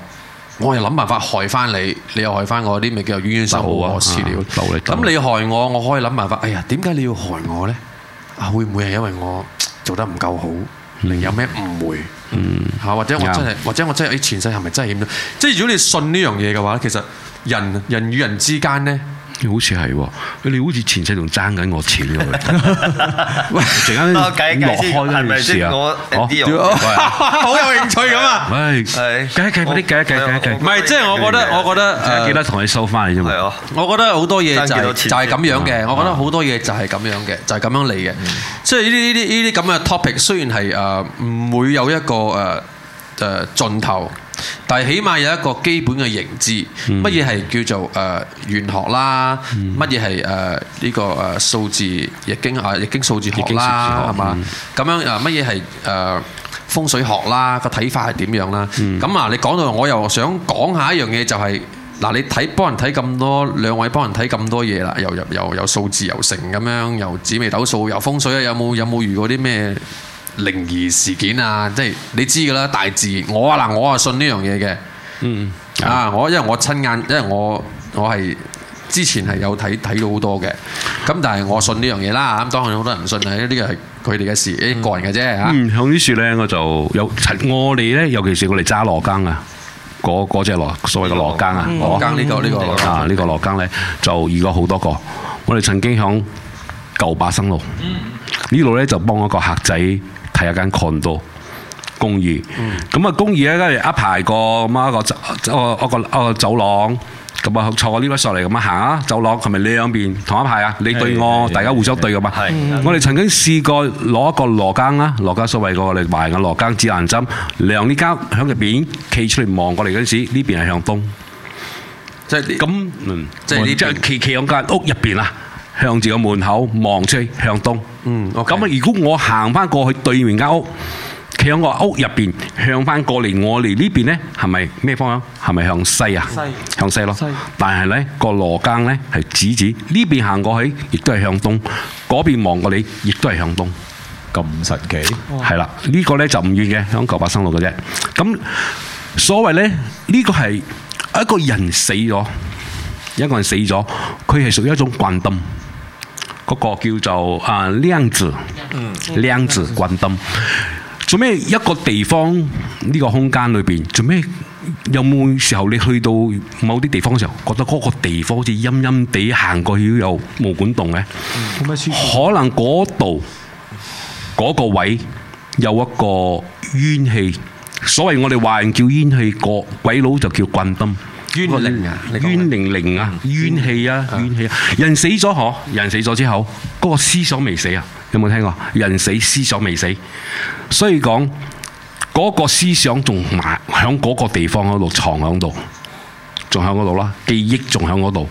[SPEAKER 1] 我係諗辦法害翻你，你又害翻我啲咪叫冤冤相報何時了。咁你害我，我可以諗辦法。哎呀，點解你要害我呢？啊，會唔會係因為我？做得唔夠好，令有咩誤會？嚇、嗯、或者我真係，Yeah. 或者我真係，哎前世係咪真係咁樣？即係如果你信呢樣嘢嘅話，其實人人與人之間咧。好似係，
[SPEAKER 4] 你好似前世仲爭緊我錢咁喂，一陣間落開呢件事啊，好、
[SPEAKER 3] 哎、有興趣咁啊！計計嗰啲計計計計，唔係即係我覺得，我覺得記得
[SPEAKER 4] 同你收翻嚟啫嘛。
[SPEAKER 3] 我覺得好多嘢
[SPEAKER 4] 就係咁樣嘅，呃、我覺得好
[SPEAKER 1] 多嘢就係、是、咁少樣嘅、啊，就係、是、咁樣嚟嘅。嗯、即係呢啲呢啲呢啲咁嘅 topic，雖然係誒唔會有一個誒誒盡頭。但係起碼有一個基本嘅認知，乜嘢係叫做誒玄學啦，乜嘢係誒呢個誒數字易經啊，易經數字學啦，係嘛？咁樣誒乜嘢係誒風水學啦？個睇法係點樣啦？咁啊、嗯，你講到我又想講下一樣嘢，就係、是、嗱，你睇幫人睇咁多，兩位幫人睇咁多嘢啦，又又又數字又成咁樣，又紫微斗數又風水啊？有冇有冇遇過啲咩？靈異事件啊，即係你知㗎啦，大致。我，我、嗯、啊，嗱我啊信呢樣嘢嘅，嗯，啊我因為我親眼，因為我我係之前係有睇睇到好多嘅，咁但係我信呢樣嘢啦，咁當然好多人唔信、欸、人啊，呢個係佢哋嘅事，誒個人嘅啫嚇。嗯，
[SPEAKER 4] 響啲樹咧，我就有我哋咧，尤其是我哋揸羅庚啊，嗰嗰隻羅所謂嘅羅庚啊，羅庚呢個呢個啊呢個羅庚咧就遇過好多個，我哋曾經響舊巴生路呢度咧就幫一個客仔。睇一間 condo 公寓，咁啊、嗯、公寓咧跟住一排個，咁啊個走，個個個走廊，咁啊坐過呢位上嚟，咁啊行啊走廊，係咪兩邊同一排啊？你對我，是大家互相對噶嘛？我哋曾經試過攞一個羅庚啊，羅庚所謂個嚟賣嘅羅庚指南針，量呢間，喺入邊企出嚟望過嚟嗰陣時，呢邊係向東。即係咁，樣嗯，即係你即係企企喺間屋入邊啦。向住個門口望出去向東，嗯，咁啊，如果我行翻過去對面間屋，企喺個屋入邊，向翻過嚟我嚟呢邊咧，係咪咩方向？係咪向西啊？西，向西咯。西，但係咧個羅庚咧係指指呢邊行過去，亦都係向東；嗰邊望過嚟，亦都係向東。咁神奇？係啦，呢個咧就唔遠嘅，響九八生路嘅啫。咁所謂咧，呢個係一個人死咗，一個人死咗，佢係屬於一種慣燈。嗰個叫做啊量子，量子關燈。做咩一個地方，呢個空間裏邊做咩，有冇時候你去到某啲地方嘅時候，覺得嗰個地方好似陰陰地，行過去又毛管戙咧？可能嗰度嗰個位有一個冤氣。所謂我哋華人叫冤氣，個鬼佬就叫關燈。靈冤、靈啊，怨靈靈啊，怨氣啊，怨氣啊！人死咗嗬，人死咗之後，嗰、嗰個思想未死啊？有冇聽過？人死思想未死，所以講嗰、嗰個思想仲埋響嗰個地方嗰度藏響度，仲響嗰度啦，記憶仲響嗰度，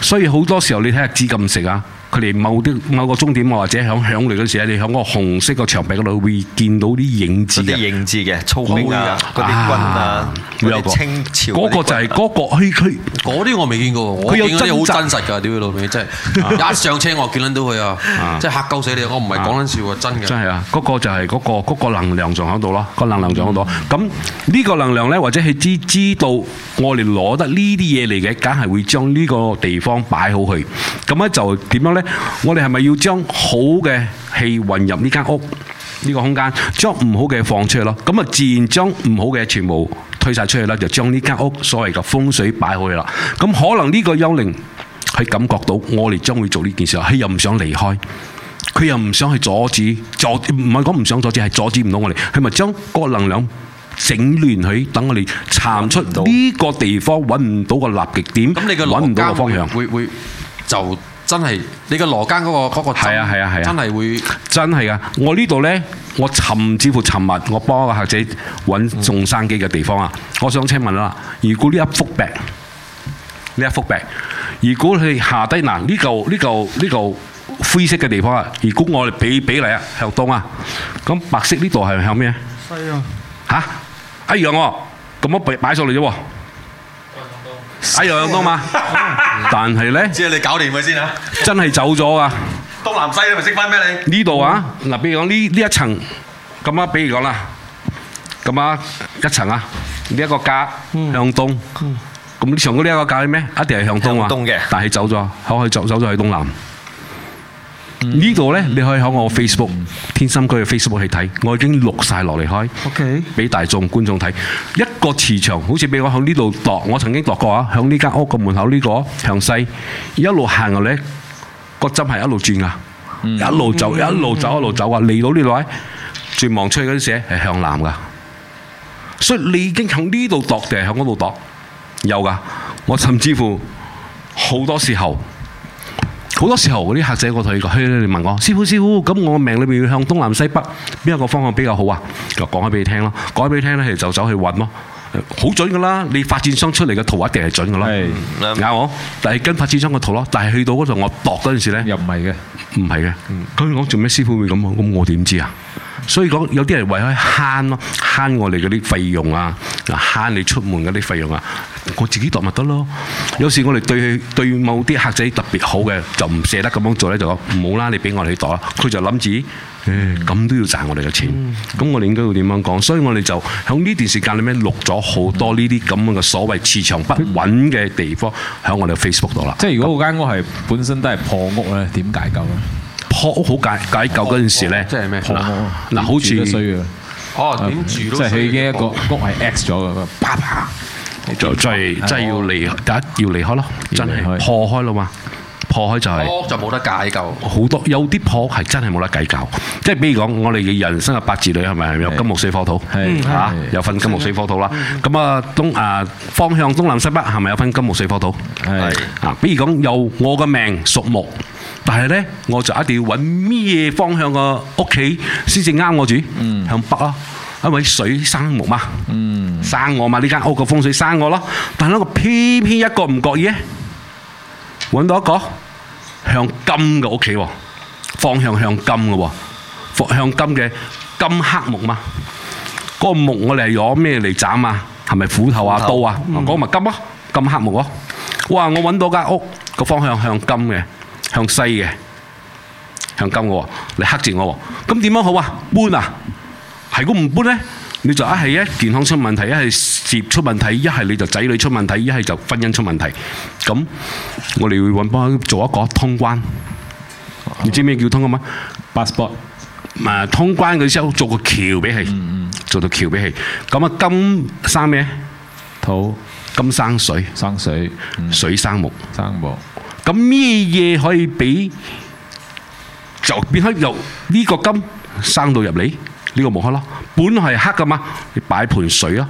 [SPEAKER 4] 所以好多時候你睇下紫禁城啊！佢哋某啲某個終點，或者響響嚟嗰時咧，你響個紅色個牆壁度會見到啲影子，影子啊！啲
[SPEAKER 5] 影子嘅，軍啊，嗰啲、啊、軍啊，
[SPEAKER 4] 會有個清朝？個就係、
[SPEAKER 1] 那個，個，佢佢啲我未見過，佢有真，真實㗎，屌老味真係，一、就是、 [LAUGHS] 上車我見撚到佢啊！即係吓鳩死你，我唔係講緊笑啊，真嘅、 [LAUGHS] 就是。真
[SPEAKER 4] 係啊！個就係、那個、那個能量仲響度咯，那個能量仲響度。咁呢、嗯、個能量咧，或者係知知道我哋攞得呢啲嘢嚟嘅，梗係會將呢個地方擺好去。咁咧就點樣咧？我哋係咪要將好嘅氣運入呢間屋呢個空間，將唔好嘅放出去咯？咁啊，自然將唔好嘅全部推晒出去啦，就將呢間屋所謂嘅風水擺去啦。咁可能呢個幽靈係感覺到我哋將會做呢件事，佢又唔想離開，佢又唔想去阻止，阻，唔係講唔想阻止，係阻止唔到我哋，佢咪將個能量整亂佢，等我哋查出呢個地方搵唔到個立極點，搵唔到個方向，會會就。真係你個羅間嗰、嗰個嗰、嗰個真係會真係啊。我呢度咧，我甚至乎尋物，我幫一個客仔揾種生基嘅地方啊！嗯、我想請問啦，如果呢一幅壁，呢一幅壁，如果你下低嗱，呢嚿呢嚿呢嚿灰色嘅地方啊，如果我哋比比例啊，向東啊，咁白色呢度係向咩啊？西啊！吓，一、哎、樣喎，咁我擺上嚟啫喎。喺向東嘛，但係咧，即係你搞掂佢先啊！真係走咗啊！東南西你咪識翻咩？你呢度啊？嗱，比如講呢呢一層，咁啊，比如講啦，咁啊，一層啊，呢一個架向東，咁你上高呢一個架係咩？一定係向東啊！但係走咗，可可以走走咗去東南。呢度、嗯、呢，嗯、你可以喺我 Facebook、嗯嗯、天心區嘅 Facebook 去睇，我已經錄晒落嚟開，俾 Okay. 大眾觀眾睇。一個磁場好似俾我喺呢度度，我曾經度過啊，喺呢間屋個門口呢、呢個向西一路行落嚟，個針係一路轉噶、嗯，一路走一路走一路走啊，嚟、嗯嗯、到呢度呢，轉望出去嗰時係向南噶，所以你已經喺呢度度定係喺嗰度度，有噶。我甚至乎好多時候。好多時候嗰啲客仔過嚟，個墟你問我師傅師傅，咁我命裏面要向東南西北邊一個方向比較好啊？就講開俾你聽咯，講俾你聽咧，就走去揾咯，好準噶啦！你發展商出嚟嘅圖一定係準噶咯，啱是、嗯、我，但係跟發展商個圖咯，但係去到嗰度我度嗰陣時咧，又唔係嘅，唔係嘅。咁講做咩師傅會咁講？咁我點知啊？所以講有啲人為咗慳咯，慳我哋嗰啲費用啊，慳你出門嗰啲費用啊，我自己度咪得咯。有時我哋對對某啲客仔特別好嘅，就唔捨得咁樣做咧，就唔好啦，你俾我哋度啦。佢就諗住，誒、嗯、咁都要賺我哋嘅錢。咁、嗯、我哋應該要點樣講？所以我哋就喺呢段時間裏面錄咗好多呢啲咁樣嘅所謂磁場不穩嘅地方喺我哋 Facebook 度啦。嗯、那即係如果間屋係本
[SPEAKER 2] 身都係破屋咧，點解救咧？破屋好解解救嗰陣時咧，即係咩？嗱，好似
[SPEAKER 4] 哦，點住都即係已經一個屋係
[SPEAKER 2] X 咗嘅，啪啪，
[SPEAKER 4] 就即係即係要離，要離開咯，真係破開啦嘛，破開就係就冇得解救。好多有啲破係真係冇得解救，即係比如講我哋嘅人生嘅八字裏，係咪有金木水火土嚇？有分金木水火土啦。咁啊東啊方向東南西北係咪有分金木水火土？係啊，比如講有我嘅命屬木。但係咧，我就一定要揾咩方向個屋企先至啱我住？向北咯，因為水生木嘛，生我嘛，呢間屋個風水生我咯。但係咧，我偏偏一個唔覺意，揾到一個向金嘅屋企，方向向金嘅，方向金嘅，金黑木嘛。嗰個木我哋係攞咩嚟斬啊？係咪斧頭啊刀啊？講埋金咯，金黑木咯。哇，我揾到間屋個方向向金嘅。向西嘅，向金嘅，你克住我，咁點樣好啊？搬啊，係果唔搬咧，你就一係一健康出問題，一係事業出問題，一係你就仔女出問題，一係就婚姻出問題。咁我哋會揾幫做一個通關，你知咩叫通啊嘛？Passport，啊通關嘅時候做個橋俾佢，做到橋俾佢。咁啊金生咩？土，金生水，生水，水生木，生木。咁咩嘢可以俾就變黑，由呢個金生到入嚟呢個冇黑咯，本係黑噶嘛，你擺盤水啊，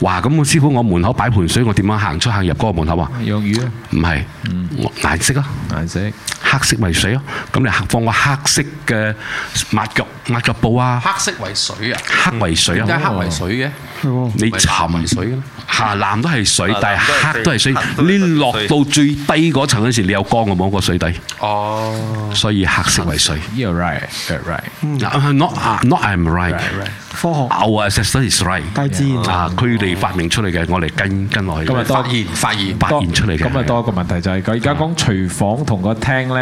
[SPEAKER 4] 哇！咁我師傅，我門口擺盤水，我點樣行出行入嗰個門口啊？養魚啊？唔係是，顏、嗯、色啊？顏色。黑色為水咯，咁你放個黑色嘅抹腳抹腳布啊！黑色為水啊，黑為水啊，點解黑為水嘅？你沉為水啊，下南都係水，但係黑都係水。你落到最低嗰層嗰時，你有光嘅冇個水底。哦，所以黑色為水。Right, right. Not, not I'm right. 科學 Our assistant is right。大自然啊，佢哋發明出嚟嘅，我哋跟跟落去。咁啊，發現發現發現出嚟嘅。
[SPEAKER 2] 咁啊，多一個問題就係佢而家講廚房同個廳咧。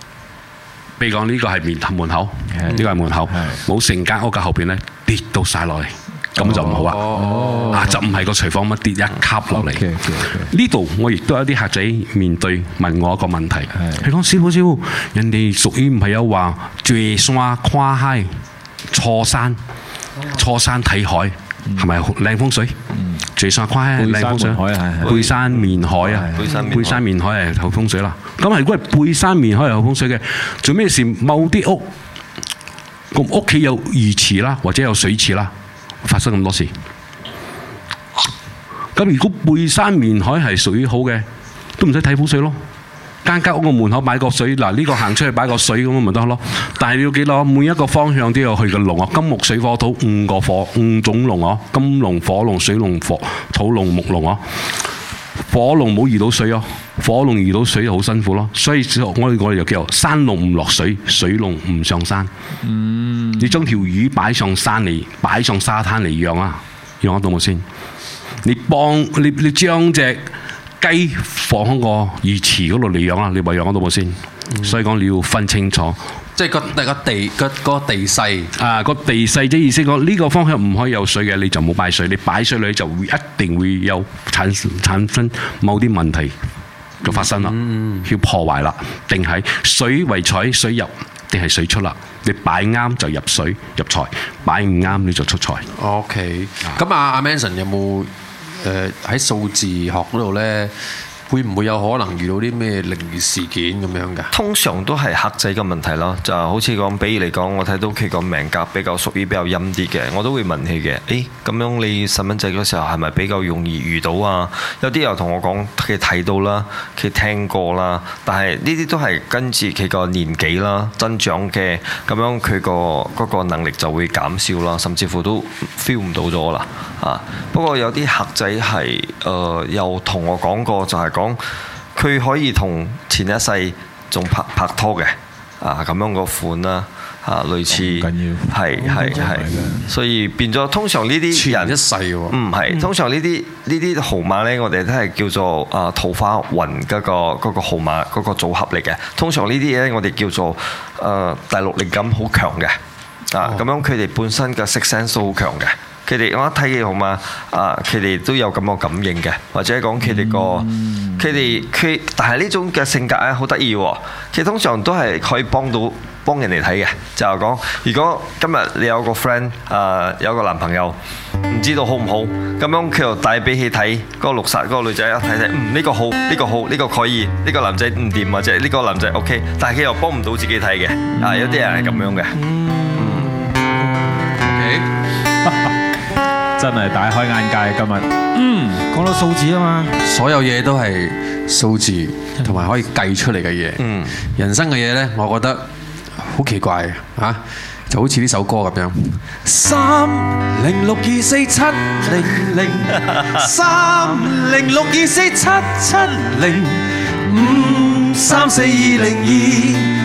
[SPEAKER 4] 譬如講呢個係面臨門口，呢個係門口，冇成間屋嘅後邊咧跌到晒落嚟，咁、哦、就唔好啊！哦哦、啊，就唔係個廚房乜跌一級落嚟。呢度、哦 okay, okay, okay. 我亦都有啲客仔面對問我一個問題，佢講、嗯、師傅師傅，人哋屬於唔係有話住山跨海，錯山錯山睇海係咪靚風水？嗯聚山、啊、背山面、啊、海啊，背山面海啊，背山面海係好風水啦。咁如果係背山面海係好風水嘅，做咩事某啲屋，個屋企有魚池啦，或者有水池啦，發生咁多事。咁如果背山面海係屬於好嘅，都唔使睇風水咯。間間屋個門口擺個水，嗱、這、呢個行出去擺個水咁咪得咯。但係你要記得，每一個方向都有去嘅龍啊，金木水火土五個火，五種龍啊，金龍、火龍、水龍、火土龍、木龍啊。火龍冇遇到水啊，火龍遇到水好辛苦咯。所以小我哋我哋又叫做山龍唔落水，水龍唔上山。嗯，你將條魚擺上山嚟，擺上沙灘嚟養啊，養得到冇先？你幫你你將隻。雞放喺個魚池嗰度嚟養啦，你維養得到冇先？嗯、所以講你要分清楚即，即係個第地個、嗰個地勢啊，嗰個地勢即意思講呢個方向唔可以有水嘅，你就冇擺水，你擺水落去就一定會有產產生某啲問題就發生啦，嗯、要破壞啦。定係水為財，水入定係水出啦。你擺啱就入水入財，擺唔啱你就出財。O K，
[SPEAKER 1] 咁阿阿 Manson 有冇？誒，喺數字學嗰度咧。會唔
[SPEAKER 5] 會有可能遇到啲咩靈異事件咁樣嘅？通常都係客仔嘅問題咯，就好似講，比如嚟講，我睇到佢個命格比較屬於比較陰啲嘅，我都會問佢嘅。誒、欸，咁樣你細蚊仔嗰時候係咪比較容易遇到啊？有啲又同我講，佢睇到啦，佢聽過啦，但係呢啲都係跟住佢個年紀啦、增長嘅，咁樣佢個嗰個能力就會減少啦，甚至乎都 feel 唔到咗啦、啊。不過有啲客仔係誒又同我講過，就係、是講佢可以同前一世仲拍拍拖嘅啊，咁樣個款啦啊，類似係係係，嗯、是是所以變咗通常呢啲人一世唔、啊、係是、嗯、通常呢啲呢啲號碼咧，我哋都係叫做啊桃花運嗰、那個嗰、那個號碼嗰個組合嚟嘅。通常呢啲嘢我哋叫做誒大陸力感好強嘅啊，咁、哦、樣佢哋本身嘅 sex 感好強嘅。佢哋我一睇佢好嘛？啊，佢哋都有咁個感應嘅，或者講佢哋個佢哋佢，但係呢種嘅性格咧好得意喎，其實通常都係可以幫到幫人哋睇嘅，就係講如果今日你有個 friend 啊有個男朋友唔知道好唔好，咁樣佢又帶俾佢睇嗰個綠殺嗰個女仔一睇，睇嗯，呢個好，呢個好，呢個可以，呢個男仔唔掂，或者呢個男仔 OK，但係佢又幫唔到自己睇嘅，啊有啲人係咁樣嘅。嗯嗯
[SPEAKER 2] 嚟大開眼界。今日，嗯，講到數字啊嘛，所有嘢都係
[SPEAKER 1] 數字同埋可以計出嚟嘅嘢。嗯，人生嘅嘢呢，我覺得好奇怪嘅、啊、就好似呢首歌咁樣。
[SPEAKER 3] 三零六二四七零零，三零六二四七七零，五三四二零二。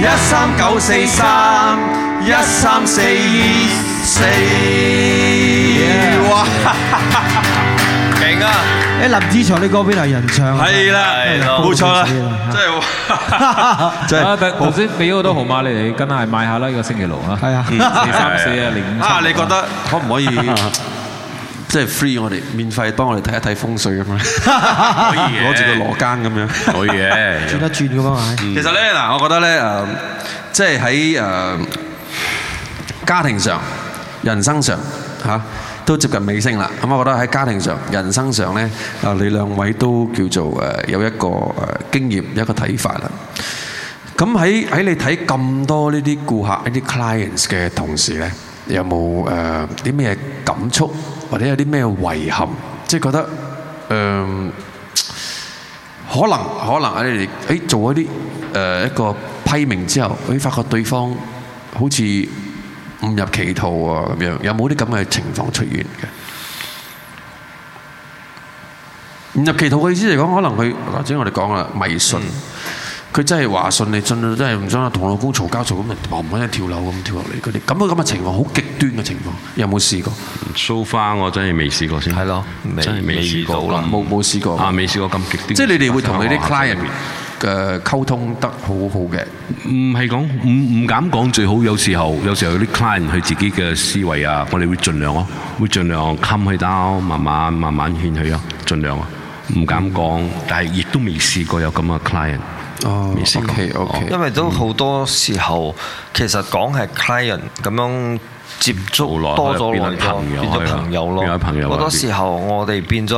[SPEAKER 3] 一三九四三一三四四，哇！勁啊！誒，林子祥啲歌邊係人
[SPEAKER 2] 唱啊？係啦，冇錯啦，真係，真係。頭先俾好多號碼你哋，梗係買下啦，呢個星期六啊。係啊，二三四啊，零五三。啊，你覺得可唔可以？
[SPEAKER 1] 即係 free 我哋免費幫我哋睇一睇風水咁
[SPEAKER 3] 樣，攞住個羅庚
[SPEAKER 1] 咁樣，可以嘅，轉一
[SPEAKER 3] 轉噶嘛。其實咧
[SPEAKER 1] 嗱，我覺得咧誒，即係喺誒家庭上、人生上嚇，都接近尾聲啦。咁我覺得喺家庭上、人生上咧，啊你兩位都叫做誒有一個經驗一個睇法啦。咁喺喺你睇咁多呢啲顧客呢啲 clients 嘅同時咧，有冇誒啲咩感觸？或者有啲咩遺憾，即係覺得誒、呃，可能可能喺你誒做一啲誒、呃、一個批命之後，你、哎、發覺對方好似誤入歧途啊咁樣，有冇啲咁嘅情況出現嘅？誤入歧途嘅意思嚟講，可能佢頭先我哋講啊迷信。嗯佢真係話信你真係唔想同老公嘈交嘈咁，唔嘭一跳樓咁跳落嚟嗰啲，咁個咁嘅情況好極端嘅情況，
[SPEAKER 4] 有冇試過？So far，我真係未試過先。係咯， [MUSIC] 真係未試過，冇冇試過啊？未試過咁極端。即係你哋會同你啲 client 嘅溝通得好好嘅？唔係講，唔唔敢講最好，有時候有時候啲 client 佢自己嘅思維啊，我哋會盡量咯，會盡量 calm down，慢慢慢慢勸佢啊，盡量啊，唔敢講，但係亦都未試過有咁嘅 client。哦、oh，OK OK，因
[SPEAKER 5] 為都好多時候，其實講係 client 咁樣。接觸多咗來往，變咗朋友咯。好多時候，我哋變咗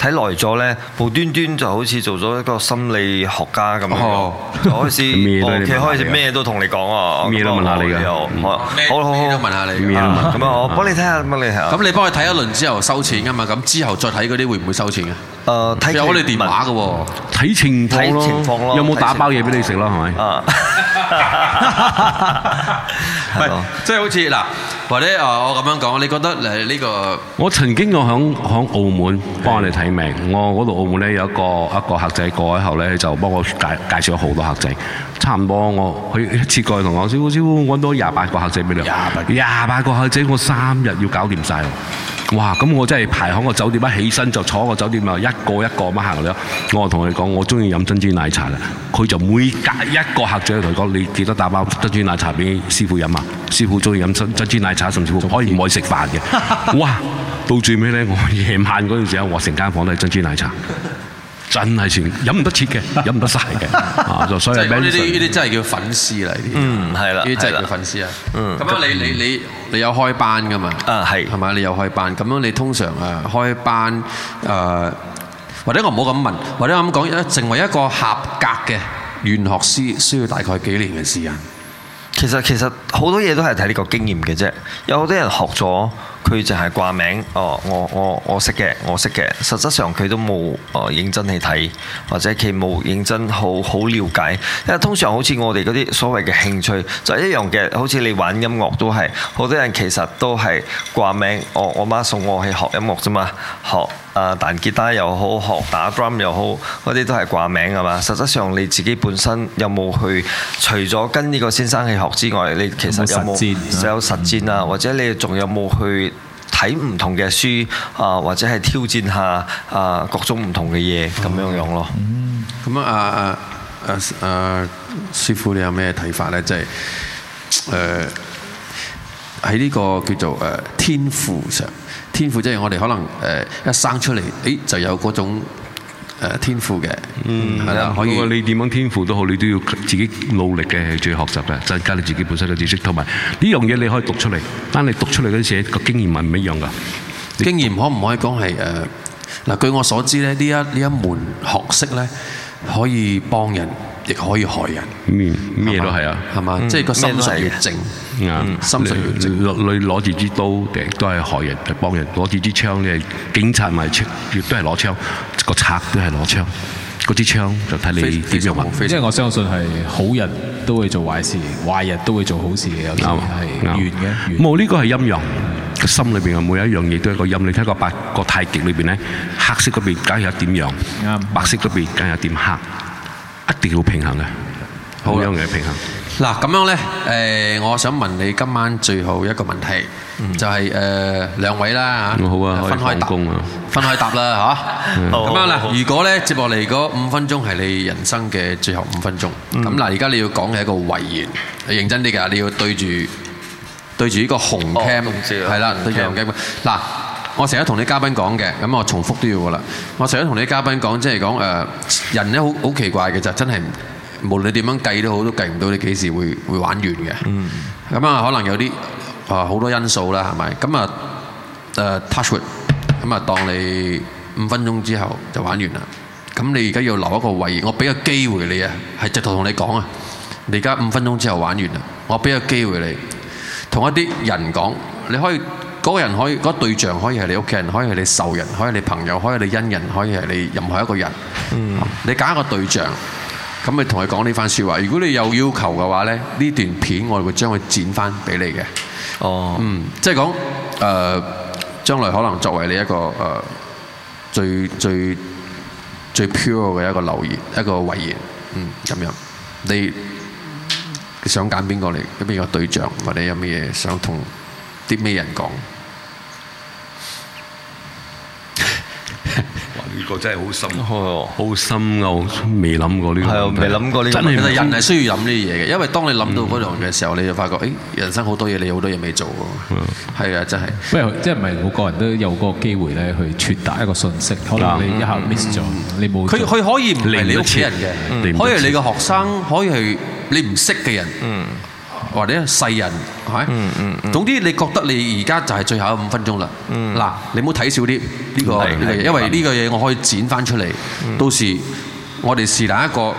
[SPEAKER 5] 睇耐咗咧，無端端就好似做咗一個心理學家咁樣，開始屋企開始咩都同你講啊，咩都問下你噶，好好好，咩都問下你啊。咁啊，我幫你睇下咁啊，你係。咁
[SPEAKER 1] 你幫佢睇一輪之後收錢噶嘛？咁之後再睇嗰啲會唔會收錢嘅？誒，有我哋電
[SPEAKER 5] 話
[SPEAKER 4] 嘅喎，睇情睇情況咯。有冇打包嘢俾你食咯？係咪？啊，
[SPEAKER 1] 即係好似嗱。或者啊，我咁樣講，你覺得你、這、呢個？
[SPEAKER 4] 我曾經我響響澳門幫你睇命。Okay. 我嗰度、那個、澳門咧有一個一個客仔過喺後咧，就幫我介介紹咗好多客仔。差唔多我佢一次過同我講，師傅，師傅揾到廿八個客仔俾你，廿八廿八個客仔，我三日要搞掂晒。哇！咁我真係排響個酒店，一起身就坐喺個酒店啊，一個一個乜客長，我同佢講：我中意飲珍珠奶茶啦。佢就每隔一個客長同佢講：你記得打包珍珠奶茶俾師傅飲啊。師傅中意飲珍珍珠奶茶，甚至乎可以唔可以食飯嘅？哇！到最尾呢，我夜晚嗰陣時啊，我成間房都係珍珠奶茶。真係全飲唔得切嘅，飲唔得晒嘅，所以呢啲呢啲真係叫粉絲嚟，呢啲嗯係啦，呢啲
[SPEAKER 1] 真係叫粉絲啊，嗯咁樣你、嗯、你你你有開班噶嘛？啊係、嗯，係咪？你有開班，咁樣你通常啊開班誒、呃，或者我唔好咁問，或者我
[SPEAKER 5] 咁講，成為一個合格嘅玄學師需要大概幾年嘅時間？嗯、其實其實好多嘢都係睇呢個經驗嘅啫，有啲人學咗。佢就係掛名，哦，我我我識嘅，我，我識嘅。實質上佢都冇哦、呃、認真去睇，或者佢冇認真好好了解。因為通常好似我哋嗰啲所謂嘅興趣就一樣嘅，好似你玩音樂都係，好多人其實都係掛名。我我媽送我去學音樂啫嘛，學啊、呃、彈吉他又好，學打 drum 又好，嗰啲都係掛名係嘛？實質上你自己本身有冇去？除咗跟呢個先生去學之外，你其實有冇有，有，有實踐啊？嗯、或者你仲有冇去？睇唔同嘅書啊、呃，或者係挑戰下啊、呃、各種唔同嘅嘢咁樣樣咯。嗯，咁啊啊啊啊師傅，你有咩睇法咧？即
[SPEAKER 1] 係誒喺呢個叫做誒、呃、天賦上，天賦即係我哋可能誒、呃、一生出嚟，誒就有嗰種。誒，天賦嘅，嗯，係啦，可以。如果
[SPEAKER 4] 你點樣天賦都好，你都要自己努力嘅，去最學習嘅，增加你自己本身嘅知識。同埋呢樣嘢你可以讀出嚟，但係你讀出嚟嗰啲寫個經驗係唔一樣㗎。經驗,經驗可唔可以講係誒？嗱、呃，據我所知咧，呢一呢一門學
[SPEAKER 1] 識咧，可以幫人。亦可以害人，
[SPEAKER 4] 咩咩都係啊，係嘛，即係個心碎正，心碎正。你攞住支刀，亦都係害人，係幫人。攞住支槍咧，警察咪亦都係攞槍，個賊都係攞槍。嗰支槍就睇你點樣運。即係
[SPEAKER 2] 我相信係好人都會做壞事，壞人都會做好事。有啲係圓嘅，
[SPEAKER 4] 冇呢個係陰陽。個心裏邊啊，每一樣嘢都係個陰。你睇個八個太極裏邊咧，黑色嗰邊梗係有點陽，白色嗰邊梗係有點黑。一定要平衡嘅，好啊。咁樣嘅平衡。
[SPEAKER 1] 嗱，咁樣咧，誒，我想問你今晚最後一個問題，就係誒兩位啦嚇。我好啊，分開答啊，分開答啦嚇。咁樣啦，如果咧接落嚟嗰五分鐘係你人生嘅最後五分鐘，咁嗱，而家你要講嘅一個遺言，係認真啲㗎，你要對住對住呢個紅 cam，係啦，對住紅 cam。嗱我成日同啲嘉賓講嘅，咁我重複都要噶啦。我成日同啲嘉賓講，即係講誒人咧，好好奇怪嘅就真係，無論你點樣計都好，都計唔到你幾時會會玩完嘅。咁啊、嗯，可能有啲啊好多因素啦，係咪？咁啊誒 touch 咁啊，當你五分鐘之後就玩完啦。咁你而家要留一個位，我俾個機會你啊，係直頭同你講啊，你而家五分鐘之後玩完啦。我俾個機會你，同一啲人講，你可以。嗰個人可以，嗰個對象可以係你屋企人，可以係你仇人，可以係你朋友，可以係你恩人，可以係你任何一個人。嗯。你揀一個對象，咁咪同佢講呢番説話。如果你有要求嘅話咧，呢段片我會將佢剪翻俾你嘅。哦。嗯，即係講誒，將來可能作為你一個誒、呃、最最最 pure 嘅一個留言，一個遺言，嗯，咁樣。你，你想揀邊個嚟？邊個對象？或者有咩嘢想同啲咩人講？
[SPEAKER 4] 呢個真係好深，好深奧！未諗過呢
[SPEAKER 5] 個啊，未諗過呢個問題。其實人係
[SPEAKER 4] 需要諗呢啲嘢嘅，因為當你諗到嗰樣
[SPEAKER 1] 嘅時候，你就發覺，誒，人生好多嘢，你好多嘢未做喎。係啊，真係。
[SPEAKER 2] 即係唔係每個人都有個機會咧，去傳達一個訊息。可能你一下 miss 咗，你冇。佢佢可以
[SPEAKER 1] 唔係你屋企人嘅，可以係你嘅學生，可以係你唔識嘅人。嗯。或者世人，係、嗯，嗯嗯、總之你覺得你而家就係最後五分鐘啦。嗱、嗯，你唔好睇少啲呢個，呢是、這個嘢，因為呢個嘢我可以剪翻出嚟。嗯嗯、到時我哋是哪一個。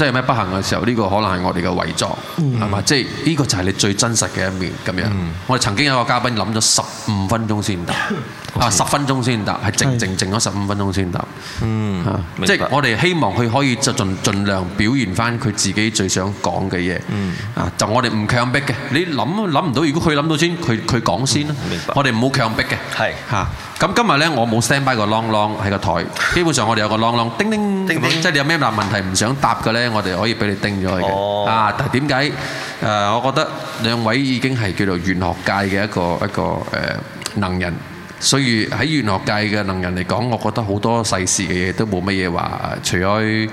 [SPEAKER 1] 即係咩不幸嘅時候，呢、這個可能係我哋嘅遺作，係嘛、嗯？即係呢、這個就係你最真實嘅一面咁樣。嗯、我哋曾經有一個嘉賓諗咗十五分鐘先答，啊，十分鐘先答，係靜靜靜咗十五分鐘先答。嗯，
[SPEAKER 6] 即係我
[SPEAKER 1] 哋希望佢可以就盡量表現翻佢自己最想講嘅嘢。嗯，啊，就我哋唔強迫嘅，你諗都諗唔到，如果佢諗到先，佢佢講先咯。明白。我哋唔好強迫嘅，係嚇。咁今日咧，我冇 send 翻個啷 o 喺個台。基本上我哋有個啷啷 n 叮叮，叮叮即係你有咩難問題唔想答嘅咧，我哋可以俾你叮咗佢嘅。Oh. 啊，但係點解？誒、呃，我覺得兩位已經係叫做玄學界嘅一個一個誒、呃、能人，所以喺玄學界嘅能人嚟講，我覺得好多世事嘅嘢都冇乜嘢話，除咗誒、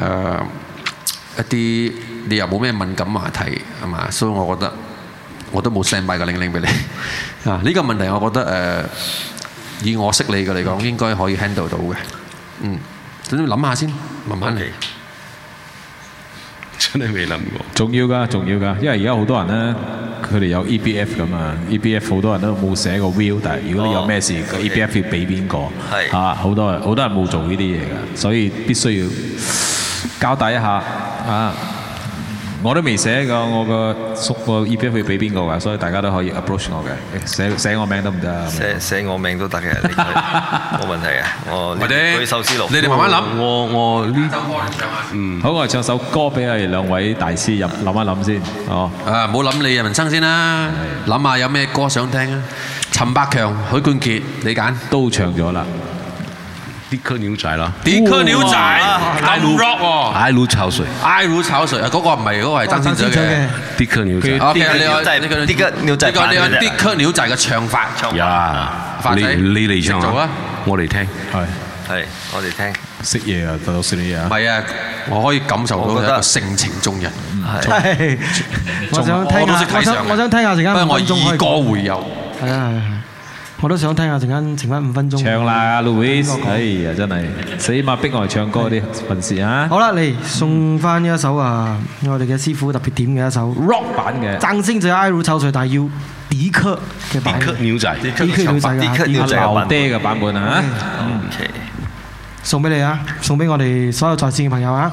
[SPEAKER 1] 呃、一啲你又冇咩敏感話題係嘛，所以我覺得我都冇 send 埋個令零俾你。啊，呢、這個問題我覺得誒。呃以我識你嘅嚟講，嗯、應該可以 handle 到嘅。嗯，等你諗下
[SPEAKER 2] 先，慢慢嚟。真係未諗過重重要噶，重要噶，因為而家好多人咧，佢哋有 E B F 噶嘛，E B F 好多人都冇寫過 will，但係如果你、哦、有咩事，個的 E B F 要俾邊個？係的啊，好多人，好多人冇做呢啲嘢嘅，所以必須要交代一下啊。我都未寫過我個叔個 EPF 會俾邊個㗎，所以大家都可以 approach 我嘅，寫寫我名得唔得啊？寫
[SPEAKER 5] 寫我名都得嘅，冇問題嘅。我或者舉手示落，你哋慢慢
[SPEAKER 2] 諗。我我呢？嗯，好，我嚟唱首歌俾你哋兩位大師入諗一諗先。
[SPEAKER 1] 哦，啊，唔好諗你人生先啦，諗下有咩歌想聽啊？陳百強、許
[SPEAKER 4] 冠傑，你揀都唱咗啦。
[SPEAKER 3] 迪克牛仔啦，
[SPEAKER 1] 迪克牛仔，I'm Rock
[SPEAKER 4] 哦，愛如潮水，
[SPEAKER 1] 愛如潮水啊！嗰個唔係嗰個係張信哲嘅，
[SPEAKER 4] 迪克牛仔，OK，你我迪克牛仔，你講你講迪克
[SPEAKER 1] 牛仔嘅唱
[SPEAKER 4] 法，唱法，啊，你你嚟唱啊，我嚟聽，係係，我嚟聽，識嘢啊，
[SPEAKER 1] 都識啲嘢啊，唔係啊，我可以感受到個性情中人，
[SPEAKER 3] 係，我想，我都想，我想聽下時間，我想我以歌會友，係啊。我都
[SPEAKER 5] 想聽下，陣間剩翻五分鐘。唱
[SPEAKER 2] 啦，Louis，哎呀，真係死馬逼我嚟唱歌啲粉絲啊！好
[SPEAKER 5] 啦，嚟送翻一首啊，我哋嘅師傅特別點嘅一首
[SPEAKER 3] Rock 版嘅，掌聲就由 Iru 抽水，但係要迪克嘅版，迪克
[SPEAKER 2] 牛仔，迪克牛仔嘅阿牛爹嘅版本啊！OK，
[SPEAKER 3] 送俾你啊，送俾我哋所有在綫嘅朋友啊！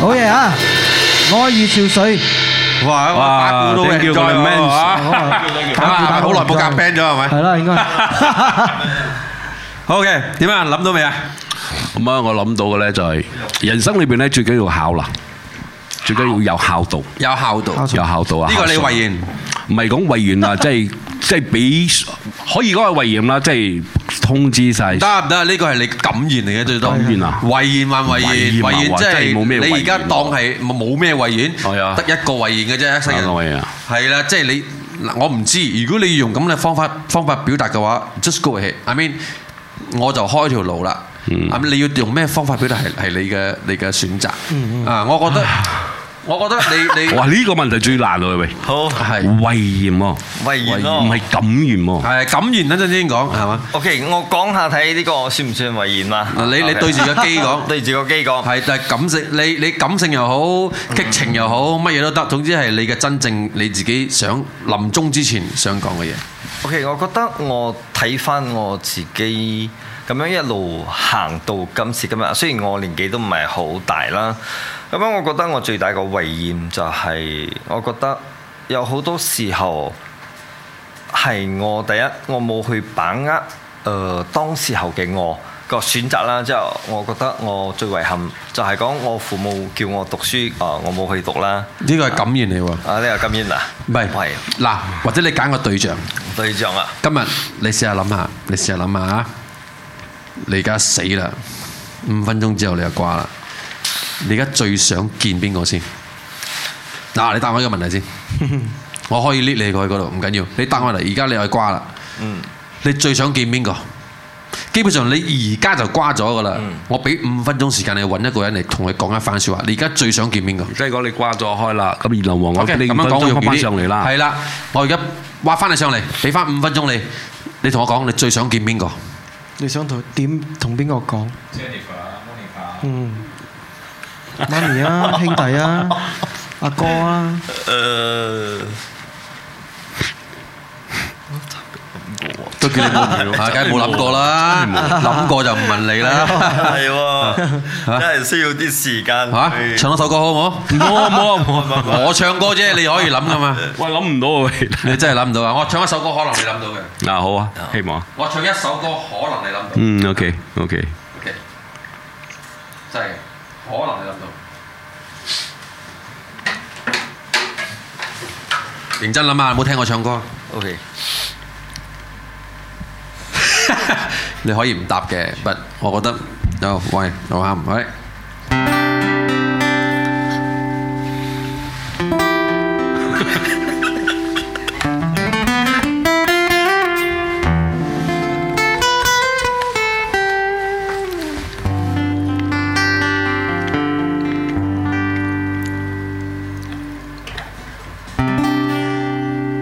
[SPEAKER 3] 好嘢啊！愛如潮水，哇！打鼓都贏在喎，嚇！打鼓打好耐冇夾 band
[SPEAKER 4] 咗係咪？係啦，應該。OK，點啊？諗到未啊？咁啊，我諗到嘅咧就係人生裏邊咧最緊要孝啦，最緊要有孝道，有孝道，有孝道啊！呢個李慧賢唔係講慧賢啊，即係。即係俾可以講係胃炎啦，即係通知晒得唔得？呢個係你感染嚟嘅最多。感染啊！胃炎還胃炎，胃炎即係你而家
[SPEAKER 1] 當係冇咩胃炎。我有得一個胃炎嘅啫，成個人係啦，即係你嗱，我唔知。如果你用咁嘅方法方法表達嘅話，just go ahead。I mean，我就開條路啦。咁你要
[SPEAKER 4] 用咩方法表達係係你嘅你嘅選擇啊？我覺得。
[SPEAKER 1] 我覺得你你
[SPEAKER 5] 哇呢
[SPEAKER 4] 個問題最難喎喂，好係遺言喎，遺言唔係感言喎，係感言等陣先講係嘛
[SPEAKER 5] ？OK，我講下睇呢個算唔算遺言嘛？你你對
[SPEAKER 6] 住
[SPEAKER 1] 個機講，對住個機講，係但係感性你你感性又好，激情又好，乜嘢都得，總之係你嘅真正你自己想臨終之前想講嘅嘢。
[SPEAKER 5] OK，我覺得我睇翻我自己咁樣一路行到今時今日，雖然我年紀都唔係好大啦。咁樣我覺得我最大嘅遺憾就係，我覺得有好多時候係我第一，我冇去把握誒、呃、當時候嘅我個選擇啦。之、就、係、是、我覺得我最遺憾就係、是、講我父母叫我讀書，誒我冇去讀啦。呢個係感言嚟喎。啊，呢個感言嗱，唔係
[SPEAKER 1] 是，嗱是或者你揀個對象，
[SPEAKER 5] 對象啊，
[SPEAKER 1] 今日你試下諗下，你試下諗下，你而家死啦，五分鐘之後你就掛啦。你而家最想見邊個先？嗱、啊，你答我一個問題先， [LAUGHS] 我可以 lift 你過去嗰度，唔緊要。你答我嚟，而家你去瓜啦。嗯、你最想見邊個？基本上你而家就瓜咗㗎啦。嗯、我俾五分鐘時間你揾一個人嚟同佢講一番説話。你而家最想見邊個？即係 Okay, 講你瓜咗開啦，咁二樓王我五分鐘就翻上嚟啦。係啦，我而家挖翻你上嚟，俾翻五分鐘你。你同我講，你最想見邊個？
[SPEAKER 3] 你想同點同邊個講 嗯。媽咪啊，兄弟啊，阿哥啊，誒，都叫你冇料，梗係冇諗過啦，諗過就唔問你啦，係
[SPEAKER 5] 喎，真係需要啲時間。嚇，唱一首歌好唔好？唔好啊，唔好啊，
[SPEAKER 4] 我我唱歌啫，你可以諗㗎嘛。喂，諗唔到啊，你真係諗唔到啊！我唱一首歌可能你諗到嘅。嗱，好啊，希望。我
[SPEAKER 1] 唱一首
[SPEAKER 4] 歌可能你諗到。嗯，OK，OK，OK，真
[SPEAKER 1] 係。可能係諗到，認真諗啊！冇聽我唱歌。OK，你可以唔答嘅，But 我覺得，No，喂，你好，喂。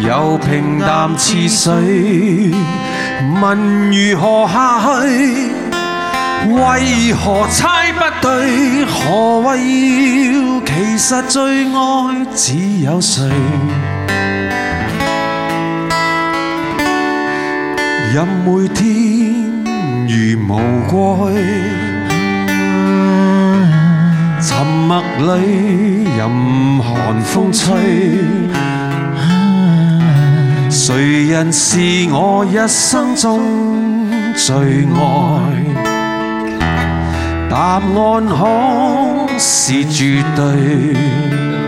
[SPEAKER 3] 又平淡似水，問如何下去？為何猜不對？何謂要？其實最愛只有誰？任每天如霧過去，沉默裏任寒風吹。誰人是我一生中最愛？答案可是絕對。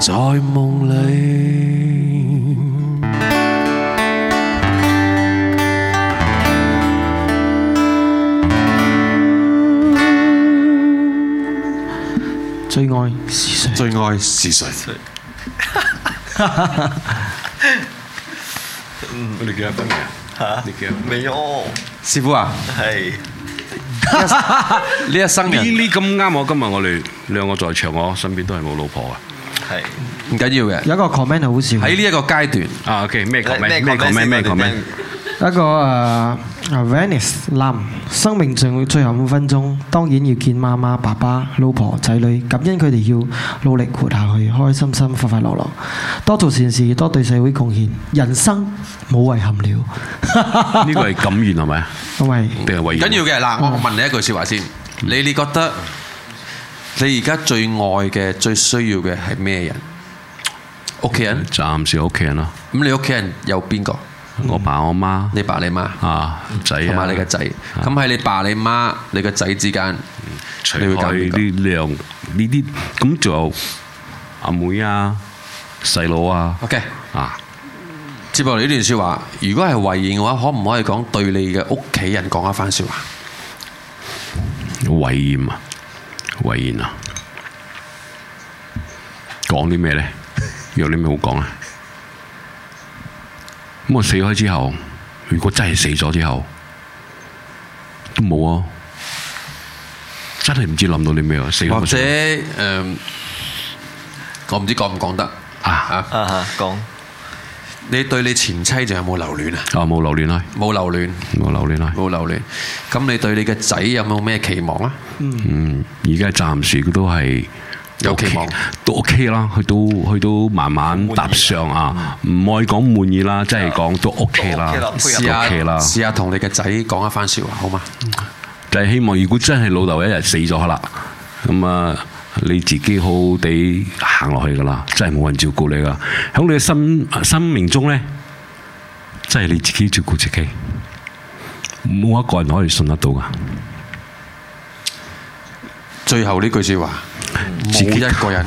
[SPEAKER 3] 在夢裏，最愛是誰？最愛是誰？哈哈哈！嗯，你覺得點
[SPEAKER 5] 啊？你覺得？沒有，
[SPEAKER 3] 師傅啊？係，哈哈哈！
[SPEAKER 5] 呢一生呢
[SPEAKER 4] 呢咁啱，我今日我哋兩個在場，我身邊都係冇老婆啊。
[SPEAKER 5] 係
[SPEAKER 4] 唔緊要嘅，有一個
[SPEAKER 5] comment 好少喺呢一
[SPEAKER 4] 個階段。啊，OK，咩 comment？咩 comment？咩 comment？
[SPEAKER 3] 一個誒，Venice Lam，生命仲最後五分鐘，當然要見媽媽、爸爸、老婆、仔女，感恩佢哋要努力活下去，開開心心、快快
[SPEAKER 5] 樂樂，多做善事，多對社會貢獻，人生冇遺憾
[SPEAKER 3] 了。
[SPEAKER 1] 呢個係感恩係咪啊？唔係，定係遺憾。緊要嘅嗱，我問你一句說話先，你你覺得？你而家最愛嘅、最需要嘅係咩人？屋企人？暫時屋企人咯。咁你屋企人有邊個？我爸、我媽。你爸、你媽。啊，仔啊。同埋你個仔。咁喺、啊、你爸、你媽、你個仔之間，
[SPEAKER 4] 除開呢兩呢啲，咁就阿妹啊、細佬啊。OK。啊。接落嚟呢段説話，如果係遺言嘅
[SPEAKER 1] 話，可唔可以講對你嘅屋企人講一番説話？遺言
[SPEAKER 4] 啊。遺言啊，講啲咩咧？有啲咩好講啊？咁我死咗之後，如果真係死咗之後，都冇啊！真係唔知諗到啲咩啊！或者，
[SPEAKER 1] 誒，我唔知講唔講得啊啊！講、啊。Uh huh, 你對你前妻仲有冇留戀啊？
[SPEAKER 4] 啊、哦，冇留戀啦，
[SPEAKER 1] 冇留戀，冇留戀啦，冇留戀。咁你對你嘅仔有冇咩期望啊？
[SPEAKER 4] 嗯，而家暫時都係、OK, 有期望，都 OK 啦。佢都佢都慢慢踏上啊，唔可以講滿意啦，即係講都 OK 啦，試下、OK，試下同你嘅仔講一番說話好嘛？嗯？就係、是、希望，如果真係老豆一日死咗啦，咁啊。你自己好好地行落去噶啦，真係冇人照顧你噶。喺你嘅心生命中咧，真係你自己照顧自己，冇一個人可以信得到噶。
[SPEAKER 1] 最後呢句說話，冇自己一個人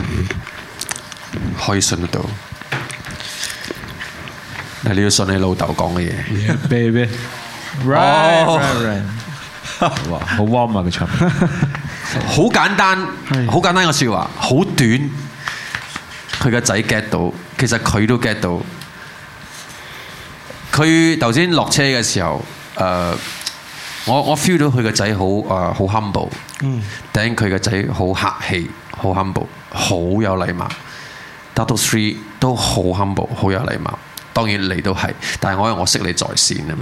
[SPEAKER 1] 可以信得到。嗱、嗯，但你要信你老豆講嘅
[SPEAKER 2] 嘢。Baby，right, right, right. [LAUGHS] [LAUGHS]
[SPEAKER 1] 好簡單，好簡單嘅說話，好短。佢個仔 get 到，其實佢都 get 到。佢頭先落車嘅時候，誒、呃，我我 feel 到佢個仔好誒，好 humble，頂佢個仔好客氣，好 humble，好有禮貌。Double three 都好 humble，好有禮貌。當然你都係，但係我我識你在線啊。誒、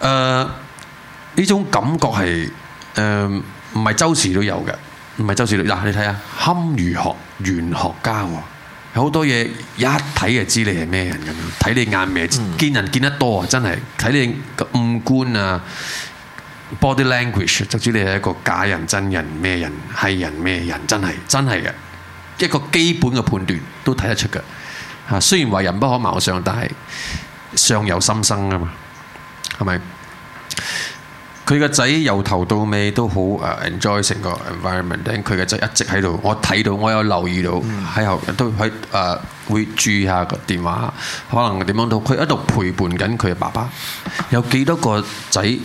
[SPEAKER 1] 嗯，呢、呃、種感覺係誒。嗯呃唔係周時都有嘅，唔係周時嗱、啊，你睇下堪輿學、玄學家喎，好多嘢一睇就知你係咩人咁樣，睇你眼眉，嗯、見人見得多，真係睇你五官啊，body language，就知你係一個假人、真人咩人，係人咩人，真係真係嘅一個基本嘅判斷都睇得出嘅。啊，雖然話人不可貌相，但係相由心生啊嘛，係咪？佢個仔由頭到尾都好誒 enjoy 成個 environment，佢嘅仔一直喺度，我睇到，我有留意到喺、嗯、後都喺誒、呃、會注意下個電話，可能點樣到。佢一路陪伴緊佢爸爸。有幾多個仔喺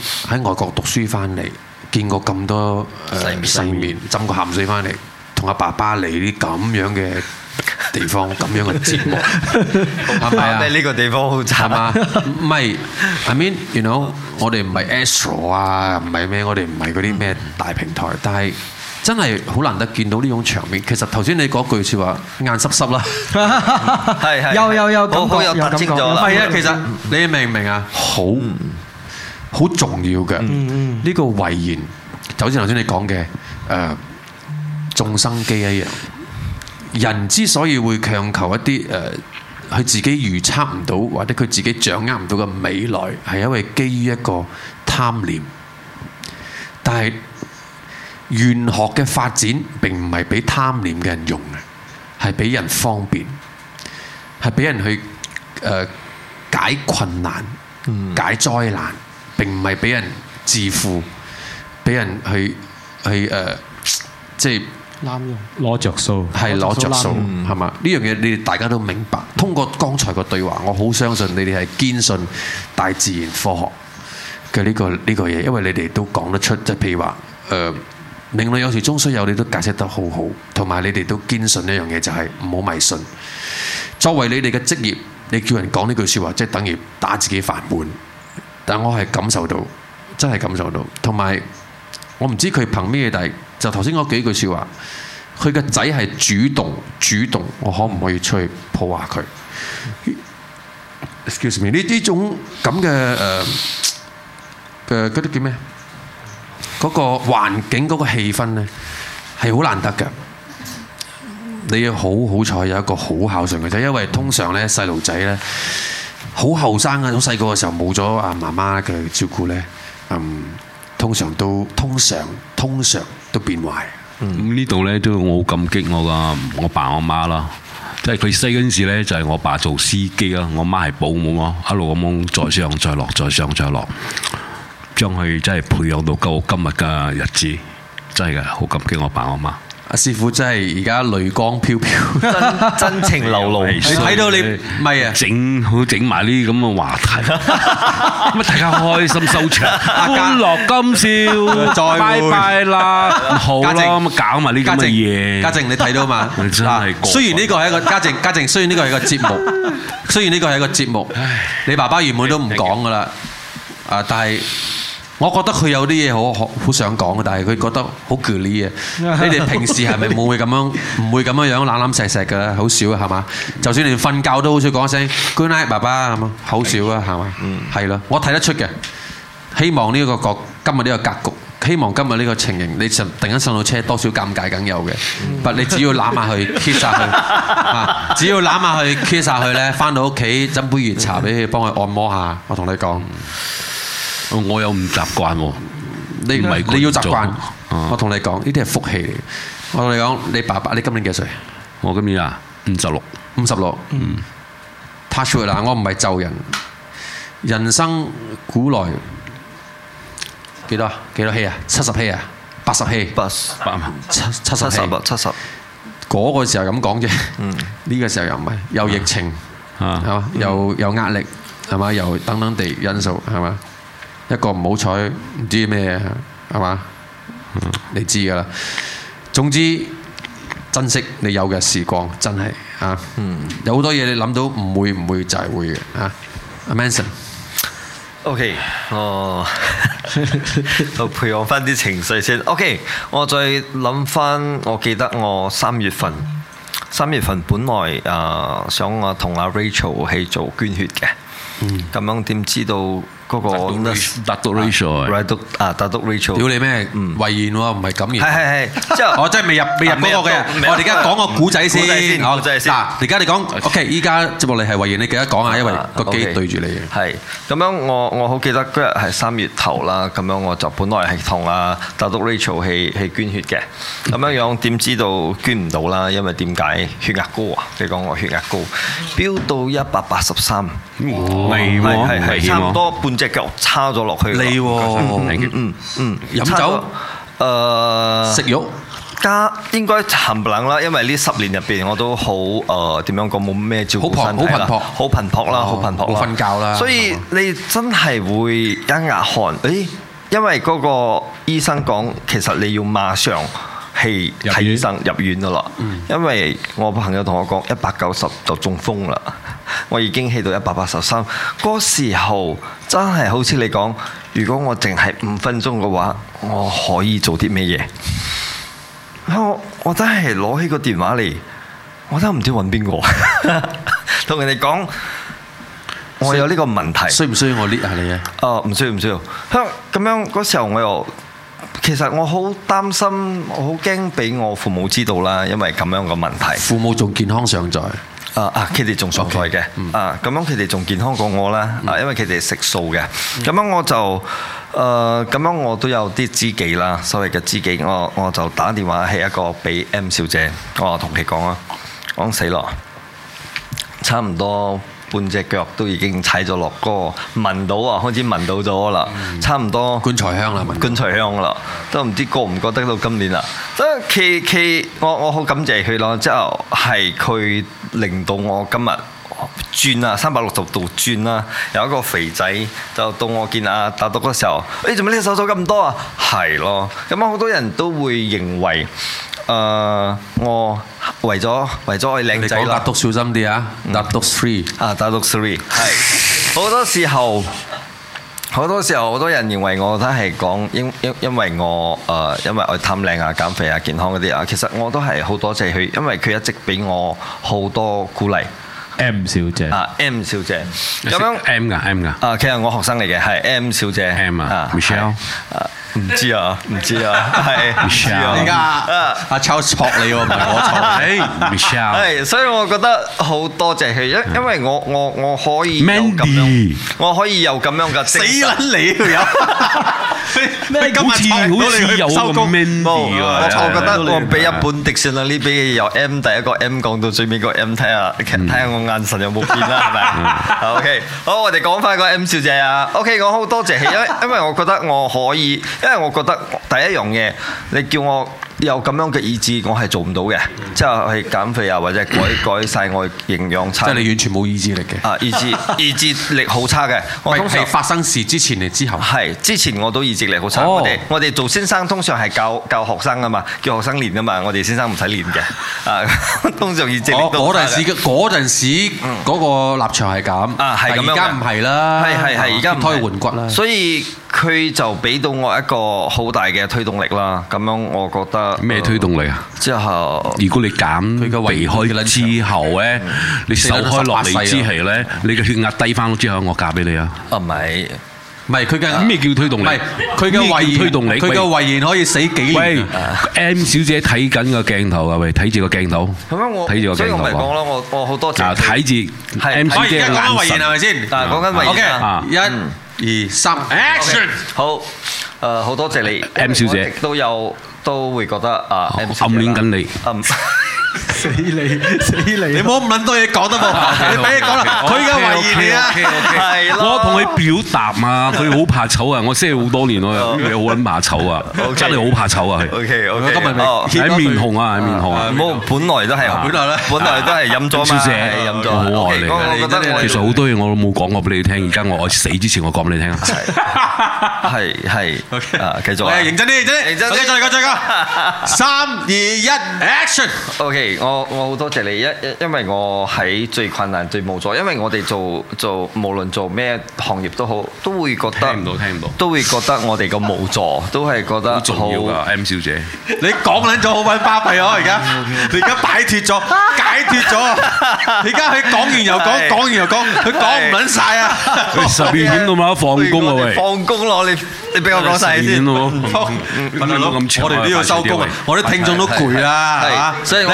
[SPEAKER 1] 外國讀書翻嚟，見過咁多世、呃、面，浸面過鹹水翻嚟，同阿爸爸嚟啲咁樣嘅。面 [LAUGHS] 地方咁樣嘅節目係咪啊？呢個地方好慘啊！唔係，I mean you know，我哋唔係 Astro 啊，唔係咩，我哋唔係嗰啲咩大平台，但係真係好難得見到呢種場面。其實頭先你講句說話，眼濕濕啦，係
[SPEAKER 3] 係有有有咁又突清楚係啊，其實你
[SPEAKER 1] 明唔明啊？好好重要嘅呢個遺言，就好似頭先你講嘅誒，種生基一樣。人之所以會強求一啲誒，佢、呃、自己預測唔到或者佢自己掌握唔到嘅未來，係因為基於一個貪念。但係玄學嘅發展，並唔係俾貪念嘅人用嘅，係俾人方便，係俾人去誒、呃、解困難、解災難，嗯、並唔係俾人致富，俾人去去誒、呃、即係。
[SPEAKER 2] 攬用攞着數，係攞着數，係嘛？呢
[SPEAKER 1] 吧樣嘢你哋大家都明白。嗯、通過剛才個對話，我好相信你哋係堅信大自然科學嘅呢、這個呢、這個嘢，因為你哋都講得出，即係譬如話，誒、呃，命裏有時終須有，你都解釋得好好。同埋你哋都堅信呢樣嘢，就係唔好迷信。作為你哋嘅職業，你叫人講呢句說話，即係等於打自己飯碗。但我係感受到，真係感受到。同埋，我唔知佢憑咩，但係。但就頭先嗰幾句説話，佢個仔係主動主動，主動我可唔可以出去抱下佢、mm.？Excuse me，呢呢種咁嘅誒嘅嗰啲叫咩？嗰個、呃、環境嗰個氣氛，咧係好難得㗎。你要好好彩有一個好孝順嘅仔，因為通常咧細路仔咧好後生啊，好細個嘅時候冇咗阿媽媽嘅照顧咧，嗯，通常都通常通常。通常都變壞，
[SPEAKER 4] 咁、嗯、呢度咧都好感激我噶我爸我媽啦，即係佢細嗰陣時咧就係我爸做司機啊。我媽係保姆咯，一路咁樣再上再落再上再落，將佢真係培養到夠今今日嘅日子，真係嘅好感激我爸我媽。阿師傅真係而家淚光飄飄，真情流露。你睇到你咪啊，整好整埋呢啲咁嘅話題，乜大家開心收場，歡樂今宵，再拜拜啦！好啦，
[SPEAKER 1] 搞埋呢啲嘢。家靖，你睇到嘛？啊，雖然呢個係一個家靖，家靖，雖然呢個係一個節目，雖然呢個係一個節目，你爸爸原本都唔講噶啦。啊，但係。我覺得佢有啲嘢好好，好想講，但係佢覺得好 girly [LAUGHS] 你哋平時係咪冇會咁樣，唔會咁樣樣攬攬錫錫㗎？好少係嘛？就算連瞓覺都好少講聲 good night 爸爸咁，好少啊係嘛？嗯，係咯， [NOISE] 我睇得出嘅。希望呢個局，今日呢個格局，希望今日呢個情形，你突然間上到車多少尷尬，梗有嘅。不， [NOISE] 但你只要攬下去 kiss 下佢，只要攬下去 kiss 下佢咧，翻到屋企斟杯熱茶俾佢，幫佢按摩下。我同你講。我又唔習慣喎，你唔係你要習慣。我同你講，呢啲係福氣嚟。我同你講，你爸爸你今年幾歲？我今年啊，五十六，五十六。嗯。太衰啦！我唔係咒人。人生古來幾多？幾多禧啊？七十禧啊？八十
[SPEAKER 4] 禧？
[SPEAKER 5] 八十？八七七十七
[SPEAKER 1] 十。嗰個時候咁講啫。呢個時候又唔係，又疫情，係嘛？又有壓力，係嘛？又等等地因素，係嘛？一個唔好彩，唔知咩，係嘛？Mm hmm. 你知噶啦。總之，珍惜你有嘅時光，真係啊。Mm hmm. 嗯，有好多嘢你諗到唔會唔會就係、是、會嘅啊。阿 Manson，OK，
[SPEAKER 5] 哦，hmm. okay, [LAUGHS] 我培養翻啲情緒先。OK，我再諗翻，我記得我三月份，三月份本來啊、呃、想我同阿 Rachel 去做捐血嘅，嗯、mm，咁、hmm. 樣點知道？嗰個打讀 Rachel，啊打讀 Rachel，屌你咩？嗯，維賢喎，唔係錦
[SPEAKER 1] 賢。係係係，我真係未入未入嗰個嘅。我哋而家講個古仔先。故仔先。嗱，而家你講，OK，依家節目你係維賢，你記得講下，因為個機對住你。
[SPEAKER 5] 係咁樣，我我好記得嗰日係三月頭啦。咁樣我就本來係同啊打讀 Rachel 去去捐血嘅。咁樣樣點知道捐唔到啦？因為點解血壓高啊？你講我血壓高，飆到一百八十三。唔係喎，係係係，差唔多半。隻腳叉咗落去咯，嗯嗯、哦、嗯，飲、嗯、酒，誒食、呃、肉，加應該冚唪唥啦，因為呢十年入邊我都好誒點樣講，冇咩照顧身體啦，好頻撲，好頻撲啦，好頻撲，冇瞓、哦、覺啦，所以的你真係會一額汗，誒、欸，因為嗰個醫生講，其實你要馬上。係，睇醫生入院噶啦，嗯、因為我朋友同我講一百九十就中風啦，我已經氣到一百八十三，嗰時候真係好似你講，如果我淨係五分鐘嘅話，我可以做啲咩嘢？我真係攞起個電話嚟，我都唔知揾邊個，同 [LAUGHS] 人哋講我有呢個問題，需唔需要我 link 下你啊？哦，唔需要唔需要，咁樣嗰時候我又。其實我好擔心，我好驚俾我父母知道啦，因為咁樣嘅問題。父母仲健康尚在啊啊，佢哋仲尚在嘅啊，咁 Okay .、mm. 啊、樣佢哋仲健康過我啦、mm. 啊，因為佢哋食素嘅。咁、mm. 樣我就誒，咁、呃、樣我都有啲知己啦，所謂嘅知己，我我就打電話係一個俾 M 小姐，我同佢講啊，講死咯，差唔多。半隻腳都已經踩咗落歌，聞到啊，開始聞到咗啦，嗯、差唔多棺材香啦，棺材香啦，都唔知過唔過得到今年啦。即係佢佢，我我好感謝佢咯，之後係佢令到我今日。轉啊，三百六十度轉啦，啊！有一個肥仔就到我見阿、啊、達督嘅時候，誒、哎，做乜呢手數咁多啊？係咯，咁啊好多人都會認為誒、呃，我為咗為咗我靚仔啦。達督小心啲啊！達督 three 啊、嗯，達督 three 係。好 [LAUGHS] 多時候，好多時候，好多人認為我都係講因因為我誒，因為我貪靚啊、減、呃、肥啊、健康嗰啲啊。其實我都係好多謝佢，因為佢一直俾我好多鼓勵。M 小姐啊，M 小姐咁樣 M 噶 M 噶啊，其實我學生嚟嘅係 M 小姐啊，Michelle 啊。唔知啊，唔知啊，係唔知啊，依家啊，阿秋錯你喎，唔係我錯，係 Michelle，係，所以我覺得好多謝佢，因因為我我我可以，Mandy，我可以有咁樣嘅，死捻你佢有，咩今日收工收工，冇啊，我覺得我俾日本迪士尼呢邊由 M 第一個 M 講到最尾個 M 睇下，你睇下我眼神有冇變啦，係咪？OK，好，我哋講翻個 M 小姐啊，OK，我好多謝佢，因因為我覺得我可以。因為我覺得第一樣嘢，你叫我有咁樣嘅意志，我係做唔到嘅。即係減肥啊，或者改改晒我營養差，即係你完全冇意志力嘅。啊，意志意志力好差嘅。我係發生事之前定之後？係之前我都意志力好差。我哋我哋做先生通常係教教學生啊嘛，叫學生練啊嘛。我哋先生唔使練嘅。啊，通常意志力都係。嗰陣時嗰陣時嗰個立場係咁啊，係咁樣。而家唔係啦，係係係，而家唔可以換骨啦。所以。佢就俾到我一個好大嘅推動力啦，咁樣我覺得咩
[SPEAKER 4] 推動力啊？之後如果你減避開啦之後咧，你手開落嚟之期咧，你嘅血壓低翻之後，我嫁俾你啊？唔係，唔係佢嘅咩叫推
[SPEAKER 1] 動力？唔係佢嘅胃炎推動力，佢嘅胃炎可以死幾年
[SPEAKER 4] ？M 小姐睇緊個鏡頭係咪？睇住個鏡頭，睇住個鏡頭啊！所以我嚟講
[SPEAKER 5] 啦，我我好多謝。睇住 M 小姐嘅眼神。一講緊胃炎係咪先？但係講緊胃炎啊！一二三，Action! okay, 好，誒、呃、好多謝你，M 小姐都有都會覺得啊，暗戀緊你、呃。 [LAUGHS]
[SPEAKER 3] 死你！死你！你唔好咁撚多嘢講得喎，你俾佢講啦。佢而家懷疑你啊，
[SPEAKER 5] 係咯。我同佢表達
[SPEAKER 4] 啊，佢好怕醜啊。我識佢好多年咯，你好撚怕醜啊，真係好怕醜啊。O
[SPEAKER 5] K O K，今日喺面紅
[SPEAKER 4] 啊，喺面紅啊。冇，本
[SPEAKER 5] 來都係，本來本來都係飲咗嘛。
[SPEAKER 4] 我好愛你，其實好多嘢我都冇講過俾你聽，而家我死之前我講俾你聽
[SPEAKER 5] 啊。係係。O K 繼續。認真啲，認真啲。O K，再嚟個，再嚟個。三二一，Action！O K。我我好多謝你，因因因為我喺最困難最無助，因為我哋做做無論做咩行業都好，都會覺得聽唔到，聽唔到，都會覺得我哋個無助都係覺得好重要㗎。M 小姐，
[SPEAKER 3] 你講撚咗好撚巴閉啊！而家你而家擺脱咗，解脫咗，而家佢講完又講，講完又講，佢講唔撚曬啊！
[SPEAKER 4] 佢十二點到嘛放
[SPEAKER 5] 工啊喂！放工咯，你你俾我講曬先喎！我哋都要收工啊！我啲聽眾都攰啦，嚇，所以我。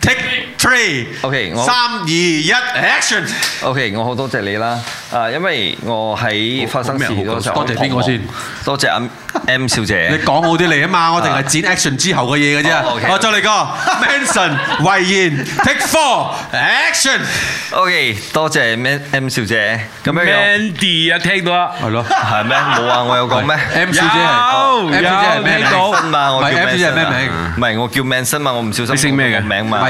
[SPEAKER 5] Take three，OK，我三二一，action。OK，我好多謝你啦，啊，因為我喺發生事嗰時候，多謝邊個先？多謝 M M 小姐。你
[SPEAKER 1] 講好啲嚟啊嘛，我淨係剪 action 之後嘅嘢嘅啫。我再
[SPEAKER 5] 嚟個 Manson 魏彥，Take four，action。OK，多謝 M M 小姐。咁樣有 Mandy 啊，聽到啦。係咯，係咩？冇話我有講咩？M 小姐有，M 小姐係咩名？唔係，我叫 Manson 嘛，我唔小心。你姓咩嘅名嘛？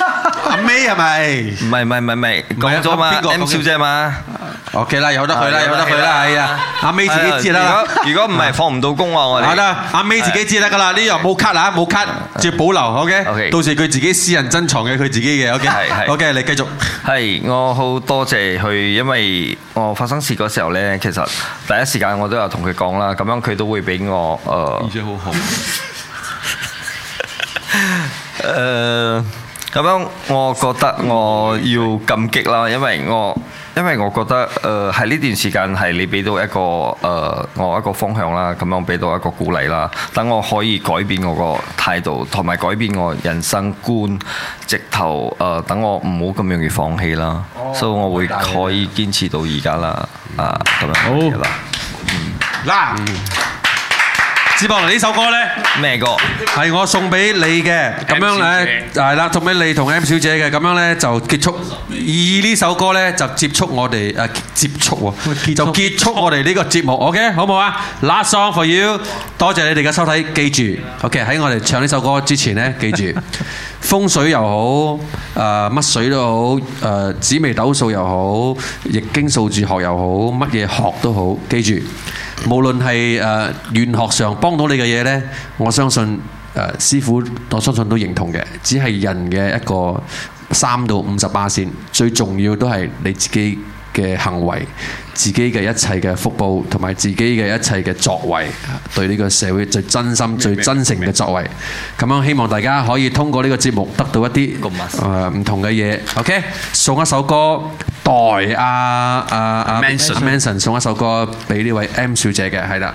[SPEAKER 5] 阿妹係咪？唔係唔係唔係，講咗嘛？邊個？M 小姐嘛？OK 啦，有得去啦，有得去啦，係
[SPEAKER 1] 啊！阿妹自己知得啦。如果唔係放唔
[SPEAKER 5] 到工啊，我哋係啦。阿妹自己知得
[SPEAKER 1] 噶啦，呢樣冇 cut 啦，冇 cut，
[SPEAKER 5] 要保留。OK，到時佢自己私人珍藏嘅，佢自己嘅。OK，好嘅，你繼續。係我好多謝佢，因為我發生事嗰時候咧，其實第一時間我都有同佢講啦，咁樣佢都會俾我誒，而且好好誒。咁樣，我覺得我要感激啦，因為我因為我覺得，誒喺呢段時間係你俾到一個誒、呃、我一個方向啦，咁樣俾到一個鼓勵啦，等我可以改變我個態度，同埋改變我人生觀，直頭誒等我唔好咁容易放棄啦，oh, 所以我會可以堅持到而家啦，oh, 啊咁樣啦。嗱好。嗯子博，呢首
[SPEAKER 3] 歌
[SPEAKER 1] 咧咩歌？係我送俾你嘅，咁樣咧係啦，送俾你同 M 小姐嘅，咁樣咧就結束。以呢首歌咧就結束我哋誒，結束就結束我哋呢個節目。OK，好唔好啊？Last song for you，多謝你哋嘅收睇。記住，OK，喺我哋唱呢首歌之前咧，記住風水又好誒，乜水都好誒，紫微斗數又好，易經數字學又好，乜嘢學都好，記住。無論係誒玄學上幫到你嘅嘢呢，我相信誒、呃、師傅，我相信都認同嘅。只係人嘅一個三到五十八線，最重要都係你自己嘅行為。自己嘅一切嘅福報同埋自己嘅一切嘅作為，對呢個社會最真心、麼最真誠嘅作為，咁麼樣希望大家可以通過呢個節目得到一啲唔麼、呃、同嘅嘢。OK，送一首歌，代阿阿阿 Manson 送一首歌俾呢位 M 小姐嘅，係啦。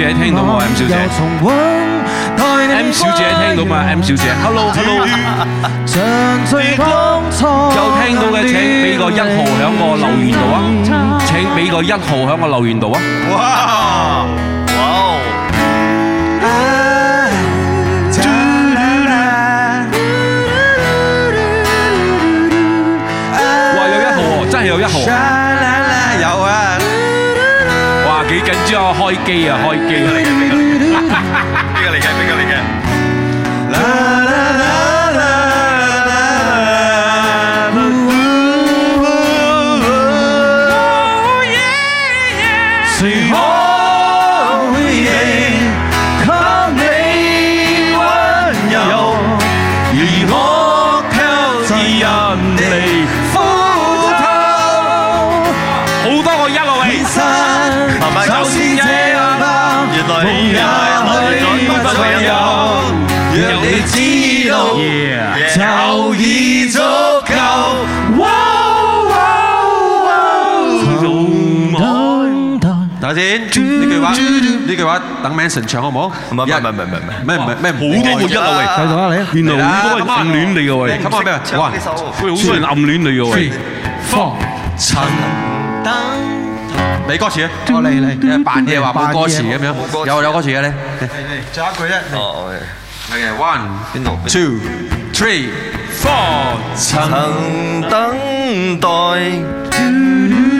[SPEAKER 3] M 小姐聽到嗎？M 小姐，Hello，Hello。有聽到嘅 [LAUGHS] [LAUGHS] 請俾
[SPEAKER 4] 個一號響個留言度啊，請俾個一號響個留言度啊。哇，
[SPEAKER 3] 哇。哇，有一號哦，真係有一號。
[SPEAKER 4] 開機啊！開機。
[SPEAKER 1] 呢句話等 Manson 唱好唔好？唔係唔係唔
[SPEAKER 4] 係唔係唔係咩咩好多活一嚟，
[SPEAKER 3] 睇下嚟。原來好多係暗
[SPEAKER 4] 戀你嘅喎。咁啊咩啊？哇，好多係暗戀你嘅喎。Three, four,
[SPEAKER 1] 等。俾歌詞啊！嚟嚟嚟，扮嘢話扮歌詞咁樣。有有歌詞嘅咧？嚟嚟，
[SPEAKER 3] 再一句啦。哦，係啊，One, Two, Three, Four,
[SPEAKER 5] 曾等待。